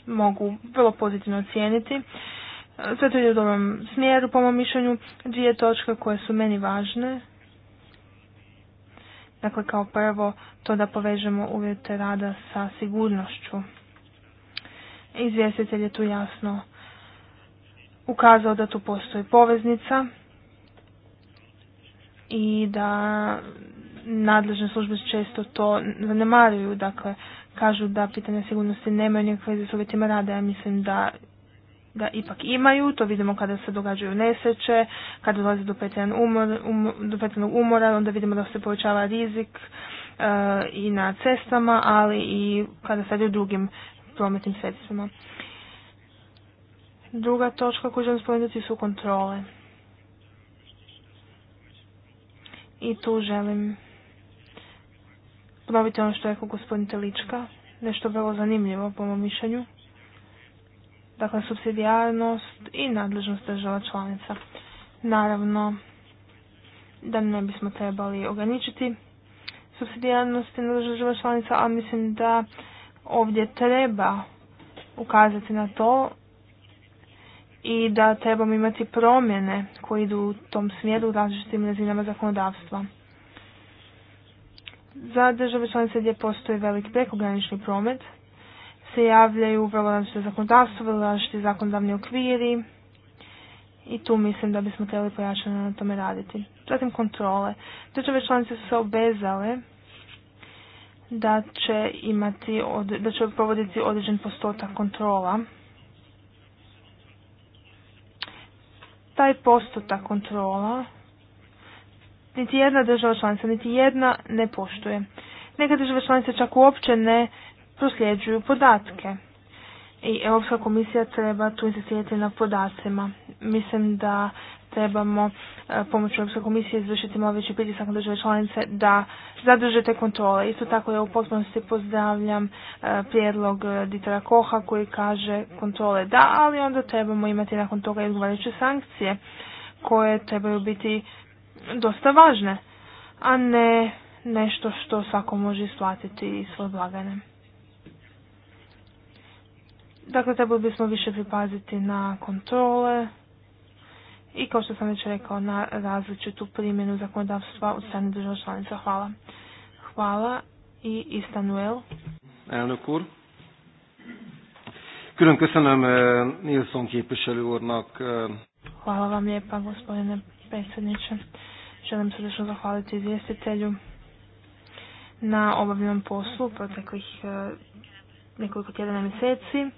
mogu vrlo pozitivno ocijeniti. E, sve to je u dobrom smjeru, po mom mišljenju. Dvije točke koje su meni važne Dakle, kao prvo to da povežemo uvjete rada sa sigurnošću. Izvjestitelj je tu jasno ukazao da tu postoji poveznica i da nadležne službe često to zanemaruju, dakle kažu da pitanja sigurnosti nemaju nikakve veze s uvjetima rada, ja mislim da da ipak imaju, to vidimo kada se događaju nesreće, kada dolazi do petrenog um, umora, onda vidimo da se povećava rizik e, i na cestama, ali i kada se radi drugim prometnim sredstvima. Druga točka koju želim spomenuti su kontrole. I tu želim ponoviti ono što je rekao gospodin Telička, nešto vrlo zanimljivo po mom mišljenju dakle subsidijarnost i nadležnost država članica. Naravno da ne bismo trebali ograničiti subsidijarnost i nadležnost država članica, a mislim da ovdje treba ukazati na to i da trebamo imati promjene koje idu u tom smjeru u različitim razinama zakonodavstva. Za države članice gdje postoji velik prekogranični promet, se javljaju vrlo različite zakonodavstvo, vrlo različiti zakonodavni okviri i tu mislim da bismo trebali pojačano na tome raditi. Zatim kontrole. Države članice su se obezale da će imati, da će provoditi određen postotak kontrola. Taj postotak kontrola niti jedna država članica, niti jedna ne poštuje. Neka države članice čak uopće ne prosljeđuju podatke. I Europska komisija treba tu insistirati na podacima. Mislim da trebamo e, pomoću Europske komisije izvršiti malo veći pritisak na države članice da zadrže te kontrole. Isto tako ja u potpunosti pozdravljam e, prijedlog e, Ditera Koha koji kaže kontrole da, ali onda trebamo imati nakon toga i odgovarajuće sankcije koje trebaju biti dosta važne, a ne nešto što svako može isplatiti iz svoje blagane. Dakle, trebali bismo više pripaziti na kontrole i kao što sam već rekao na različitu primjenu zakonodavstva od strane država članica. Hvala. Hvala i Istanuel. Külön köszönöm eh, Nilsson eh. Hvala vam lijepa, gospodine predsjedniče. Želim srdečno zahvaliti izvjestitelju na obavljenom poslu proteklih eh, nekoliko tjedana mjeseci.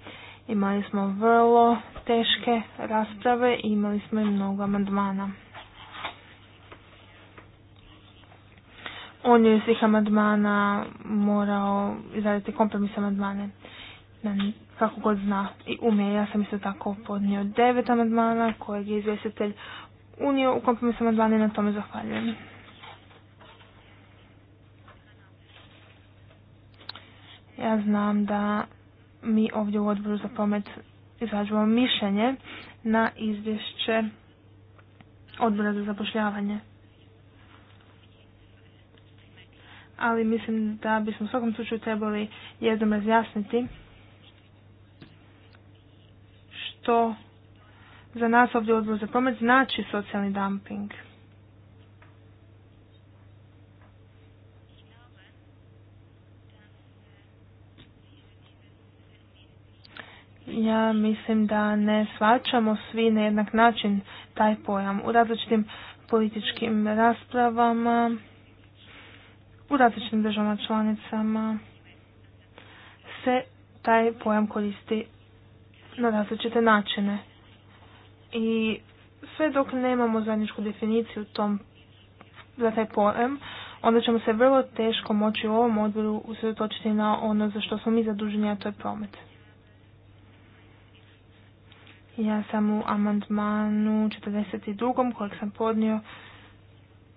Imali smo vrlo teške rasprave i imali smo i mnogo amandmana. On je iz svih amandmana morao izraditi kompromis amandmane. Kako god zna i umije. Ja sam isto tako podnio devet amandmana kojeg je izvjestitelj unio u kompromis amandmane i na tome zahvaljujem. Ja znam da mi ovdje u odboru za promet izrađujemo mišljenje na izvješće odbora za zapošljavanje. Ali mislim da bismo u svakom slučaju trebali jednom razjasniti što za nas ovdje u odboru za promet znači socijalni dumping. Ja mislim da ne svačamo svi na jednak način taj pojam u različitim političkim raspravama, u različitim državama članicama se taj pojam koristi na različite načine. I sve dok nemamo zajedničku definiciju tom, za taj pojam, onda ćemo se vrlo teško moći u ovom odboru usredotočiti na ono za što smo mi zaduženi, a to je promet. Ja sam u amandmanu 42. kojeg sam podnio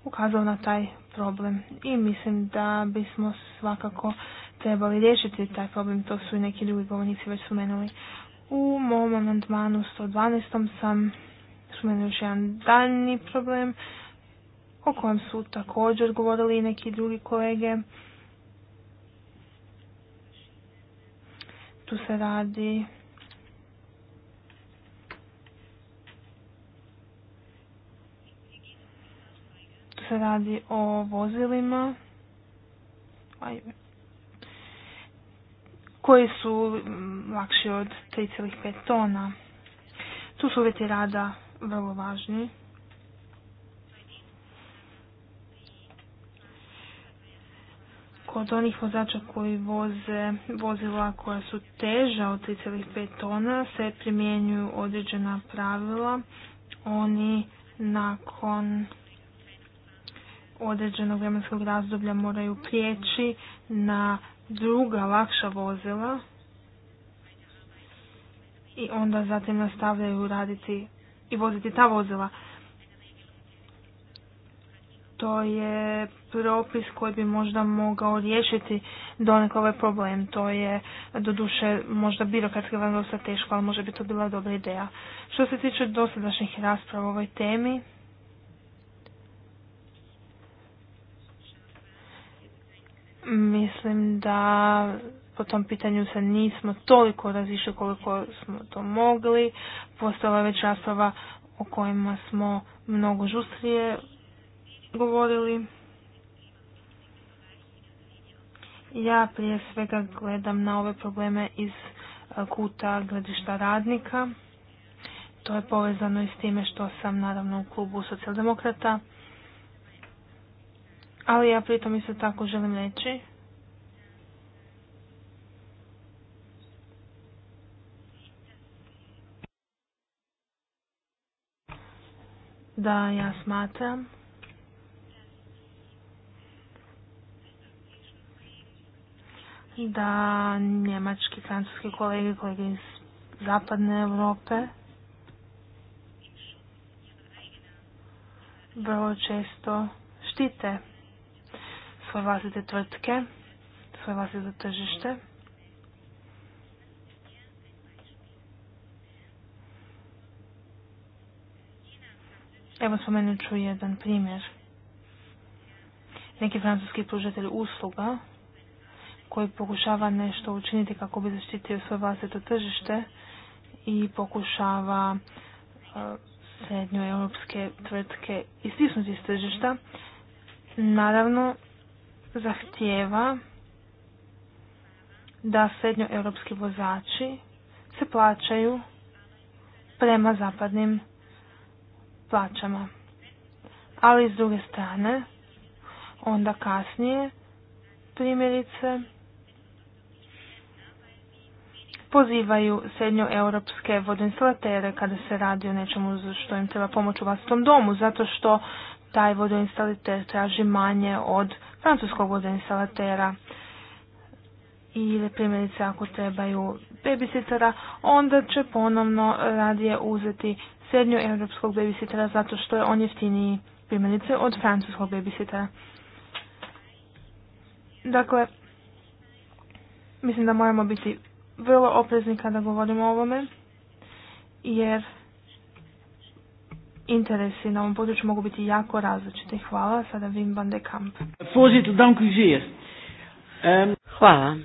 ukazao na taj problem i mislim da bismo svakako trebali riješiti taj problem, to su i neki drugi govornici već spomenuli. U mom amandmanu 112. sam spomenuo još jedan daljni problem o kojem su također govorili i neki drugi kolege. Tu se radi se radi o vozilima koji su lakši od 3,5 tona. Tu su uvjeti rada vrlo važni. Kod onih vozača koji voze vozila koja su teža od 3,5 tona se primjenjuju određena pravila. Oni nakon određenog vremenskog razdoblja moraju prijeći na druga lakša vozila i onda zatim nastavljaju raditi i voziti ta vozila. To je propis koji bi možda mogao riješiti donekle ovaj problem. To je doduše možda birokratski dosta teško, ali možda bi to bila dobra ideja. Što se tiče dosadašnjih rasprava o ovoj temi, Mislim da po tom pitanju se nismo toliko razišli koliko smo to mogli. Postala je već rasprava o kojima smo mnogo žustrije govorili. Ja prije svega gledam na ove probleme iz e, kuta gledišta radnika. To je povezano i s time što sam naravno u klubu socijaldemokrata ali ja pritom isto tako želim reći da ja smatram da njemački, francuski kolege, kolege iz zapadne Europe vrlo često štite svoje vlastite tvrtke, svoje vlastite tržište. Evo spomenut ću jedan primjer. Neki francuski pružatelj usluga koji pokušava nešto učiniti kako bi zaštitio svoje vlastito tržište i pokušava e, srednjoeuropske tvrtke istisnuti iz tržišta. Naravno, zahtjeva da srednjoeuropski vozači se plaćaju prema zapadnim plaćama. Ali s druge strane, onda kasnije, primjerice, pozivaju srednjoeuropske vodoinstalatere kada se radi o nečemu što im treba pomoć u vlastitom domu, zato što taj vodoinstalater traži manje od francuskog uzinstalatera ili primjerice ako trebaju babysitera, onda će ponovno radije uzeti srednju europskog babysitera zato što je on jeftiniji primjerice od francuskog babysitera. Dakle, mislim da moramo biti vrlo oprezni kada govorimo o ovome, jer interesi na ovom području mogu biti jako različiti. Hvala. Sada Wim van de Kamp. Ehm, Hvala.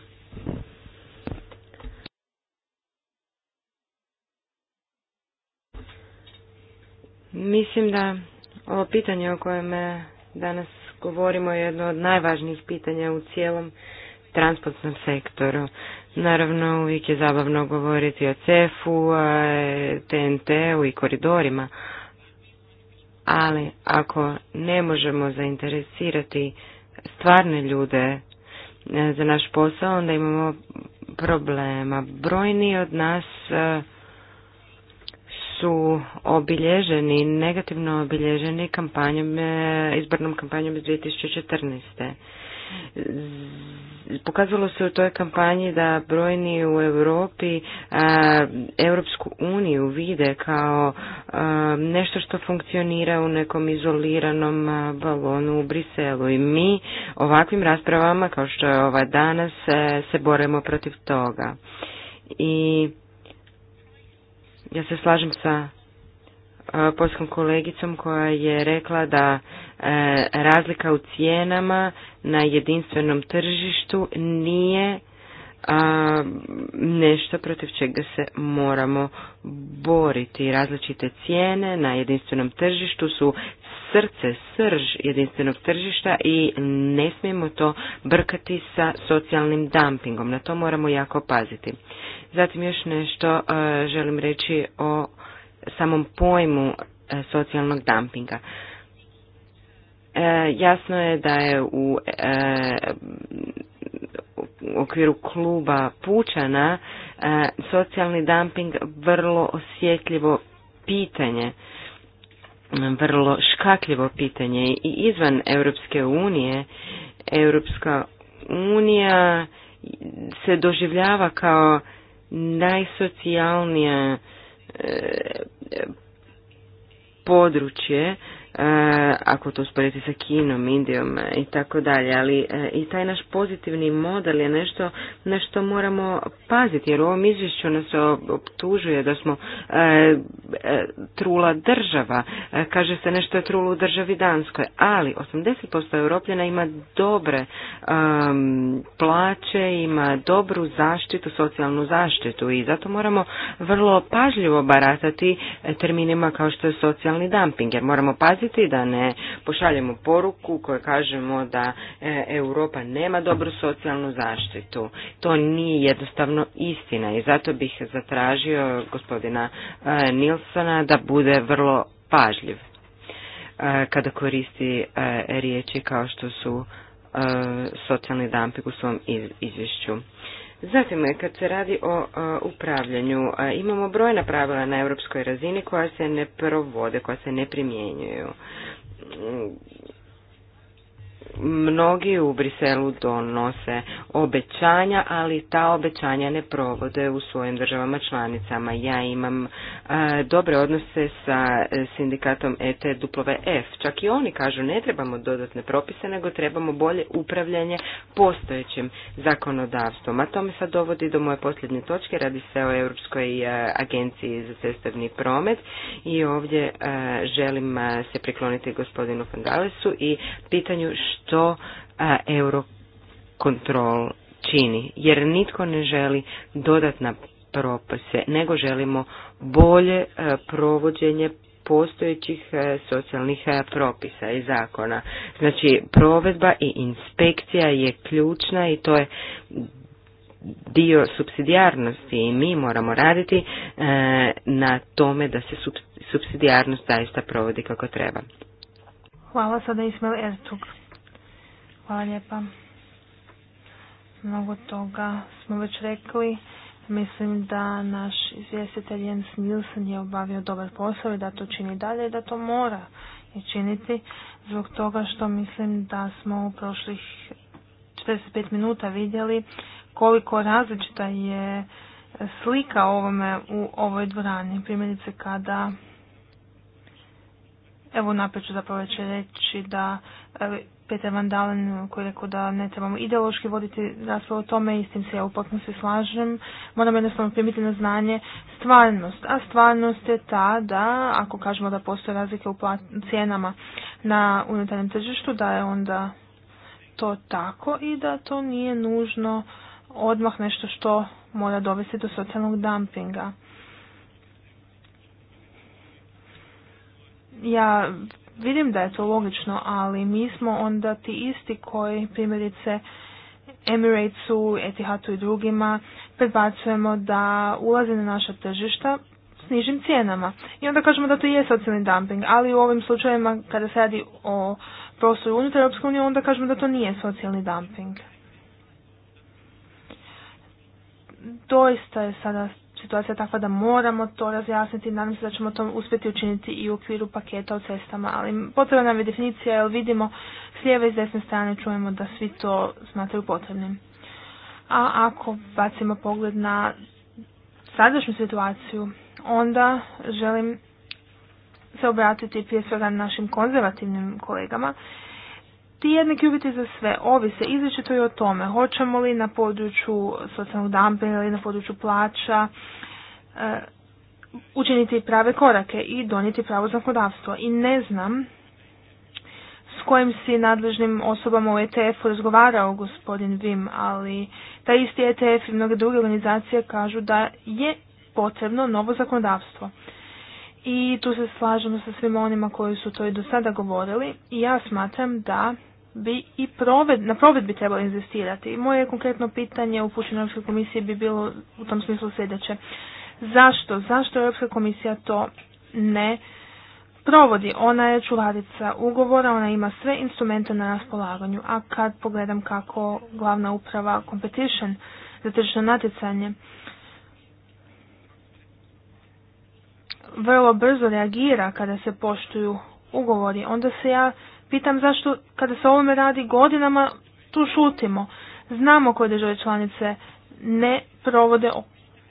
Mislim da ovo pitanje o kojem danas govorimo je jedno od najvažnijih pitanja u cijelom transportnom sektoru. Naravno, uvijek je zabavno govoriti o CEF-u, TNT-u i koridorima, ali ako ne možemo zainteresirati stvarne ljude e, za naš posao, onda imamo problema. Brojni od nas e, su obilježeni, negativno obilježeni kampanjom, e, izbornom kampanjom iz 2014. Pokazalo se u toj kampanji da brojni u Europi a, Europsku uniju vide kao nešto što funkcionira u nekom izoliranom balonu u Briselu i mi ovakvim raspravama kao što je ova danas e, se boremo protiv toga. I ja se slažem sa E, poljskom kolegicom koja je rekla da e, razlika u cijenama na jedinstvenom tržištu nije nešto protiv čega se moramo boriti. Različite cijene na jedinstvenom tržištu su srce, srž jedinstvenog tržišta i ne smijemo to brkati sa socijalnim dumpingom. Na to moramo jako paziti. Zatim još nešto e, želim reći o samom pojmu e, socijalnog dumpinga. E, jasno je da je u e, okviru kluba Pučana socijalni dumping vrlo osjetljivo pitanje, vrlo škakljivo pitanje i izvan Europske unije, Europska unija se doživljava kao najsocijalnija područje E, ako to usporedite sa Kinom, Indijom i tako dalje, ali e, i taj naš pozitivni model je nešto na što moramo paziti, jer u ovom izvješću nas optužuje da smo e, trula država, kaže se nešto je trulo u državi Danskoj, ali 80% Europljana ima dobre plaće, ima dobru zaštitu, socijalnu zaštitu i zato moramo vrlo pažljivo baratati terminima kao što je socijalni dumping, jer moramo paziti paziti da ne pošaljemo poruku koje kažemo da e, Europa nema dobru socijalnu zaštitu. To nije jednostavno istina i zato bih zatražio gospodina e, Nilsona da bude vrlo pažljiv e, kada koristi riječi kao što su socijalni dampik u svom izvješću. Zatim, kad se radi o e, upravljanju, e, imamo brojna pravila na europskoj razini koja se ne provode, koja se ne primjenjuju mnogi u Briselu donose obećanja, ali ta obećanja ne provode u svojim državama članicama. Ja imam e, dobre odnose sa sindikatom ETWF. Čak i oni kažu ne trebamo dodatne propise, nego trebamo bolje upravljanje postojećim zakonodavstvom. A to me sad dovodi do moje posljednje točke. Radi se o Europskoj e, agenciji za cestovni promet i ovdje e, želim se prikloniti gospodinu Fandalesu i pitanju što što Eurokontrol čini, jer nitko ne želi dodatna propise, nego želimo bolje provođenje postojećih socijalnih propisa i zakona. Znači, provedba i inspekcija je ključna i to je dio subsidijarnosti i mi moramo raditi na tome da se subsidijarnost zaista provodi kako treba. Hvala sada Ismail Hvala lijepa. Mnogo toga smo već rekli. Mislim da naš izvjestitelj Jens Nilsen je obavio dobar posao i da to čini dalje i da to mora i činiti zbog toga što mislim da smo u prošlih 45 minuta vidjeli koliko različita je slika ovome u ovoj dvorani. Primjerice kada evo napet ću zapravo reći da Peter Van Dalen koji je rekao da ne trebamo ideološki voditi raspravu o tome i s tim se ja upakno se slažem. Moramo jednostavno primiti na znanje stvarnost. A stvarnost je ta da ako kažemo da postoje razlike u cijenama na unutarnjem tržištu da je onda to tako i da to nije nužno odmah nešto što mora dovesti do socijalnog dumpinga. ja Vidim da je to logično, ali mi smo onda ti isti koji primjerice Emiratesu, Etihadu i drugima predbacujemo da ulaze na naša tržišta s nižim cijenama. I onda kažemo da to je socijalni dumping, ali u ovim slučajevima kada se radi o prostoru unutar Europske unije, onda kažemo da to nije socijalni dumping. Doista je sada situacija takva da moramo to razjasniti. Nadam se da ćemo to uspjeti učiniti i u okviru paketa o cestama, ali potrebna nam je definicija jer vidimo s lijeve i s desne strane čujemo da svi to smatraju potrebnim. A ako bacimo pogled na sadašnju situaciju, onda želim se obratiti prije svega našim konzervativnim kolegama ti jedni za sve ovise to i o tome hoćemo li na području socijalnog dampenja ili na području plaća e, učiniti prave korake i donijeti pravo zakonodavstvo. I ne znam s kojim si nadležnim osobama u ETF-u razgovarao gospodin Vim, ali taj isti ETF i mnoge druge organizacije kažu da je potrebno novo zakonodavstvo. I tu se slažemo sa svima onima koji su to i do sada govorili i ja smatram da bi i proved, na provedbi trebalo inzistirati. I moje konkretno pitanje upućeno Europske komisije bi bilo u tom smislu sljedeće. Zašto? Zašto Europska komisija to ne provodi? Ona je čuvarica ugovora, ona ima sve instrumente na raspolaganju. A kad pogledam kako glavna uprava competition za tržišno natjecanje vrlo brzo reagira kada se poštuju ugovori, onda se ja pitam zašto kada se o ovome radi godinama tu šutimo. Znamo koje države članice ne provode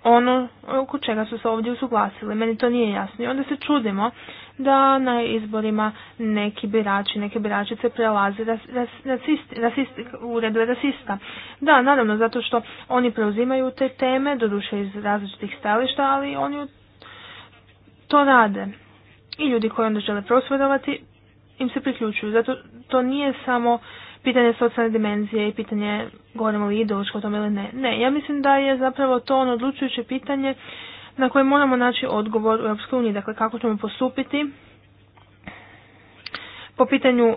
ono oko čega su se ovdje usuglasili. Meni to nije jasno. I onda se čudimo da na izborima neki birači, neke biračice prelaze ras, u redu rasista. Da, naravno, zato što oni preuzimaju te teme, doduše iz različitih stajališta, ali oni to rade. I ljudi koji onda žele prosvjedovati, im se priključuju. Zato to nije samo pitanje socijalne dimenzije i pitanje govorimo li ideološko o tome ili ne. Ne, ja mislim da je zapravo to ono odlučujuće pitanje na koje moramo naći odgovor u uniji. dakle kako ćemo postupiti po pitanju e,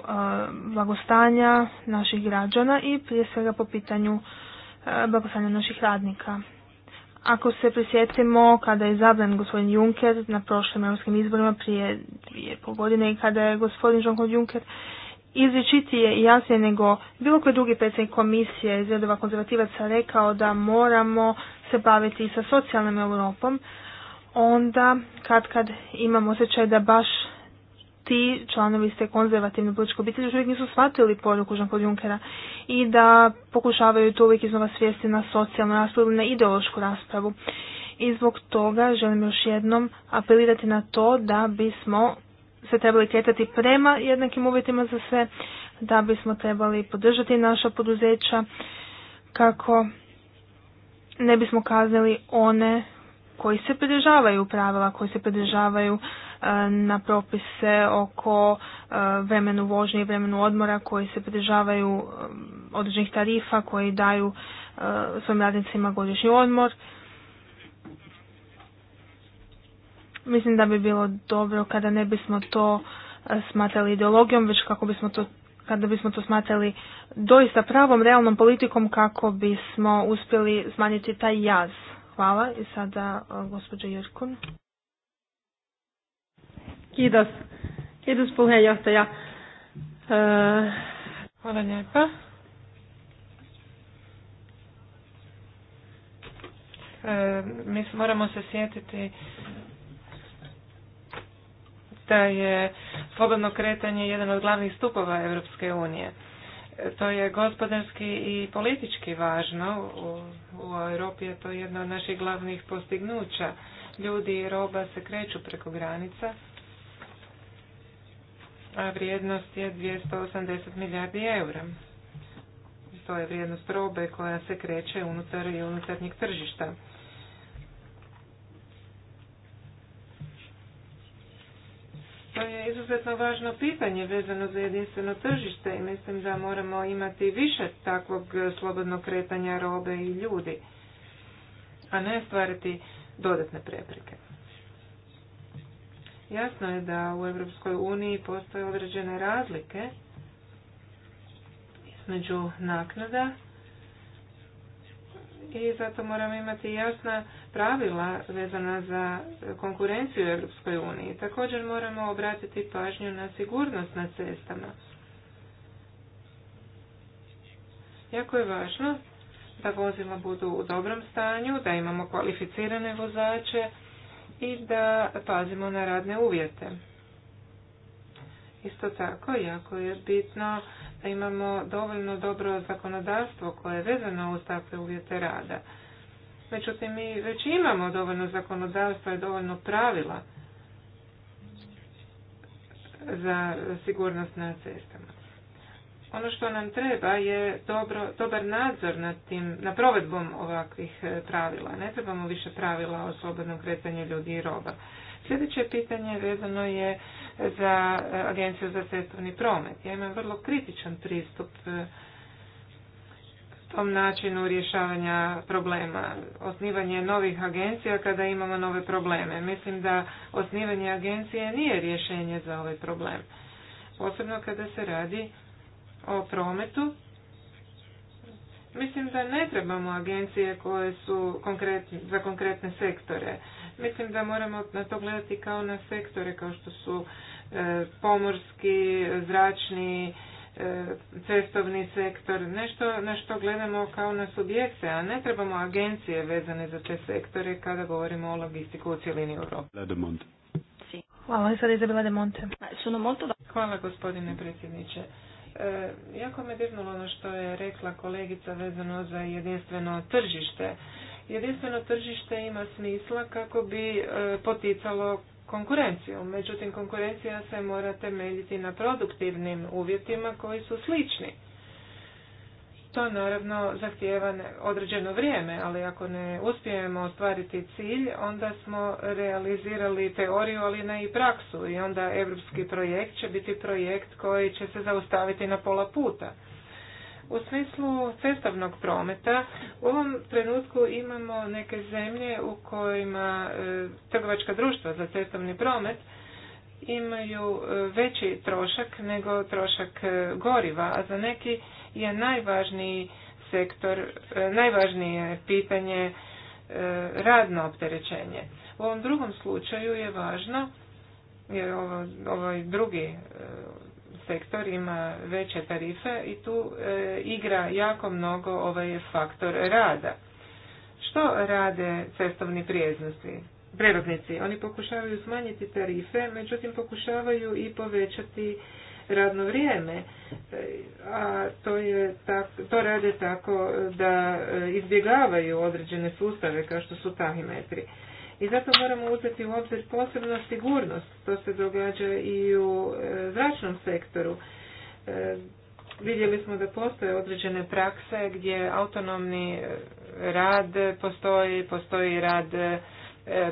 blagostanja naših građana i prije svega po pitanju e, blagostanja naših radnika. Ako se prisjetimo kada je zabran gospodin Juncker na prošlim europskim izborima prije dvije pol godine i kada je gospodin Jean-Claude Juncker izričitije i jasnije nego bilo koji drugi predsjednik komisije iz redova konzervativaca rekao da moramo se baviti sa socijalnom Europom, onda kad kad imamo osjećaj da baš ti članovi ste konzervativne političke obitelji još uvijek nisu shvatili poruku Jean-Paul i da pokušavaju to uvijek iznova svijesti na socijalnu raspravu ili na ideološku raspravu. I zbog toga želim još jednom apelirati na to da bismo se trebali kretati prema jednakim uvjetima za sve, da bismo trebali podržati naša poduzeća kako ne bismo kaznili one koji se pridržavaju pravila, koji se pridržavaju na propise oko e, vremenu vožnje i vremenu odmora koji se pridržavaju e, određenih tarifa koji daju e, svojim radnicima godišnji odmor. Mislim da bi bilo dobro kada ne bismo to smatrali ideologijom, već kako bismo to kada bismo to smatrali doista pravom, realnom politikom kako bismo uspjeli smanjiti taj jaz. Hvala i sada gospođa Jerkun. Kiitos. Kiitos puheenjohtaja. Hvala lijepa. Mi moramo se sjetiti da je slobodno kretanje jedan od glavnih stupova Europske unije. To je gospodarski i politički važno. U, u Europi je to jedno od naših glavnih postignuća. Ljudi i roba se kreću preko granica a vrijednost je 280 milijardi eura. To je vrijednost robe koja se kreće unutar i unutarnjeg tržišta. To je izuzetno važno pitanje vezano za jedinstveno tržište i mislim da moramo imati više takvog slobodnog kretanja robe i ljudi, a ne stvarati dodatne prepreke. Jasno je da u Europskoj uniji postoje određene razlike između naknada i zato moramo imati jasna pravila vezana za konkurenciju u Europskoj uniji. Također moramo obratiti pažnju na sigurnost na cestama. Jako je važno da vozila budu u dobrom stanju, da imamo kvalificirane vozače, i da pazimo na radne uvjete. Isto tako, jako je bitno da imamo dovoljno dobro zakonodavstvo koje je vezano uz takve uvjete rada. Međutim, mi već imamo dovoljno zakonodavstva i dovoljno pravila za sigurnost na cestama. Ono što nam treba je dobro, dobar nadzor nad tim, na provedbom ovakvih e, pravila. Ne trebamo više pravila o slobodnom kretanju ljudi i roba. Sljedeće pitanje vezano je za e, Agenciju za cestovni promet. Ja imam vrlo kritičan pristup e, tom načinu rješavanja problema. Osnivanje novih agencija kada imamo nove probleme. Mislim da osnivanje agencije nije rješenje za ovaj problem. Posebno kada se radi o prometu. Mislim da ne trebamo agencije koje su konkretni, za konkretne sektore. Mislim da moramo na to gledati kao na sektore kao što su e, pomorski, zračni, e, cestovni sektor, nešto na što gledamo kao na subjekte, a ne trebamo agencije vezane za te sektore kada govorimo o logistiku u cijelini Europe. Hvala, Hvala gospodine predsjedniče. E, jako me dirnulo ono što je rekla kolegica vezano za jedinstveno tržište. Jedinstveno tržište ima smisla kako bi e, poticalo konkurenciju. Međutim, konkurencija se mora temeljiti na produktivnim uvjetima koji su slični. To naravno zahtijeva određeno vrijeme, ali ako ne uspijemo ostvariti cilj, onda smo realizirali teoriju, ali ne i praksu i onda europski projekt će biti projekt koji će se zaustaviti na pola puta. U smislu cestovnog prometa, u ovom trenutku imamo neke zemlje u kojima e, trgovačka društva za cestovni promet imaju e, veći trošak nego trošak e, goriva, a za neki je najvažniji sektor, e, najvažnije pitanje e, radno opterećenje. U ovom drugom slučaju je važno, jer ovaj drugi e, sektor ima veće tarife i tu igra jako mnogo ovaj faktor rada. Što rade cestovni prijeznosti? Prevodnici oni pokušavaju smanjiti tarife, međutim pokušavaju i povećati radno vrijeme. A to, je tak, to rade tako da e, izbjegavaju određene sustave kao što su tahimetri. I zato moramo uzeti u obzir posebno sigurnost. To se događa i u e, zračnom sektoru. E, vidjeli smo da postoje određene prakse gdje autonomni rad postoji, postoji rad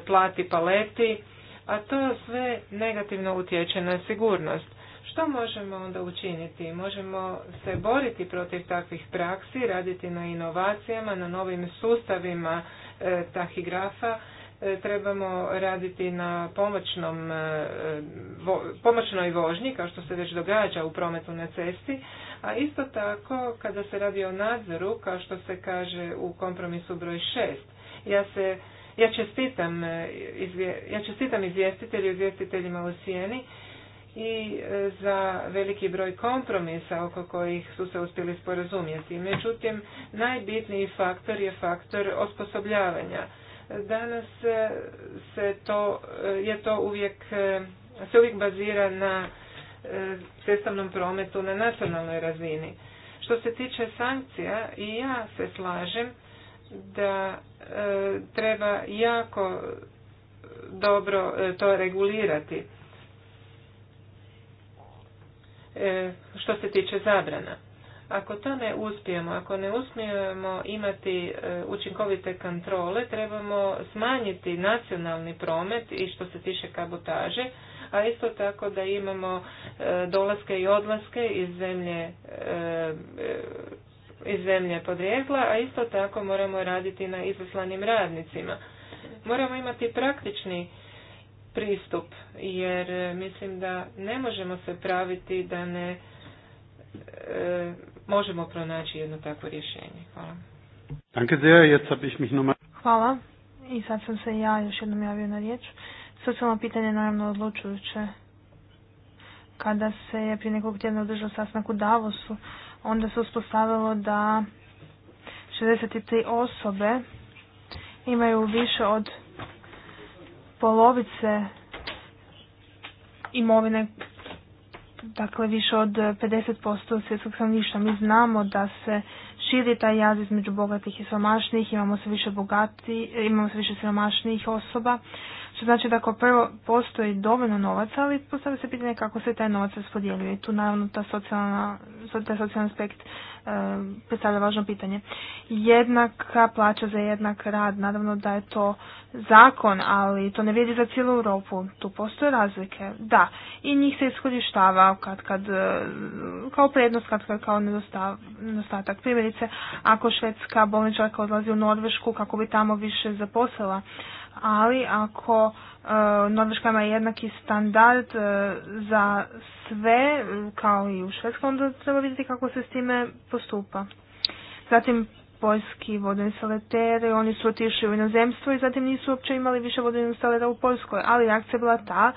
plati paleti, a to sve negativno utječe na sigurnost. Što možemo onda učiniti? Možemo se boriti protiv takvih praksi, raditi na inovacijama, na novim sustavima e, tahigrafa, e, trebamo raditi na pomoćnom, e, pomoćnoj vožnji, kao što se već događa u prometu na cesti, a isto tako kada se radi o nadzoru, kao što se kaže u kompromisu broj 6. Ja se ja čestitam, ja čestitam izvjestitelju, izvjestiteljima u Sijeni i e, za veliki broj kompromisa oko kojih su se uspjeli sporazumjeti. Međutim, najbitniji faktor je faktor osposobljavanja. Danas e, se to, e, je to uvijek, se uvijek bazira na cestovnom prometu na nacionalnoj razini. Što se tiče sankcija, i ja se slažem da treba jako dobro to regulirati E, što se tiče zabrana. Ako to ne uspijemo, ako ne uspijemo imati e, učinkovite kontrole, trebamo smanjiti nacionalni promet i što se tiče kabotaže, a isto tako da imamo e, dolaske i odlaske iz zemlje iz zemlje podrijetla, a isto tako moramo raditi na izaslanim radnicima. Moramo imati praktični pristup jer e, mislim da ne možemo se praviti da ne e, možemo pronaći jedno takvo rješenje. Hvala. Danke Hvala. I sad sam se ja još jednom javio na riječ. Socijalno pitanje je naravno odlučujuće. Kada se je prije nekog tjedna održao sastanak u Davosu, onda se uspostavilo da 63 osobe imaju više od polovice imovine, dakle više od 50% svjetskog stanovništva. Mi znamo da se širi taj jaz između bogatih i siromašnih, imamo sve više bogati, imamo sve više siromašnih osoba znači da ako prvo postoji dovoljno novaca, ali postavlja se pitanje kako se taj novac raspodjeljuje. Tu naravno ta socijalna, taj socijalni aspekt e, predstavlja važno pitanje. Jednaka plaća za jednak rad, naravno da je to zakon, ali to ne vidi za cijelu Europu. Tu postoje razlike, da. I njih se iskorištava kad, kad, e, kao prednost, kad, kad kao nedostatak. Primjerice, ako švedska bolničarka odlazi u Norvešku kako bi tamo više zaposlila, ali ako e, Norveška ima jednaki standard e, za sve, e, kao i u Švedskom, onda treba vidjeti kako se s time postupa. Zatim poljski saletere, oni su otišli u inozemstvo i zatim nisu uopće imali više saletera u Poljskoj, ali reakcija je bila ta,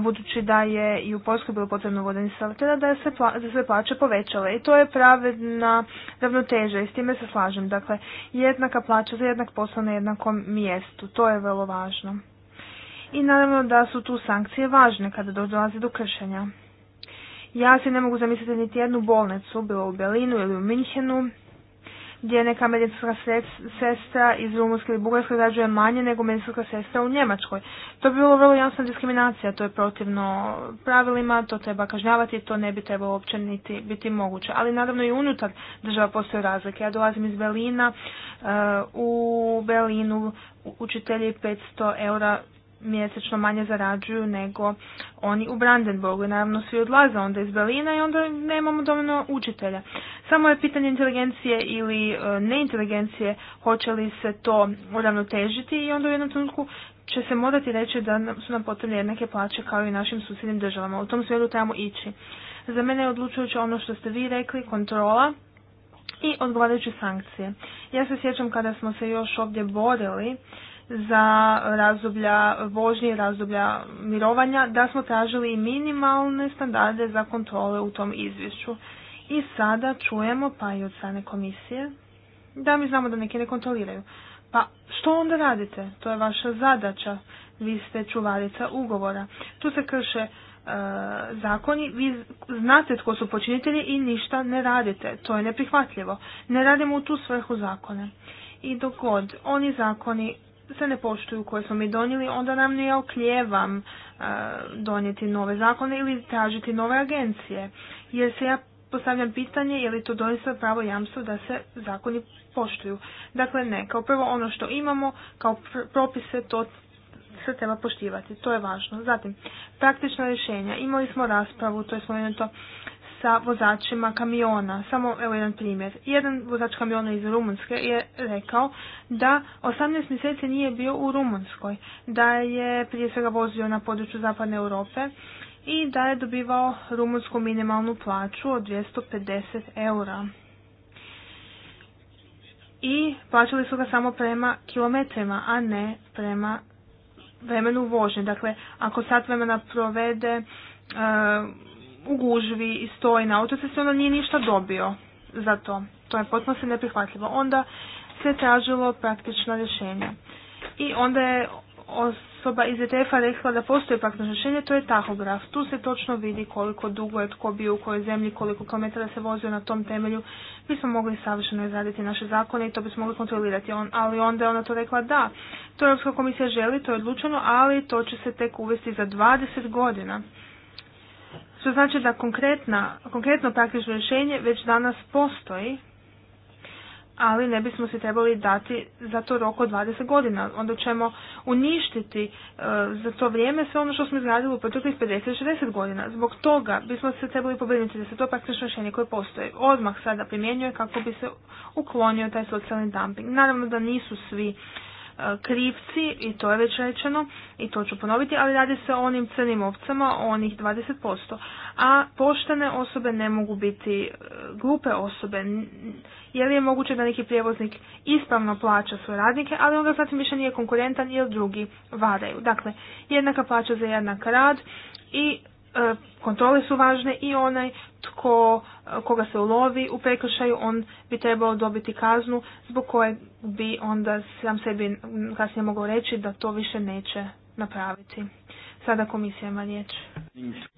budući da je i u Poljskoj bilo potrebno saletera, da, se pla, da se plaće povećale. I to je pravedna ravnoteža i s time se slažem. Dakle, jednaka plaća za jednak posao na jednakom mjestu, to je vrlo važno. I naravno da su tu sankcije važne kada dolazi do kršenja. Ja si ne mogu zamisliti niti jednu bolnicu, bilo u Berlinu ili u Minhenu, gdje neka medicinska sestra iz Rumunjske ili Bugarske zarađuje manje nego medicinska sestra u Njemačkoj. To bi bilo vrlo jasna diskriminacija, to je protivno pravilima, to treba kažnjavati, to ne bi trebalo uopće niti biti moguće. Ali naravno i unutar država postoje razlike. Ja dolazim iz Berlina, eh, u Berlinu učitelji 500 eura mjesečno manje zarađuju nego oni u Brandenburgu. I naravno svi odlaze onda iz Berlina i onda nemamo dovoljno učitelja. Samo je pitanje inteligencije ili e, neinteligencije hoće li se to uravnotežiti i onda u jednom trenutku će se morati reći da su nam potrebne jednake plaće kao i našim susjednim državama. U tom svijetu trebamo ići. Za mene je odlučujuće ono što ste vi rekli, kontrola i odgovarajuće sankcije. Ja se sjećam kada smo se još ovdje borili za razdoblja vožnje, razdoblja mirovanja, da smo tražili minimalne standarde za kontrole u tom izvješću. I sada čujemo, pa i od strane komisije, da mi znamo da neki ne kontroliraju. Pa što onda radite? To je vaša zadaća. Vi ste čuvarica ugovora. Tu se krše e, zakoni, vi znate tko su počinitelji i ništa ne radite. To je neprihvatljivo. Ne radimo u tu svrhu zakone. I dok god oni zakoni se ne poštuju koje smo mi donijeli, onda nam ne okljevam e, donijeti nove zakone ili tražiti nove agencije. Jer se ja postavljam pitanje je li to doista pravo jamstvo da se zakoni poštuju. Dakle ne, kao prvo ono što imamo, kao propise to se treba poštivati, to je važno. Zatim, praktična rješenja. Imali smo raspravu, to je to sa vozačima kamiona. Samo evo jedan primjer. Jedan vozač kamiona iz Rumunske je rekao da 18 mjeseci nije bio u Rumunskoj, da je prije svega vozio na području zapadne Europe i da je dobivao rumunsku minimalnu plaću od 250 eura. I plaćali su ga samo prema kilometrima, a ne prema vremenu vožnje. Dakle, ako sat vremena provede e, u gužvi i stoji na se onda nije ništa dobio za to. To je potpuno se neprihvatljivo. Onda se tražilo praktično rješenje. I onda je osoba iz ETF-a rekla da postoji praktično rješenje, to je tahograf. Tu se točno vidi koliko dugo je tko bio u kojoj zemlji, koliko kilometara se vozio na tom temelju. Mi smo mogli savršeno izraditi naše zakone i to bismo mogli kontrolirati. ali onda je ona to rekla da, to Europska komisija želi, to je odlučeno, ali to će se tek uvesti za 20 godina. Što znači da konkretna, konkretno praktično rješenje već danas postoji, ali ne bismo se trebali dati za to rok od 20 godina. Onda ćemo uništiti e, za to vrijeme sve ono što smo izgradili u proteklih 50-60 godina. Zbog toga bismo se trebali pobrinuti da se to praktično rješenje koje postoji odmah sada primjenjuje kako bi se uklonio taj socijalni dumping. Naravno da nisu svi krivci, i to je već rečeno, i to ću ponoviti, ali radi se o onim crnim ovcama, onih 20%. A poštene osobe ne mogu biti e, glupe osobe. Je li je moguće da neki prijevoznik ispravno plaća svoje radnike, ali onda zatim više nije konkurentan jer drugi varaju. Dakle, jednaka plaća za jednak rad i E, kontrole su važne i onaj tko, e, koga se ulovi u prekršaju, on bi trebao dobiti kaznu zbog koje bi onda sam sebi kasnije mogao reći da to više neće napraviti. Sada komisija ima riječ.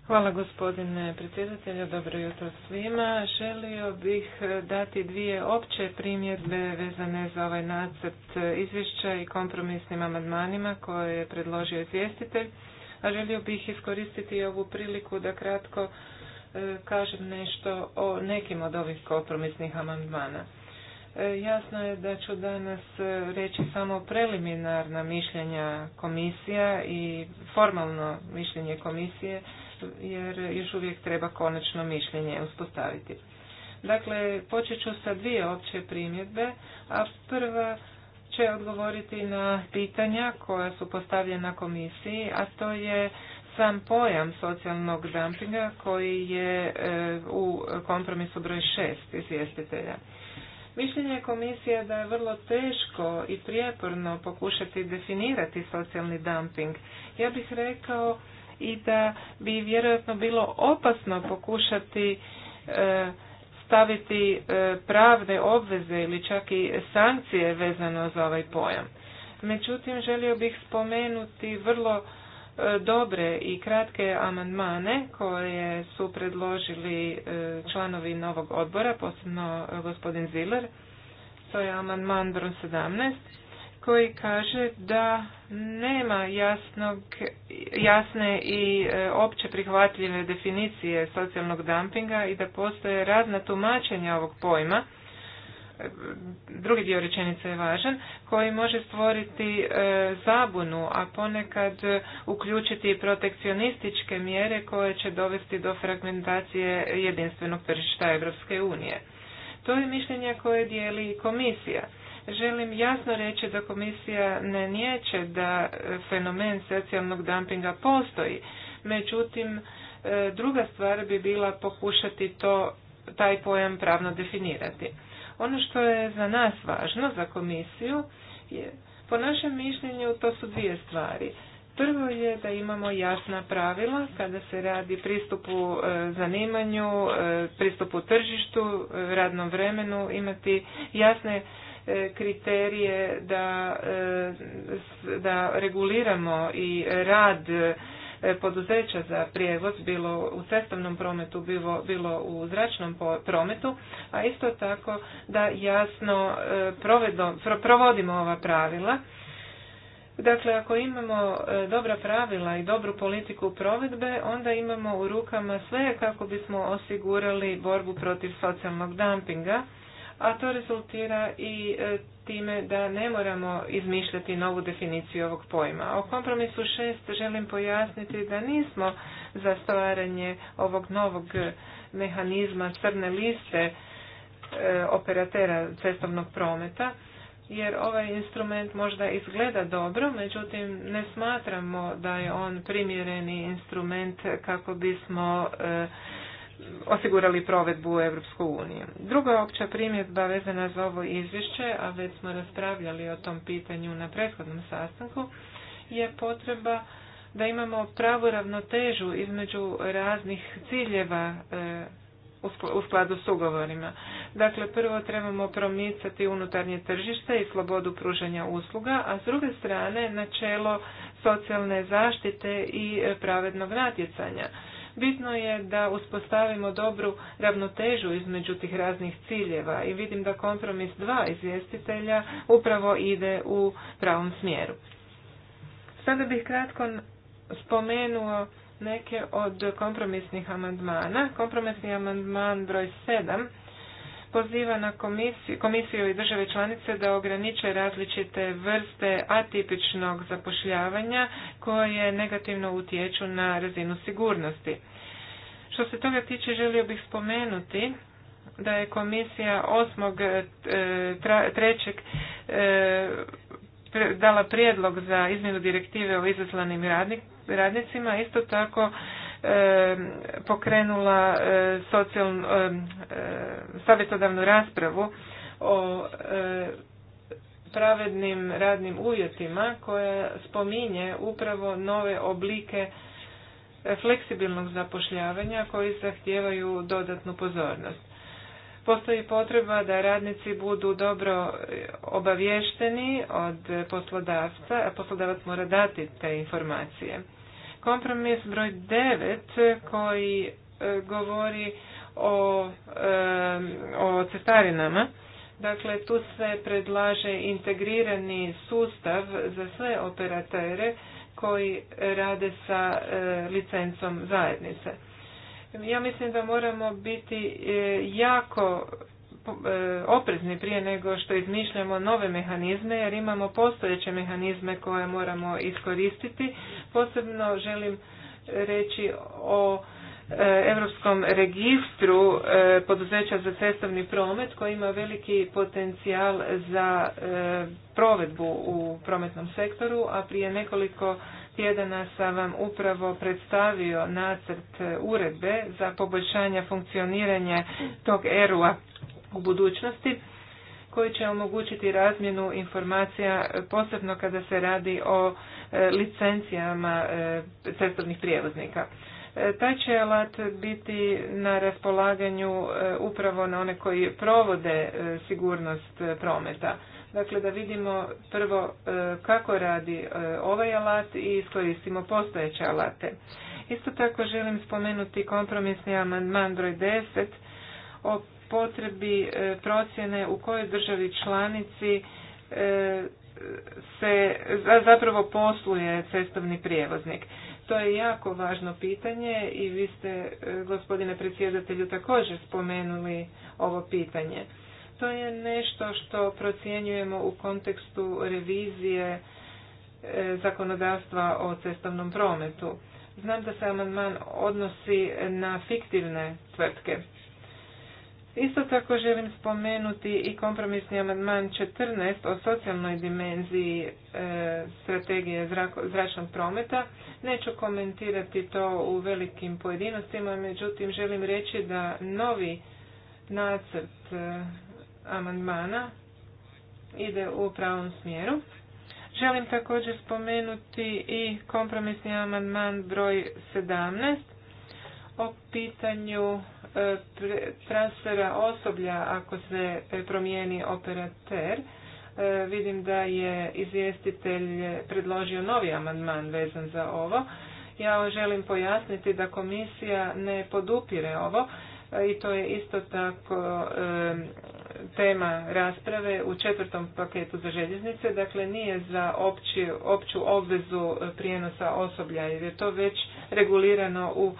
Hvala gospodine predsjedatelju, dobro jutro svima. Želio bih e, dati dvije opće primjedbe vezane za ovaj nacrt izvješća i kompromisnim amandmanima koje je predložio izvjestitelj a želio bih iskoristiti ovu priliku da kratko e, kažem nešto o nekim od ovih kompromisnih amandmana. E, jasno je da ću danas e, reći samo preliminarna mišljenja komisija i formalno mišljenje komisije, jer još uvijek treba konačno mišljenje uspostaviti. Dakle, počet ću sa dvije opće primjedbe, a prva će odgovoriti na pitanja koja su postavljena komisiji, a to je sam pojam socijalnog dumpinga koji je e, u kompromisu broj šest izvjestitelja. Mišljenje komisije da je vrlo teško i prijeporno pokušati definirati socijalni dumping. Ja bih rekao i da bi vjerojatno bilo opasno pokušati e, staviti e, pravne obveze ili čak i sankcije vezano za ovaj pojam. Međutim, želio bih spomenuti vrlo e, dobre i kratke amandmane koje su predložili e, članovi novog odbora, posebno gospodin Ziller, To je amandman broj 17 koji kaže da nema jasnog, jasne i e, opće prihvatljive definicije socijalnog dumpinga i da postoje razna tumačenja ovog pojma, e, drugi dio rečenice je važan, koji može stvoriti e, zabunu, a ponekad uključiti protekcionističke mjere koje će dovesti do fragmentacije jedinstvenog tržišta Europske unije. To je mišljenje koje dijeli i komisija Želim jasno reći da komisija ne niječe da fenomen socijalnog dumpinga postoji. Međutim, e, druga stvar bi bila pokušati to, taj pojam pravno definirati. Ono što je za nas važno, za komisiju, je, po našem mišljenju to su dvije stvari. Prvo je da imamo jasna pravila kada se radi pristupu e, zanimanju, e, pristupu tržištu, radnom vremenu, imati jasne E, kriterije da, e, da reguliramo i rad e, poduzeća za prijevoz bilo u cestovnom prometu bilo, bilo u zračnom prometu a isto tako da jasno provodimo ova pravila Dakle, ako imamo dobra pravila i dobru politiku provedbe, onda imamo u rukama sve kako bismo osigurali borbu protiv socijalnog dumpinga a to rezultira i e, time da ne moramo izmišljati novu definiciju ovog pojma. O kompromisu šest želim pojasniti da nismo za stvaranje ovog novog mehanizma crne liste e, operatera cestovnog prometa, jer ovaj instrument možda izgleda dobro, međutim ne smatramo da je on primjereni instrument kako bismo e, osigurali provedbu u EU. Druga opća primjedba vezana za ovo izvješće, a već smo raspravljali o tom pitanju na prethodnom sastanku, je potreba da imamo pravu ravnotežu između raznih ciljeva e, u skladu s ugovorima. Dakle, prvo trebamo promicati unutarnje tržište i slobodu pružanja usluga, a s druge strane načelo socijalne zaštite i pravednog natjecanja. Bitno je da uspostavimo dobru ravnotežu između tih raznih ciljeva i vidim da kompromis dva izvjestitelja upravo ide u pravom smjeru. Sada bih kratko spomenuo neke od kompromisnih amandmana. Kompromisni amandman broj sedam poziva na komisiju, komisiju i države članice da ograniče različite vrste atipičnog zapošljavanja koje negativno utječu na razinu sigurnosti. Što se toga tiče, želio bih spomenuti da je komisija e, trećeg e, dala prijedlog za izmjenu direktive o izaslanim radnicima. Isto tako pokrenula e, e, savjetodavnu raspravu o e, pravednim radnim uvjetima koja spominje upravo nove oblike fleksibilnog zapošljavanja koji zahtijevaju dodatnu pozornost. Postoji potreba da radnici budu dobro obavješteni od poslodavca, a poslodavac mora dati te informacije. Kompromis broj 9 koji e, govori o, e, o cestarinama. Dakle, tu se predlaže integrirani sustav za sve operatere koji rade sa e, licencom zajednice. Ja mislim da moramo biti jako E, oprezni prije nego što izmišljamo nove mehanizme jer imamo postojeće mehanizme koje moramo iskoristiti. Posebno želim reći o e, Europskom registru e, poduzeća za cestovni promet koji ima veliki potencijal za provedbu u prometnom sektoru, a prije nekoliko tjedana sam vam upravo predstavio nacrt uredbe za poboljšanje funkcioniranja tog eru u budućnosti koji će omogućiti razmjenu informacija posebno kada se radi o e, licencijama e, cestovnih prijevoznika. E, taj će alat biti na raspolaganju upravo na one koji provode sigurnost prometa. Dakle, da vidimo prvo kako radi ovaj alat i iskoristimo postojeće alate. Isto tako želim spomenuti kompromisni amandman broj 10 o potrebi e, procjene u kojoj državi članici e, se zapravo posluje cestovni prijevoznik. To je jako važno pitanje i vi ste, e, gospodine predsjedatelju, također spomenuli ovo pitanje. To je nešto što procjenjujemo u kontekstu revizije zakonodavstva o cestovnom prometu. Znam da se amandman odnosi na fiktivne tvrtke. Isto tako želim spomenuti i kompromisni amandman 14 o socijalnoj dimenziji e, strategije zračnog prometa. Neću komentirati to u velikim pojedinostima, međutim želim reći da novi nacrt e, amandmana ide u pravom smjeru. Želim također spomenuti i kompromisni amandman broj 17 o pitanju e, transfera osoblja ako se e, promijeni operater. E, vidim da je izvjestitelj predložio novi amandman vezan za ovo. Ja želim pojasniti da komisija ne podupire ovo i to je isto tako tema rasprave u četvrtom paketu za željeznice. Dakle, nije za opću obvezu prijenosa osoblja jer je to već regulirano u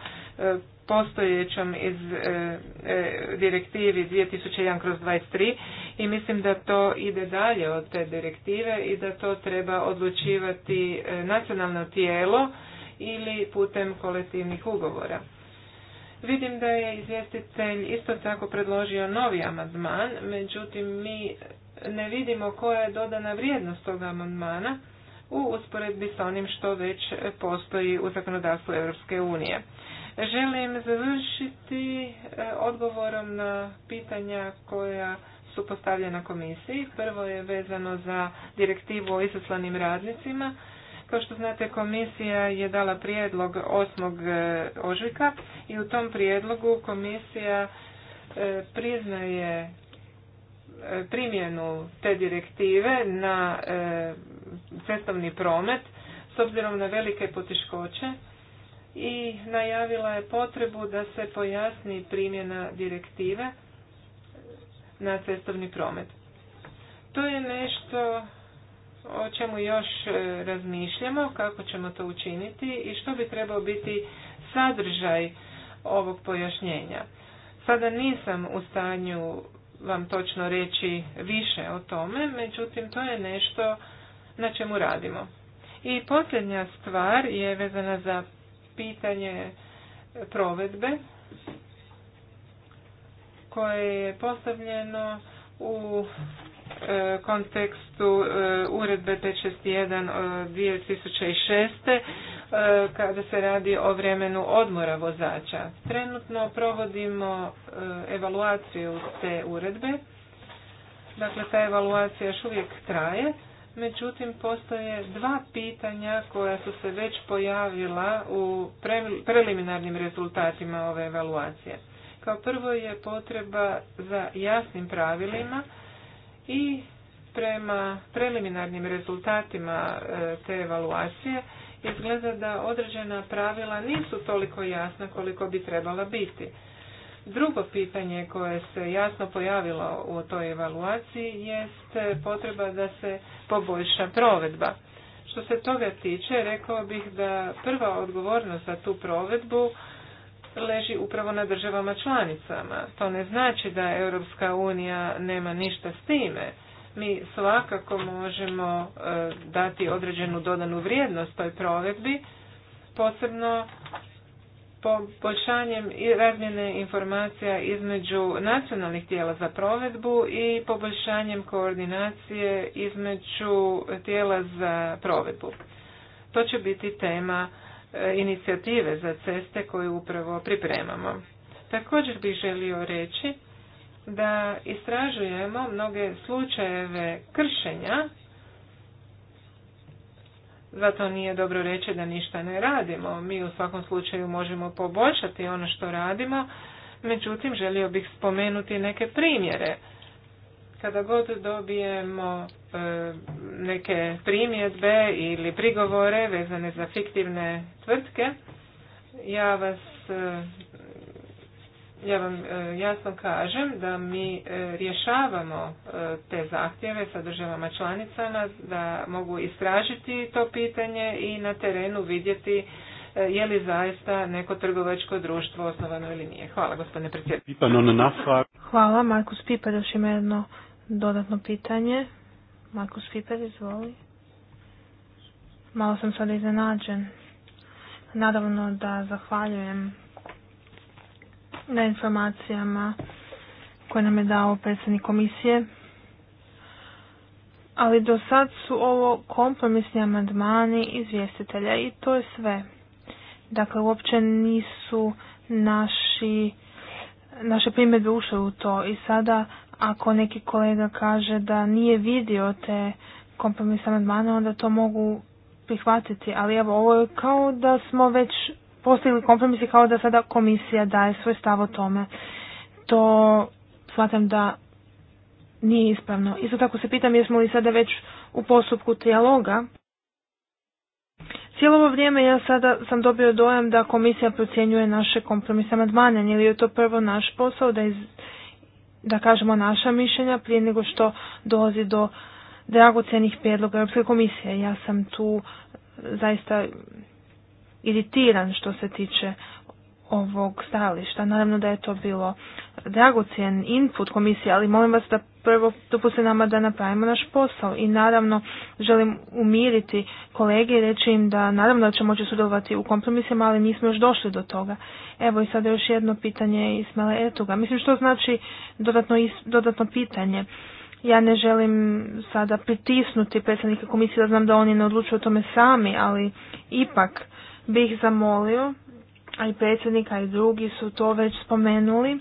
postojećom iz e, e, direktivi 2001 kroz 23 i mislim da to ide dalje od te direktive i da to treba odlučivati e, nacionalno tijelo ili putem kolektivnih ugovora. Vidim da je izvjestitelj isto tako predložio novi amandman, međutim mi ne vidimo koja je dodana vrijednost toga amandmana u usporedbi sa onim što već postoji u zakonodavstvu Europske unije. Želim završiti e, odgovorom na pitanja koja su postavljena komisiji. Prvo je vezano za direktivu o izaslanim radnicima. Kao što znate, komisija je dala prijedlog 8. E, ožujka i u tom prijedlogu komisija e, priznaje primjenu te direktive na cestovni promet s obzirom na velike poteškoće i najavila je potrebu da se pojasni primjena direktive na cestovni promet. To je nešto o čemu još e, razmišljamo, kako ćemo to učiniti i što bi trebao biti sadržaj ovog pojašnjenja. Sada nisam u stanju vam točno reći više o tome, međutim to je nešto na čemu radimo. I posljednja stvar je vezana za pitanje provedbe koje je postavljeno u e, kontekstu e, uredbe 561 2006 e, kada se radi o vremenu odmora vozača. Trenutno provodimo evaluaciju te uredbe. Dakle, ta evaluacija još uvijek traje Međutim, postoje dva pitanja koja su se već pojavila u preliminarnim rezultatima ove evaluacije. Kao prvo je potreba za jasnim pravilima i prema preliminarnim rezultatima e, te evaluacije izgleda da određena pravila nisu toliko jasna koliko bi trebala biti. Drugo pitanje koje se jasno pojavilo u toj evaluaciji jest potreba da se poboljša provedba. Što se toga tiče, rekao bih da prva odgovornost za tu provedbu leži upravo na državama članicama. To ne znači da Europska unija nema ništa s time. Mi svakako možemo e, dati određenu dodanu vrijednost toj provedbi, posebno poboljšanjem i razmjene informacija između nacionalnih tijela za provedbu i poboljšanjem koordinacije između tijela za provedbu. To će biti tema e, inicijative za ceste koju upravo pripremamo. Također bih želio reći da istražujemo mnoge slučajeve kršenja zato nije dobro reći da ništa ne radimo. Mi u svakom slučaju možemo poboljšati ono što radimo, međutim želio bih spomenuti neke primjere. Kada god dobijemo e, neke primjedbe ili prigovore vezane za fiktivne tvrtke, ja vas e, ja vam e, jasno kažem da mi e, rješavamo e, te zahtjeve sa državama članicama, da mogu istražiti to pitanje i na terenu vidjeti je li zaista neko trgovačko društvo osnovano ili nije. Hvala gospodine predsjedniče. Hvala, Markus Piper još ima jedno dodatno pitanje. Markus Piper, izvoli. Malo sam sad iznenađen. Naravno da zahvaljujem na informacijama koje nam je dao predsjednik komisije. Ali do sad su ovo kompromisni amandmani izvjestitelja i to je sve. Dakle, uopće nisu naši, naše primjedbe ušle u to i sada ako neki kolega kaže da nije vidio te kompromisne amandmane, onda to mogu prihvatiti. Ali evo, ovo je kao da smo već postigli kompromis kao da sada komisija daje svoj stav o tome. To smatram da nije ispravno. Isto tako se pitam jesmo li sada već u postupku trijaloga. Cijelo ovo vrijeme ja sada sam dobio dojam da komisija procjenjuje naše kompromise amandmane, ili je to prvo naš posao da, iz, da kažemo naša mišljenja prije nego što dolazi do dragocenih prijedloga Europske komisije. Ja sam tu zaista iritiran što se tiče ovog stajališta. Naravno da je to bilo dragocjen input komisije, ali molim vas da prvo dopuste nama da napravimo naš posao i naravno želim umiriti kolege i reći im da naravno da će moći sudjelovati u kompromisima, ali nismo još došli do toga. Evo i sada još jedno pitanje Ismele etuga. Mislim što znači dodatno, dodatno pitanje. Ja ne želim sada pritisnuti predsjednika komisije da znam da oni ne odlučuju o tome sami, ali ipak bih zamolio, a i predsjednika i drugi su to već spomenuli,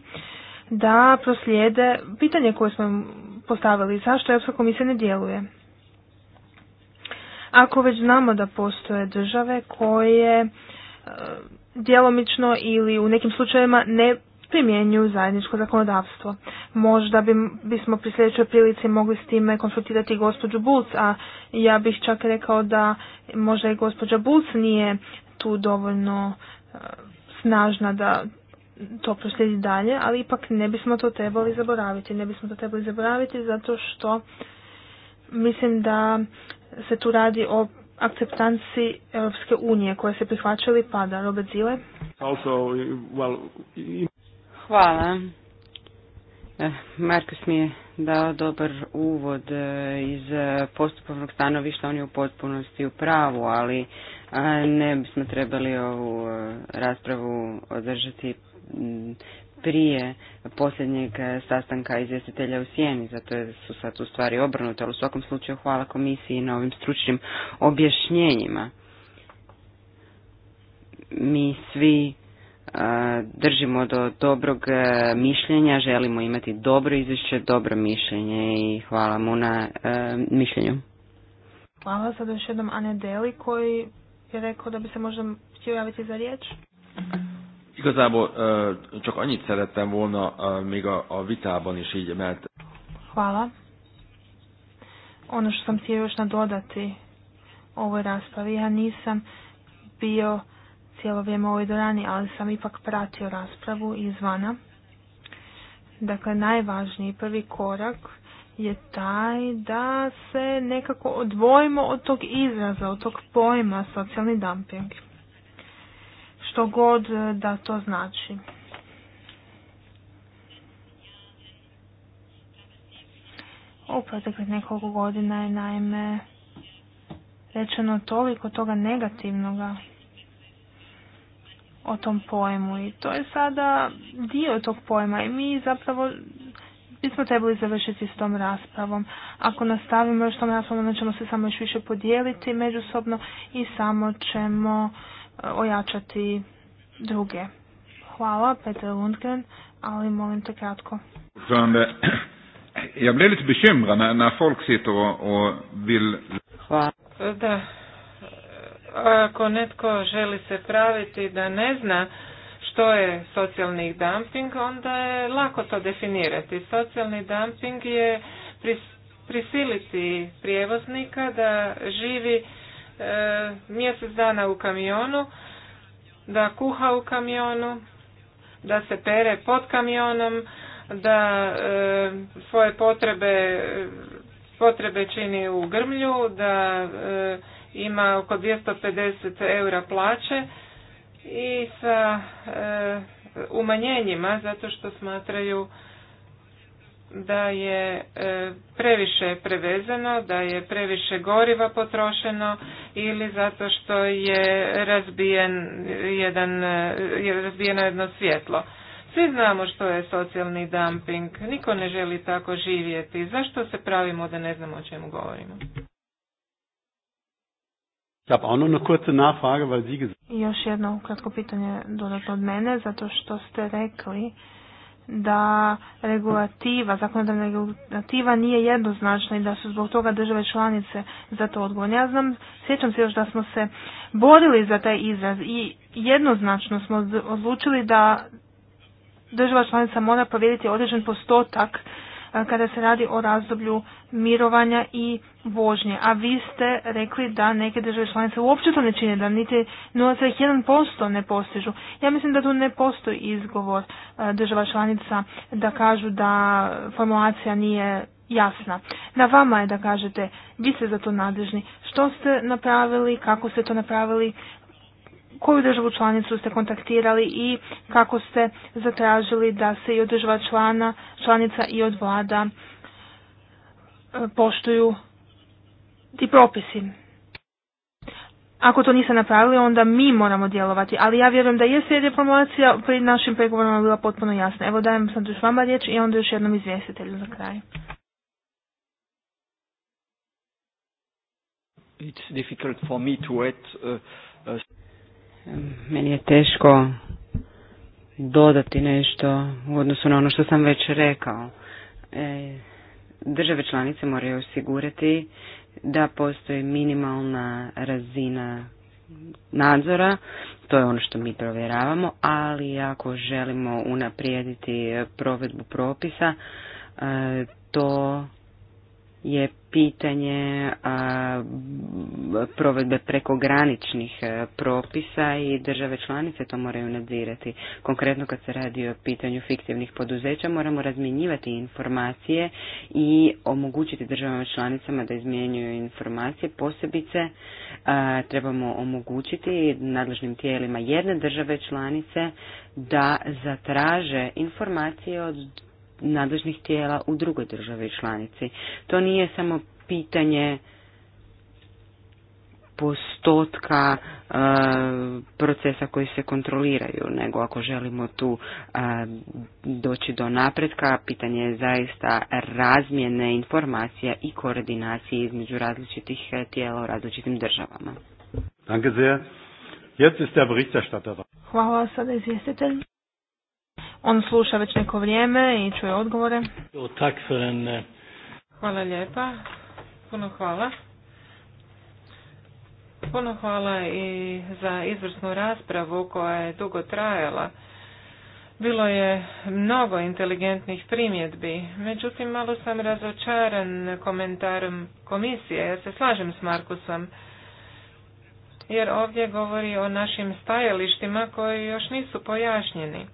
da proslijede pitanje koje smo postavili, zašto Europska komisija ne djeluje. Ako već znamo da postoje države koje e, djelomično ili u nekim slučajevima ne primjenjuju zajedničko zakonodavstvo. Možda bi, bismo pri sljedećoj prilici mogli s time konsultirati gospođu Bulc, a ja bih čak rekao da možda i gospođa Bulc nije tu dovoljno e, snažna da to proslijedi dalje, ali ipak ne bismo to trebali zaboraviti. Ne bismo to trebali zaboraviti zato što mislim da se tu radi o akceptanci Europske unije koje se prihvaćali pada. Robert Zile. Hvala. Eh, Markus mi je dao dobar uvod eh, iz postupovnog stanovišta, on je u potpunosti u pravu, ali eh, ne bismo trebali ovu raspravu održati mm, prije posljednjeg sastanka izvjestitelja u Sijeni, zato su sad u stvari obrnute, ali u svakom slučaju hvala komisiji na ovim stručnim objašnjenjima. Mi svi držimo do dobrog e, mišljenja, želimo imati dobro izvješće, dobro mišljenje i hvala mu na e, mišljenju. Hvala sad još jednom Ane Deli koji je rekao da bi se možda htio javiti za riječ. Igazából e, csak annyit szerettem volna még a, a vitában is így, mert... Hvala. Ono što sam htio još nadodati ovoj raspravi, ja nisam bio cijelo vrijeme u ovoj dorani, ali sam ipak pratio raspravu izvana. Dakle, najvažniji prvi korak je taj da se nekako odvojimo od tog izraza, od tog pojma socijalni dumping. Što god eh, da to znači. U proteklih nekoliko godina je naime rečeno toliko toga negativnoga o tom pojmu i to je sada dio tog pojma i mi zapravo bismo trebali završiti s tom raspravom. Ako nastavimo još tom raspravom, onda ćemo se samo još više podijeliti međusobno i samo ćemo e, ojačati druge. Hvala, Peter Lundgren, ali molim te kratko. Hvala. Da, ako netko želi se praviti da ne zna što je socijalni dumping, onda je lako to definirati. Socijalni dumping je prisiliti prijevoznika da živi e, mjesec dana u kamionu, da kuha u kamionu, da se pere pod kamionom, da e, svoje potrebe potrebe čini u grmlju, da e, ima oko 250 eura plaće i sa e, umanjenjima zato što smatraju da je e, previše prevezeno, da je previše goriva potrošeno ili zato što je razbijen jedan, e, je razbijeno jedno svjetlo. Svi znamo što je socijalni dumping, niko ne želi tako živjeti. Zašto se pravimo da ne znamo o čemu govorimo? Još jedno kratko pitanje dodatno od mene, zato što ste rekli da regulativa, zakonodavna regulativa nije jednoznačna i da su zbog toga države članice za to odgovorne. Ja znam, sjećam se još da smo se borili za taj izraz i jednoznačno smo odlučili da država članica mora provjeriti određen postotak kada se radi o razdoblju mirovanja i vožnje. A vi ste rekli da neke države članice uopće to ne čine, da niti 0,1% ne postižu. Ja mislim da tu ne postoji izgovor e, država članica da kažu da formulacija nije jasna. Na vama je da kažete, vi ste za to nadležni. Što ste napravili, kako ste to napravili, koju državu članicu ste kontaktirali i kako ste zatražili da se i od država člana, članica i od vlada poštuju ti propisi. Ako to niste napravili, onda mi moramo djelovati. Ali ja vjerujem da je sve diplomacija pri našim pregovorima bila potpuno jasna. Evo dajem sam još vama riječ i onda još jednom izvjestitelju za kraj. It's uh, uh, Meni je teško dodati nešto u odnosu na ono što sam već rekao. E države članice moraju osigurati da postoji minimalna razina nadzora, to je ono što mi provjeravamo, ali ako želimo unaprijediti provedbu propisa, e, to je pitanje provedbe prekograničnih e, propisa i države članice to moraju nadzirati. Konkretno kad se radi o pitanju fiktivnih poduzeća moramo razmjenjivati informacije i omogućiti državama članicama da izmjenjuju informacije. Posebice e, trebamo omogućiti nadležnim tijelima jedne države članice da zatraže informacije od nadležnih tijela u drugoj državi članici. To nije samo pitanje postotka e, procesa koji se kontroliraju, nego ako želimo tu e, doći do napretka, pitanje je zaista razmjene informacija i koordinacije između različitih e, tijela u različitim državama. Danke sehr. Jetzt Hvala, sada izvjestitelj. On sluša već neko vrijeme i čuje odgovore. Eh, hvala lijepa. Puno hvala. Puno hvala i za izvrsnu raspravu koja je dugo trajala. Bilo je mnogo inteligentnih primjedbi, međutim malo sam razočaran komentarom komisije, ja se slažem s Markusom, jer ovdje govori o našim stajalištima koji još nisu pojašnjeni.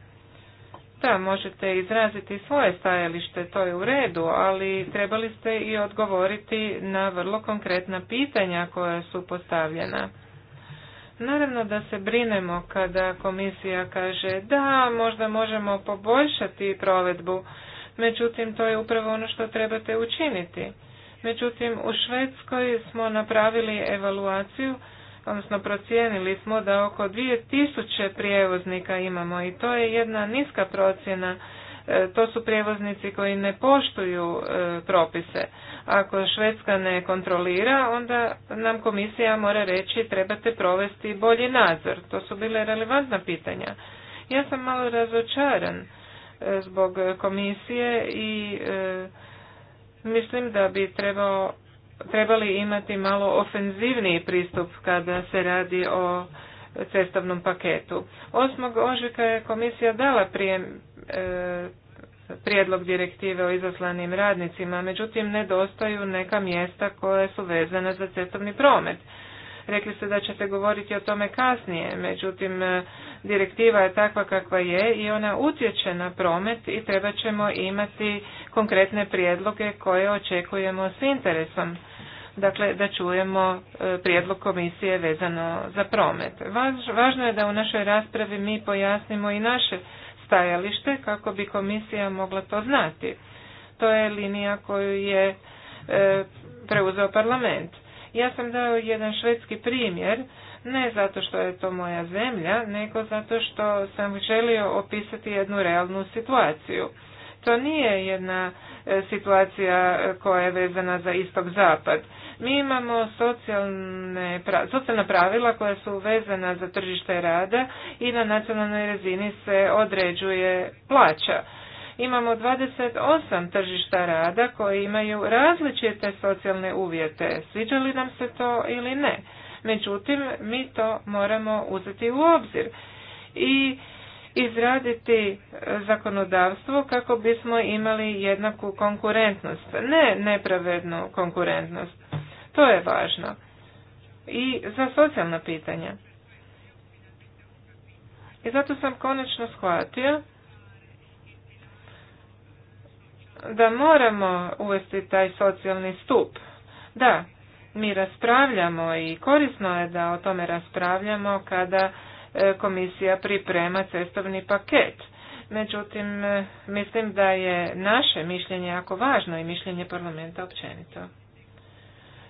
Da, možete izraziti svoje stajalište, to je u redu, ali trebali ste i odgovoriti na vrlo konkretna pitanja koja su postavljena. Naravno da se brinemo kada komisija kaže da, možda možemo poboljšati provedbu, međutim to je upravo ono što trebate učiniti. Međutim, u Švedskoj smo napravili evaluaciju odnosno procijenili smo da oko 2000 prijevoznika imamo i to je jedna niska procjena e, to su prijevoznici koji ne poštuju e, propise. Ako Švedska ne kontrolira, onda nam komisija mora reći trebate provesti bolji nadzor. To su bile relevantna pitanja. Ja sam malo razočaran e, zbog komisije i mislim da bi trebao trebali imati malo ofenzivniji pristup kada se radi o cestovnom paketu. 8. ožujka je komisija dala e, prijedlog direktive o izaslanim radnicima, međutim nedostaju neka mjesta koja su vezana za cestovni promet. Rekli ste da ćete govoriti o tome kasnije, međutim e, direktiva je takva kakva je i ona utječe na promet i treba ćemo imati konkretne prijedloge koje očekujemo s interesom dakle da čujemo e, prijedlog komisije vezano za promet. Važno je da u našoj raspravi mi pojasnimo i naše stajalište kako bi komisija mogla to znati. To je linija koju je e, preuzeo parlament. Ja sam dao jedan švedski primjer, ne zato što je to moja zemlja, nego zato što sam želio opisati jednu realnu situaciju. To nije jedna e, situacija koja je vezana za istog zapad. Mi imamo socijalne, socijalna pravila koja su vezana za tržište rada i na nacionalnoj razini se određuje plaća. Imamo 28 tržišta rada koji imaju različite socijalne uvjete, sviđa li nam se to ili ne. Međutim, mi to moramo uzeti u obzir i izraditi zakonodavstvo kako bismo imali jednaku konkurentnost, ne nepravednu konkurentnost. To je važno. I za socijalna pitanja. I zato sam konačno shvatio da moramo uvesti taj socijalni stup. Da, mi raspravljamo i korisno je da o tome raspravljamo kada e, komisija priprema cestovni paket. Međutim, e, mislim da je naše mišljenje jako važno i mišljenje parlamenta općenito.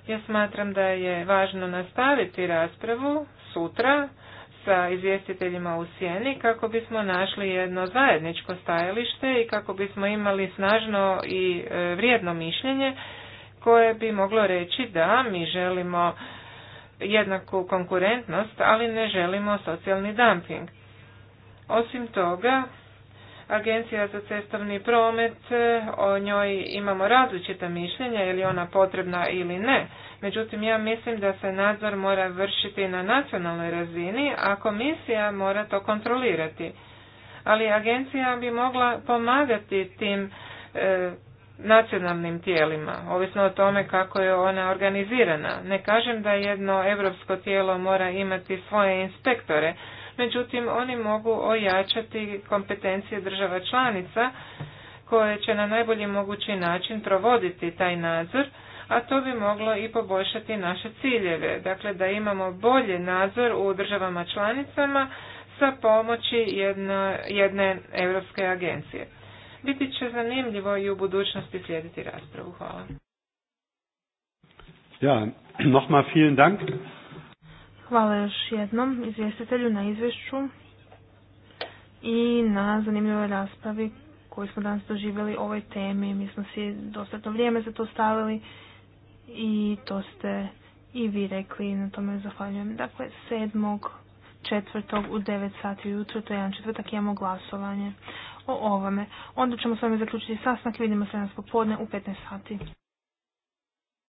Ja smatram da je važno nastaviti raspravu sutra sa izvjestiteljima u sjeni kako bismo našli jedno zajedničko stajalište i kako bismo imali snažno i e, vrijedno mišljenje koje bi moglo reći da mi želimo jednaku konkurentnost, ali ne želimo socijalni dumping. Osim toga, Agencija za cestovni promet, e, o njoj imamo različita mišljenja, je li ona potrebna ili ne. Međutim, ja mislim da se nadzor mora vršiti na nacionalnoj razini, a komisija mora to kontrolirati. Ali agencija bi mogla pomagati tim e, nacionalnim tijelima, ovisno o tome kako je ona organizirana. Ne kažem da jedno europsko tijelo mora imati svoje inspektore, međutim oni mogu ojačati kompetencije država članica koje će na najbolji mogući način provoditi taj nadzor, a to bi moglo i poboljšati naše ciljeve. Dakle, da imamo bolji nadzor u državama članicama sa pomoći jedne, jedne europske agencije. Biti će zanimljivo i u budućnosti slijediti raspravu. Hvala. Ja, nochmal vielen Dank. Hvala još jednom izvjestitelju na izvješću i na zanimljivoj raspravi koju smo danas doživjeli o ovoj temi. Mi smo si dostatno vrijeme za to stavili i to ste i vi rekli na tome zahvaljujem. Dakle, sedmog četvrtog u devet sati ujutro, to je jedan četvrtak, imamo glasovanje o ovome. Onda ćemo s vami zaključiti sastanak, vidimo se nas popodne u 15 sati.